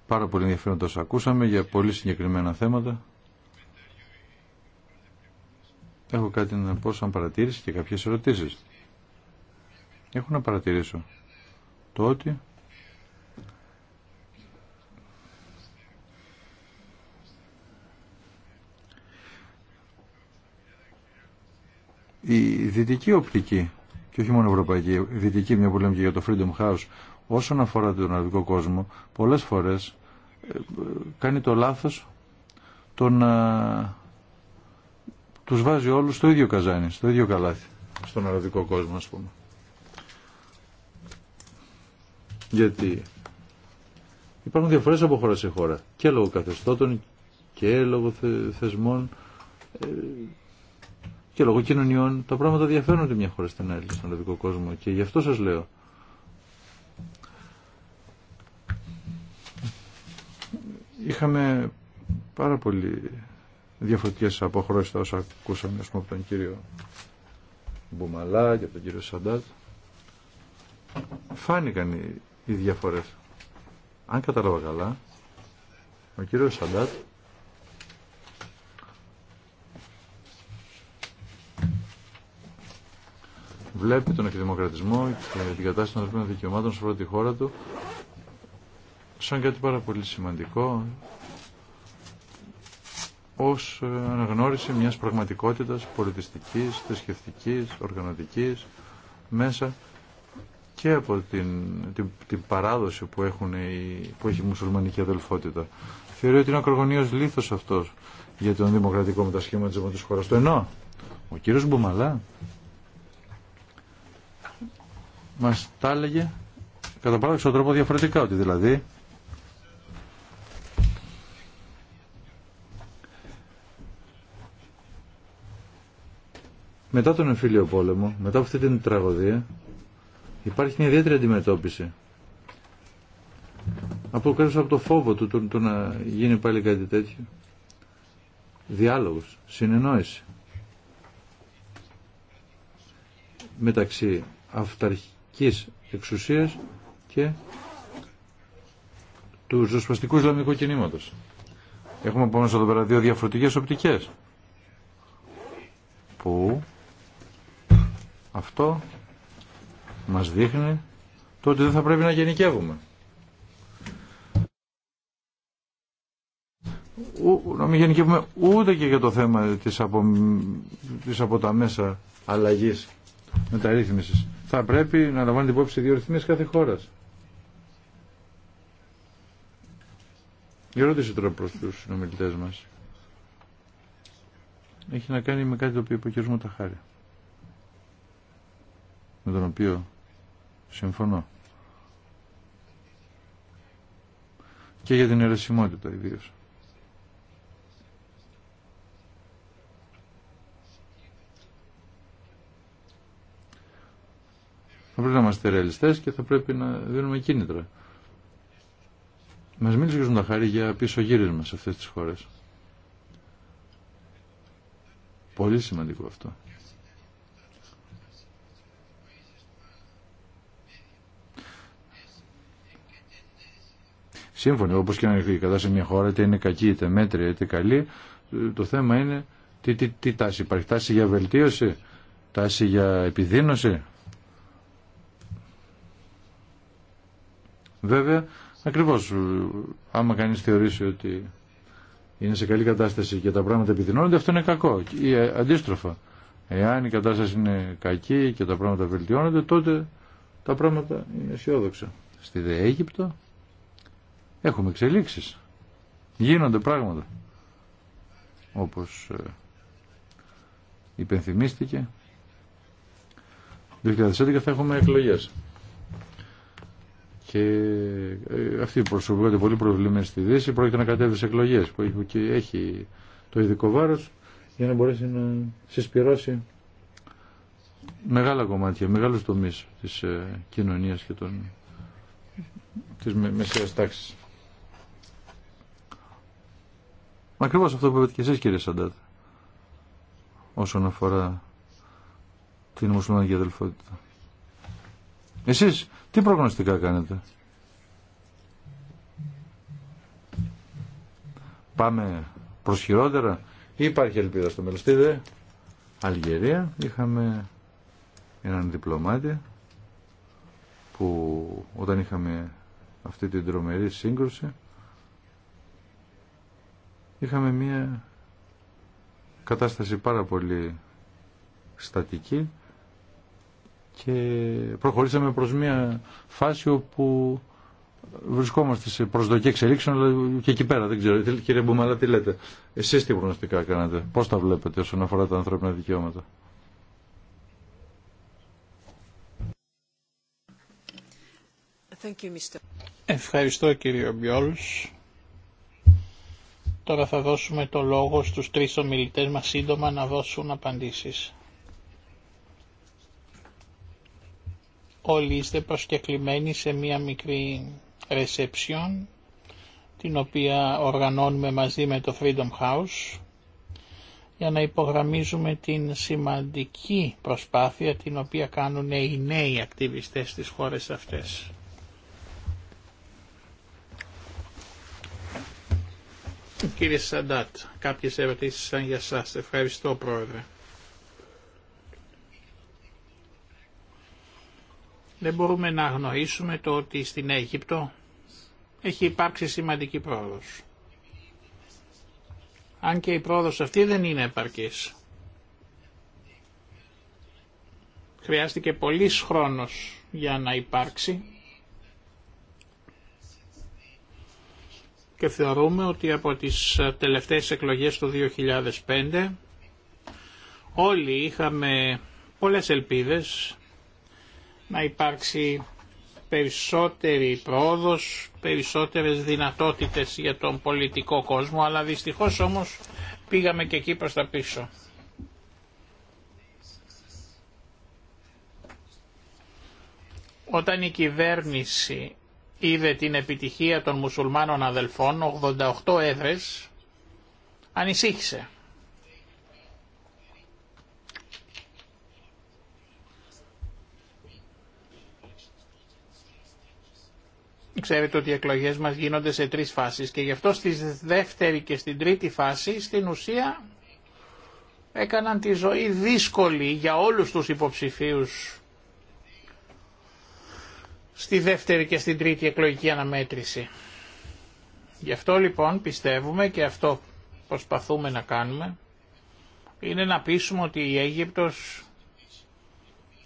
S2: πάρα πολύ ενδιαφέροντα ακούσαμε για πολύ συγκεκριμένα θέματα. Έχω κάτι να πω σαν παρατήρηση και κάποιες ερωτήσεις. Έχω να παρατηρήσω το ότι η δυτική οπτική και όχι μόνο ευρωπαϊκή, η δυτική μια που λέμε και για το Freedom House όσον αφορά τον αραβικό κόσμο πολλές φορές ε, ε, κάνει το λάθος το να ε, τους βάζει όλους στο ίδιο καζάνι, στο ίδιο καλάθι, στον αραβικό κόσμο ας πούμε. Γιατί υπάρχουν διαφορές από χώρα σε χώρα και λόγω καθεστώτων και λόγω θεσμών ε, και λόγω κοινωνιών τα πράγματα διαφέρουν μια χώρα στην άλλη στον αραβικό κόσμο και γι' αυτό σας λέω είχαμε πάρα πολύ διαφορετικές αποχρώσεις όσα ακούσαμε πούμε, από τον κύριο Μπουμαλά και από τον κύριο Σαντάτ φάνηκαν οι, οι διαφορές αν κατάλαβα καλά ο κύριος Σαντάτ βλέπει τον εκδημοκρατισμό και την κατάσταση των δικαιωμάτων σε πρώτη χώρα του σαν κάτι πάρα πολύ σημαντικό ως αναγνώριση μιας πραγματικότητας πολιτιστικής, θρησκευτική, οργανωτικής μέσα και από την, την, παράδοση που, έχουν οι, που έχει η μουσουλμανική αδελφότητα. Θεωρεί ότι είναι ακρογωνίως λίθος αυτός για τον δημοκρατικό μετασχηματισμό της χώρας. Το ενώ ο κύριος Μπουμαλά μας τα έλεγε κατά στον τρόπο διαφορετικά ότι δηλαδή Μετά τον εμφύλιο πόλεμο, μετά αυτή την τραγωδία, υπάρχει μια ιδιαίτερη αντιμετώπιση. Από από το φόβο του, το, το να γίνει πάλι κάτι τέτοιο. Διάλογος, συνεννόηση. Μεταξύ αυταρχικής εξουσίας και του ζωσπαστικού Ισλαμικού κινήματος. Έχουμε από μέσα εδώ πέρα δύο διαφορετικές οπτικές που αυτό μας δείχνει το ότι δεν θα πρέπει να γενικεύουμε. να μην γενικεύουμε ούτε και για το θέμα της από, της τα μέσα αλλαγής μεταρρύθμισης. Θα πρέπει να λαμβάνει την υπόψη ρυθμίες κάθε χώρας. Η ερώτηση τώρα προς τους συνομιλητές μας έχει να κάνει με κάτι το οποίο είπε τα κ με τον οποίο συμφωνώ. Και για την αιρεσιμότητα ιδίω. Θα πρέπει να είμαστε ρεαλιστές και θα πρέπει να δίνουμε κίνητρα. Μας μίλησε τα χάρη για πίσω γύρισμα σε αυτές τις χώρες. Πολύ σημαντικό αυτό. σύμφωνοι. Όπως και να η κατάσταση μια χώρα, είτε είναι κακή, είτε μέτρια, είτε καλή, το θέμα είναι τι, τι, τι τάση υπάρχει. Τάση για βελτίωση, τάση για επιδείνωση. Βέβαια, ακριβώς, άμα κανείς θεωρήσει ότι είναι σε καλή κατάσταση και τα πράγματα επιδεινώνονται, αυτό είναι κακό. Ή ε, αντίστροφα, εάν η κατάσταση είναι κακή και τα πράγματα βελτιώνονται, τότε τα πράγματα είναι αισιόδοξα. Στη ΔΕ Αίγυπτο Έχουμε εξελίξεις. Γίνονται πράγματα. Όπως ε, υπενθυμίστηκε, το 2011 θα έχουμε εκλογές. Και ε, αυτή η προσωπικότητα πολύ προβλημένη στη Δύση πρόκειται να κατέβει σε εκλογές που έχει το ειδικό βάρος για να μπορέσει να συσπυρώσει μεγάλα κομμάτια, μεγάλους τομείς της ε, κοινωνίας και των, της μεσαίας τάξης. Μα ακριβώ αυτό που είπατε και εσεί κύριε Σαντάτ. Όσον αφορά την μουσουλμανική αδελφότητα. Εσείς τι προγνωστικά κάνετε. Πάμε προς χειρότερα ή υπάρχει ελπίδα στο μέλλον. Αλγερία είχαμε έναν διπλωμάτη που όταν είχαμε αυτή την τρομερή σύγκρουση είχαμε μια κατάσταση πάρα πολύ στατική και προχωρήσαμε προς μια φάση όπου βρισκόμαστε σε προσδοκή εξελίξεων αλλά και εκεί πέρα δεν ξέρω κύριε Μπουμαλά τι λέτε εσείς τι προγνωστικά κάνατε πώς τα βλέπετε όσον αφορά τα ανθρώπινα δικαιώματα
S4: Ευχαριστώ κύριο Μπιόλς Τώρα θα δώσουμε το λόγο στους τρεις ομιλητές μας σύντομα να δώσουν απαντήσεις. Όλοι είστε προσκεκλημένοι σε μία μικρή reception, την οποία οργανώνουμε μαζί με το Freedom House, για να υπογραμμίζουμε την σημαντική προσπάθεια την οποία κάνουν οι νέοι ακτιβιστές στις χώρες αυτές. Κύριε Σαντάτ, κάποιες ερωτήσεις σαν για σας. Ευχαριστώ Πρόεδρε. Δεν μπορούμε να αγνοήσουμε το ότι στην Αίγυπτο έχει υπάρξει σημαντική πρόοδος. Αν και η πρόοδος αυτή δεν είναι επαρκής. Χρειάστηκε πολύς χρόνος για να υπάρξει και θεωρούμε ότι από τις ε, τελευταίες εκλογές του 2005 όλοι είχαμε πολλές ελπίδες να υπάρξει περισσότερη πρόοδος, περισσότερες δυνατότητες για τον πολιτικό κόσμο, αλλά δυστυχώς όμως πήγαμε και εκεί προς τα πίσω. Όταν η κυβέρνηση είδε την επιτυχία των μουσουλμάνων αδελφών, 88 έδρες, ανησύχησε. Ξέρετε ότι οι εκλογές μας γίνονται σε τρεις φάσεις και γι' αυτό στη δεύτερη και στην τρίτη φάση στην ουσία έκαναν τη ζωή δύσκολη για όλους τους υποψηφίους στη δεύτερη και στην τρίτη εκλογική αναμέτρηση. Γι' αυτό λοιπόν πιστεύουμε και αυτό προσπαθούμε να κάνουμε είναι να πείσουμε ότι η Αίγυπτος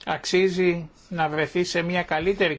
S4: αξίζει να βρεθεί σε μια καλύτερη